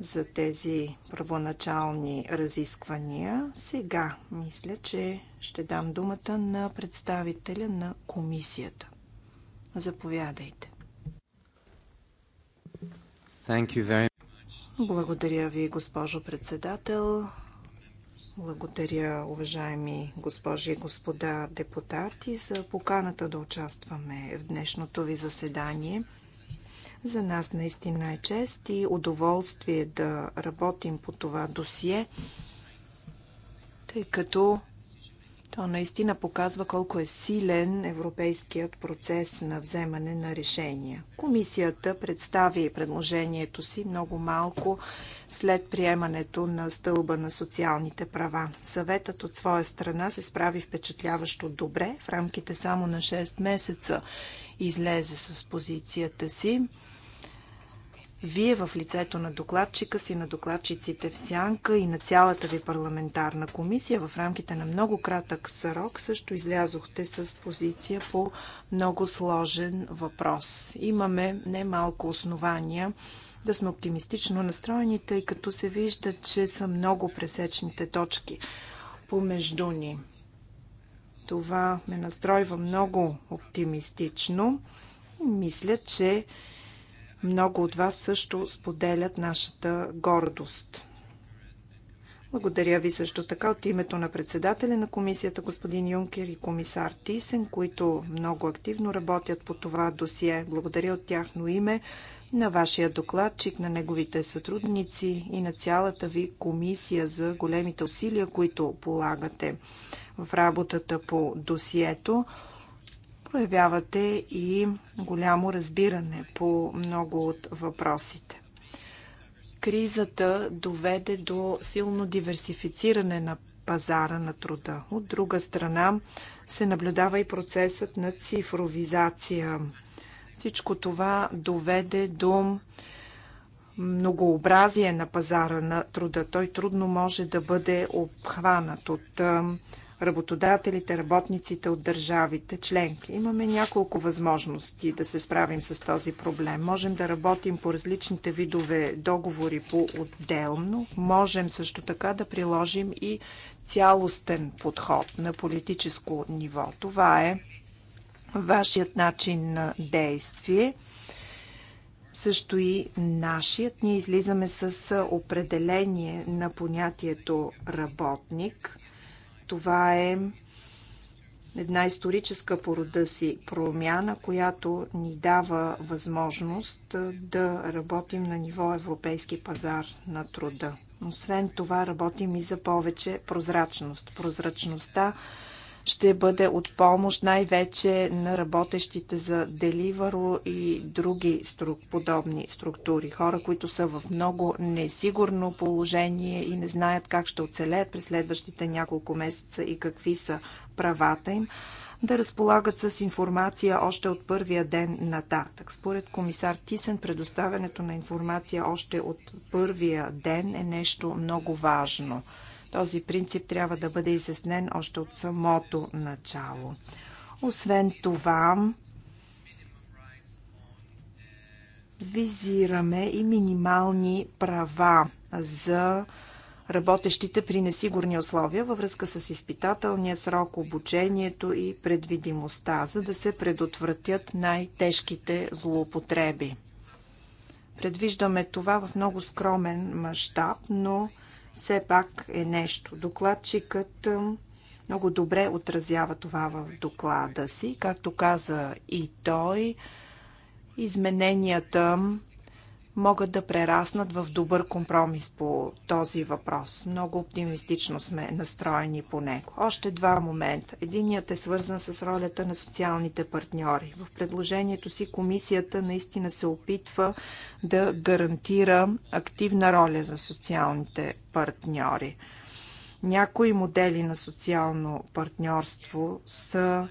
за тези първоначални разисквания. Сега мисля, че ще дам думата на представителя на комисията. Заповядайте. Thank you very благодаря ви, госпожо председател. Благодаря, уважаеми госпожи и господа депутати, за поканата да участваме в днешното ви заседание. За нас наистина е чест и удоволствие да работим по това досие, тъй като то наистина показва колко е силен европейският процес на вземане на решения. Комисията представи предложението си много малко след приемането на стълба на социалните права. Съветът от своя страна се справи впечатляващо добре. В рамките само на 6 месеца излезе с позицията си. Вие в лицето на докладчика си, на докладчиците в Сянка и на цялата ви парламентарна комисия в рамките на много кратък срок също излязохте с позиция по много сложен въпрос. Имаме немалко основания да сме оптимистично настроени, тъй като се вижда, че са много пресечните точки помежду ни. Това ме настройва много оптимистично. Мисля, че много от вас също споделят нашата гордост. Благодаря ви също така от името на председателя на комисията господин Юнкер и комисар Тисен, които много активно работят по това досие. Благодаря от тяхно име на вашия докладчик, на неговите сътрудници и на цялата ви комисия за големите усилия, които полагате в работата по досието проявявате и голямо разбиране по много от въпросите. Кризата доведе до силно диверсифициране на пазара на труда. От друга страна се наблюдава и процесът на цифровизация. Всичко това доведе до многообразие на пазара на труда. Той трудно може да бъде обхванат от работодателите, работниците от държавите, членки. Имаме няколко възможности да се справим с този проблем. Можем да работим по различните видове договори по-отделно. Можем също така да приложим и цялостен подход на политическо ниво. Това е вашият начин на действие също и нашият. Ние излизаме с определение на понятието работник. Това е една историческа порода си промяна, която ни дава възможност да работим на ниво европейски пазар на труда. Освен това, работим и за повече прозрачност. Прозрачността ще бъде от помощ най-вече на работещите за деливаро и други струк, подобни структури. Хора, които са в много несигурно положение и не знаят как ще оцелеят през следващите няколко месеца и какви са правата им да разполагат с информация още от първия ден нататък. Според комисар Тисен, предоставянето на информация още от първия ден е нещо много важно. Този принцип трябва да бъде изяснен още от самото начало. Освен това, визираме и минимални права за работещите при несигурни условия във връзка с изпитателния срок, обучението и предвидимостта, за да се предотвратят най-тежките злоупотреби. Предвиждаме това в много скромен мащаб, но все пак е нещо. Докладчикът много добре отразява това в доклада си. Както каза и той, измененията могат да прераснат в добър компромис по този въпрос. Много оптимистично сме настроени по него. Още два момента. Единият е свързан с ролята на социалните партньори. В предложението си комисията наистина се опитва да гарантира активна роля за социалните партньори. Някои модели на социално партньорство са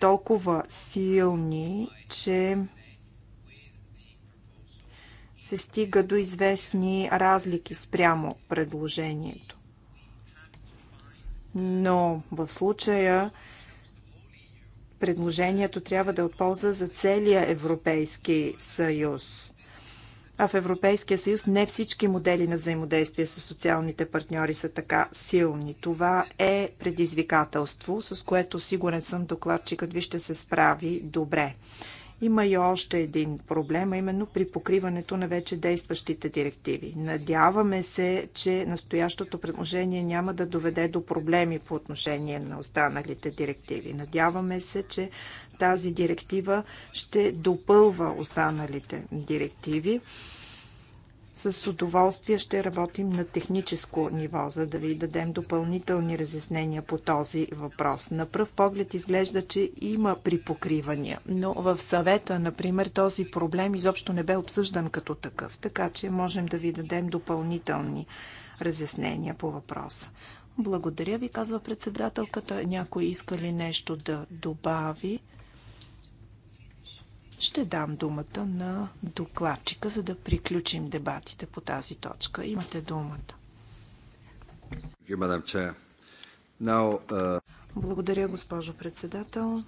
толкова силни, че се стига до известни разлики спрямо предложението. Но в случая предложението трябва да е от полза за целия Европейски съюз. А в Европейския съюз не всички модели на взаимодействие с социалните партньори са така силни. Това е предизвикателство, с което сигурен съм докладчикът ви ще се справи добре. Има и още един проблем, именно при покриването на вече действащите директиви. Надяваме се, че настоящото предложение няма да доведе до проблеми по отношение на останалите директиви. Надяваме се, че тази директива ще допълва останалите директиви. С удоволствие ще работим на техническо ниво, за да ви дадем допълнителни разяснения по този въпрос. На пръв поглед изглежда, че има припокривания, но в съвета, например, този проблем изобщо не бе обсъждан като такъв, така че можем да ви дадем допълнителни разяснения по въпроса. Благодаря ви, казва председателката. Някой иска ли нещо да добави? Ще дам думата на докладчика, за да приключим дебатите по тази точка. Имате думата. Uh, Благодаря, госпожо председател.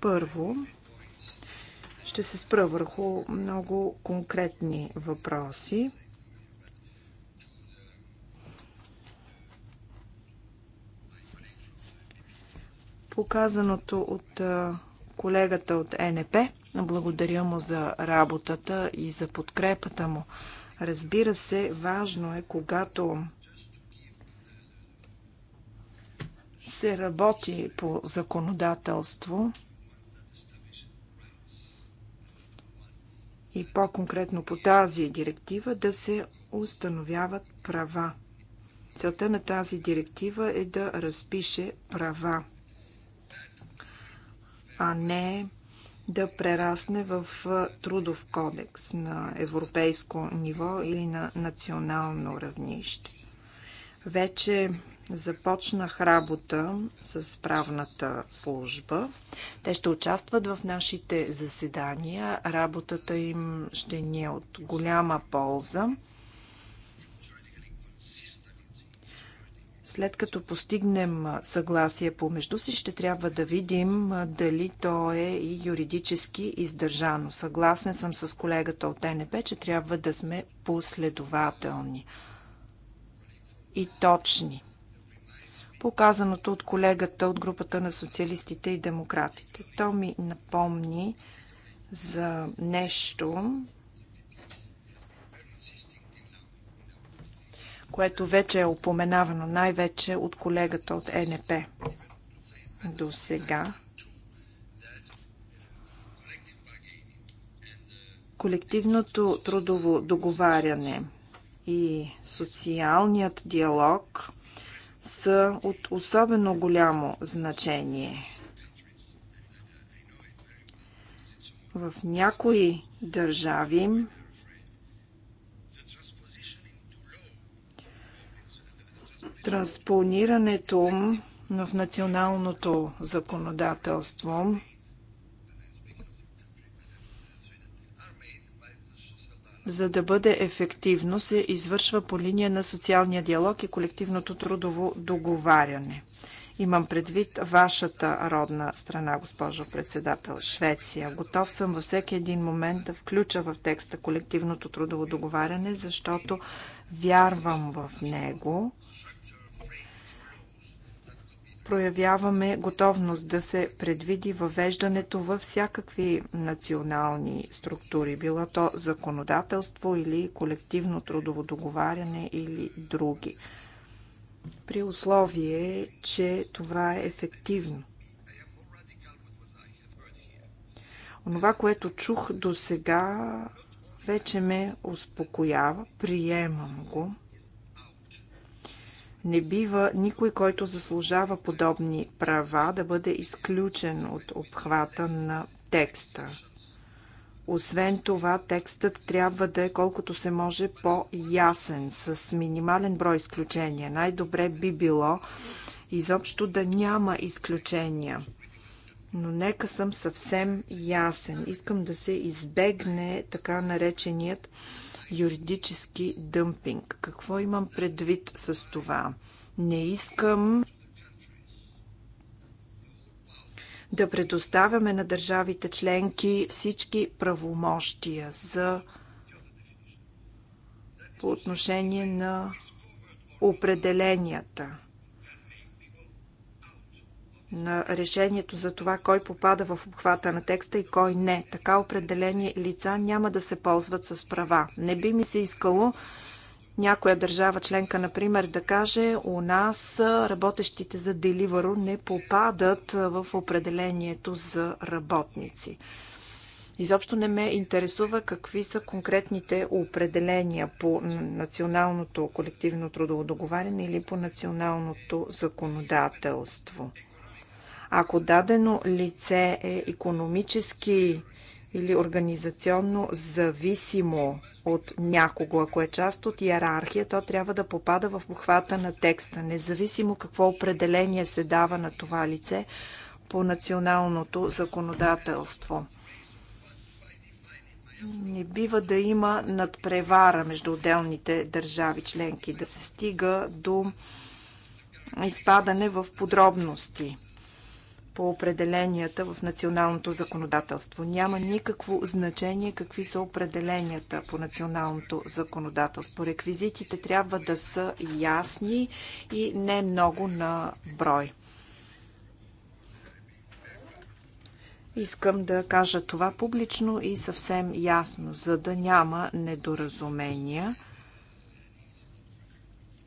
Първо, ще се спра върху много конкретни въпроси. показаното от колегата от НП. Благодаря му за работата и за подкрепата му. Разбира се, важно е, когато се работи по законодателство и по-конкретно по тази директива да се установяват права. Целта на тази директива е да разпише права а не да прерасне в трудов кодекс на европейско ниво или на национално равнище. Вече започнах работа с правната служба. Те ще участват в нашите заседания. Работата им ще ни е от голяма полза. След като постигнем съгласие помежду си, ще трябва да видим дали то е и юридически издържано. Съгласен съм с колегата от ТНП, че трябва да сме последователни и точни. Показаното от колегата от групата на социалистите и демократите. То ми напомни за нещо, което вече е упоменавано най-вече от колегата от ЕНП до сега. Колективното трудово договаряне и социалният диалог са от особено голямо значение. В някои държави Транспонирането в националното законодателство за да бъде ефективно, се извършва по линия на социалния диалог и колективното трудово договаряне. Имам предвид вашата родна страна, госпожо председател, Швеция. Готов съм във всеки един момент да включа в текста колективното трудово договаряне, защото вярвам в него проявяваме готовност да се предвиди въвеждането във всякакви национални структури, било то законодателство или колективно трудово договаряне или други, при условие, че това е ефективно. Онова, което чух до сега, вече ме успокоява, приемам го. Не бива никой, който заслужава подобни права, да бъде изключен от обхвата на текста. Освен това, текстът трябва да е колкото се може по-ясен, с минимален брой изключения. Най-добре би било изобщо да няма изключения. Но нека съм съвсем ясен. Искам да се избегне така нареченият юридически дъмпинг. Какво имам предвид с това? Не искам да предоставяме на държавите членки всички правомощия за по отношение на определенията на решението за това кой попада в обхвата на текста и кой не. Така определени лица няма да се ползват с права. Не би ми се искало някоя държава членка, например, да каже у нас работещите за деливаро не попадат в определението за работници. Изобщо не ме интересува какви са конкретните определения по националното колективно трудово договаряне или по националното законодателство. Ако дадено лице е економически или организационно зависимо от някого, ако е част от иерархия, то трябва да попада в обхвата на текста, независимо какво определение се дава на това лице по националното законодателство. Не бива да има надпревара между отделните държави членки, да се стига до изпадане в подробности по определенията в националното законодателство. Няма никакво значение какви са определенията по националното законодателство. Реквизитите трябва да са ясни и не много на брой. Искам да кажа това публично и съвсем ясно, за да няма недоразумения.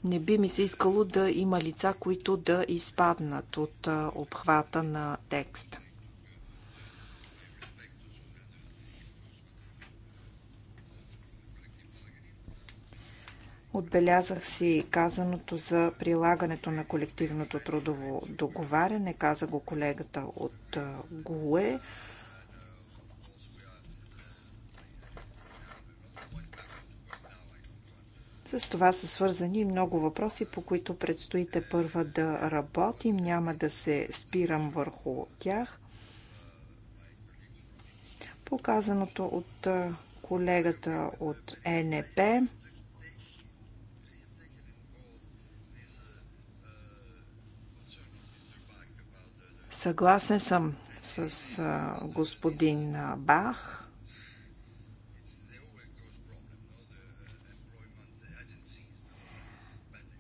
Не би ми се искало да има лица, които да изпаднат от обхвата на текста. Отбелязах си казаното за прилагането на колективното трудово договаряне, каза го колегата от ГУЕ. С това са свързани много въпроси, по които предстоите първа да работим. Няма да се спирам върху тях. Показаното от колегата от е НП. Съгласен съм с господин Бах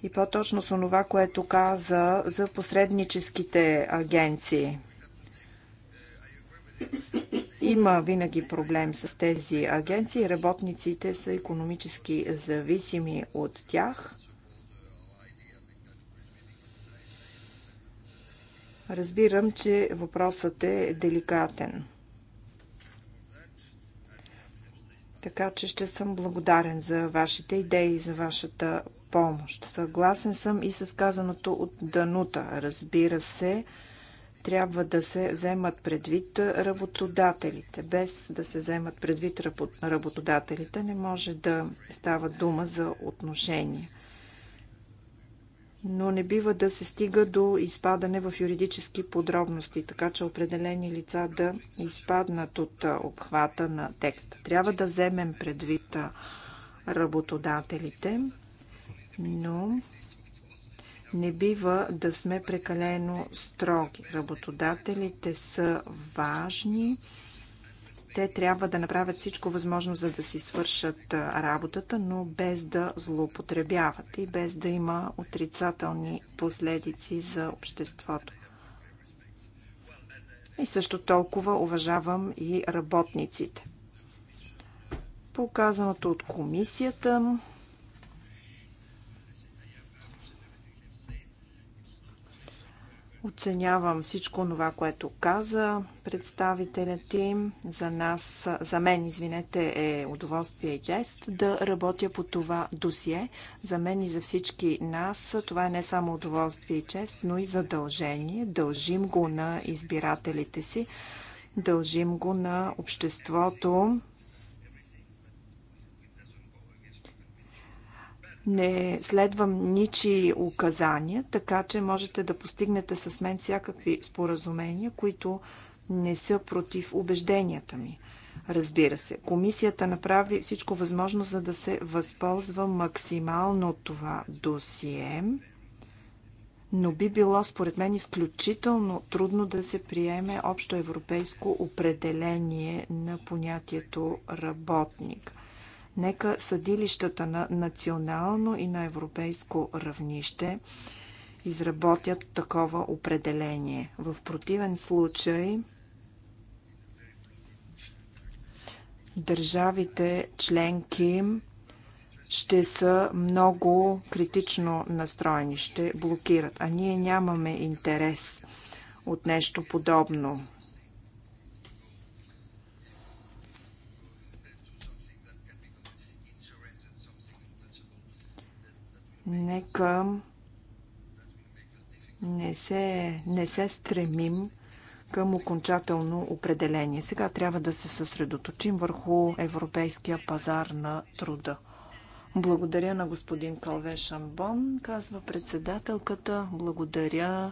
И по-точно с онова, което каза за посредническите агенции. Има винаги проблем с тези агенции. Работниците са економически зависими от тях. Разбирам, че въпросът е деликатен. Така че ще съм благодарен за вашите идеи, за вашата помощ. Съгласен съм и с казаното от Данута. Разбира се, трябва да се вземат предвид работодателите. Без да се вземат предвид работодателите не може да става дума за отношения. Но не бива да се стига до изпадане в юридически подробности, така че определени лица да изпаднат от обхвата на текста. Трябва да вземем предвид работодателите но не бива да сме прекалено строги. Работодателите са важни. Те трябва да направят всичко възможно, за да си свършат работата, но без да злоупотребяват и без да има отрицателни последици за обществото. И също толкова уважавам и работниците. Показаното от комисията Оценявам всичко това, което каза представителят им. За нас, за мен, извинете, е удоволствие и чест да работя по това досие. За мен и за всички нас това е не само удоволствие и чест, но и задължение. Дължим го на избирателите си, дължим го на обществото, не следвам ничи указания, така че можете да постигнете с мен всякакви споразумения, които не са против убежденията ми. Разбира се, комисията направи всичко възможно, за да се възползва максимално от това досие, но би било, според мен, изключително трудно да се приеме общо европейско определение на понятието работник. Нека съдилищата на национално и на европейско равнище изработят такова определение. В противен случай държавите членки ще са много критично настроени, ще блокират. А ние нямаме интерес от нещо подобно. Нека не се, не се стремим към окончателно определение. Сега трябва да се съсредоточим върху европейския пазар на труда. Благодаря на господин Калве Шамбон, казва председателката. Благодаря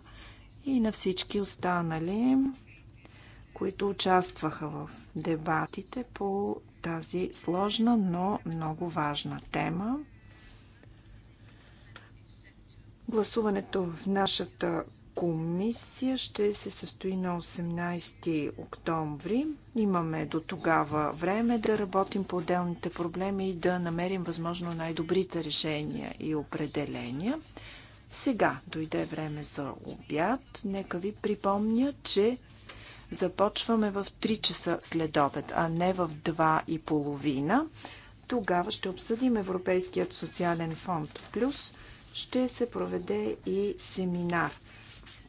и на всички останали, които участваха в дебатите по тази сложна, но много важна тема. Гласуването в нашата комисия ще се състои на 18 октомври. Имаме до тогава време да работим по отделните проблеми и да намерим възможно най-добрите решения и определения. Сега дойде време за обяд. Нека ви припомня, че започваме в 3 часа след обед, а не в 2 и половина. Тогава ще обсъдим Европейският социален фонд плюс ще се проведе и семинар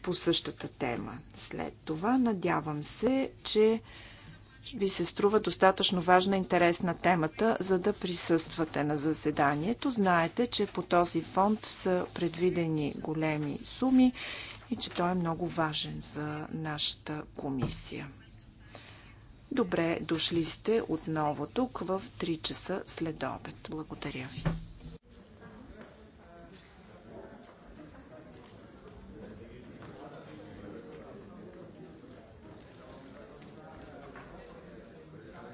по същата тема. След това надявам се, че ви се струва достатъчно важна и интересна темата, за да присъствате на заседанието. Знаете, че по този фонд са предвидени големи суми и че той е много важен за нашата комисия. Добре дошли сте отново тук в 3 часа след обед. Благодаря ви.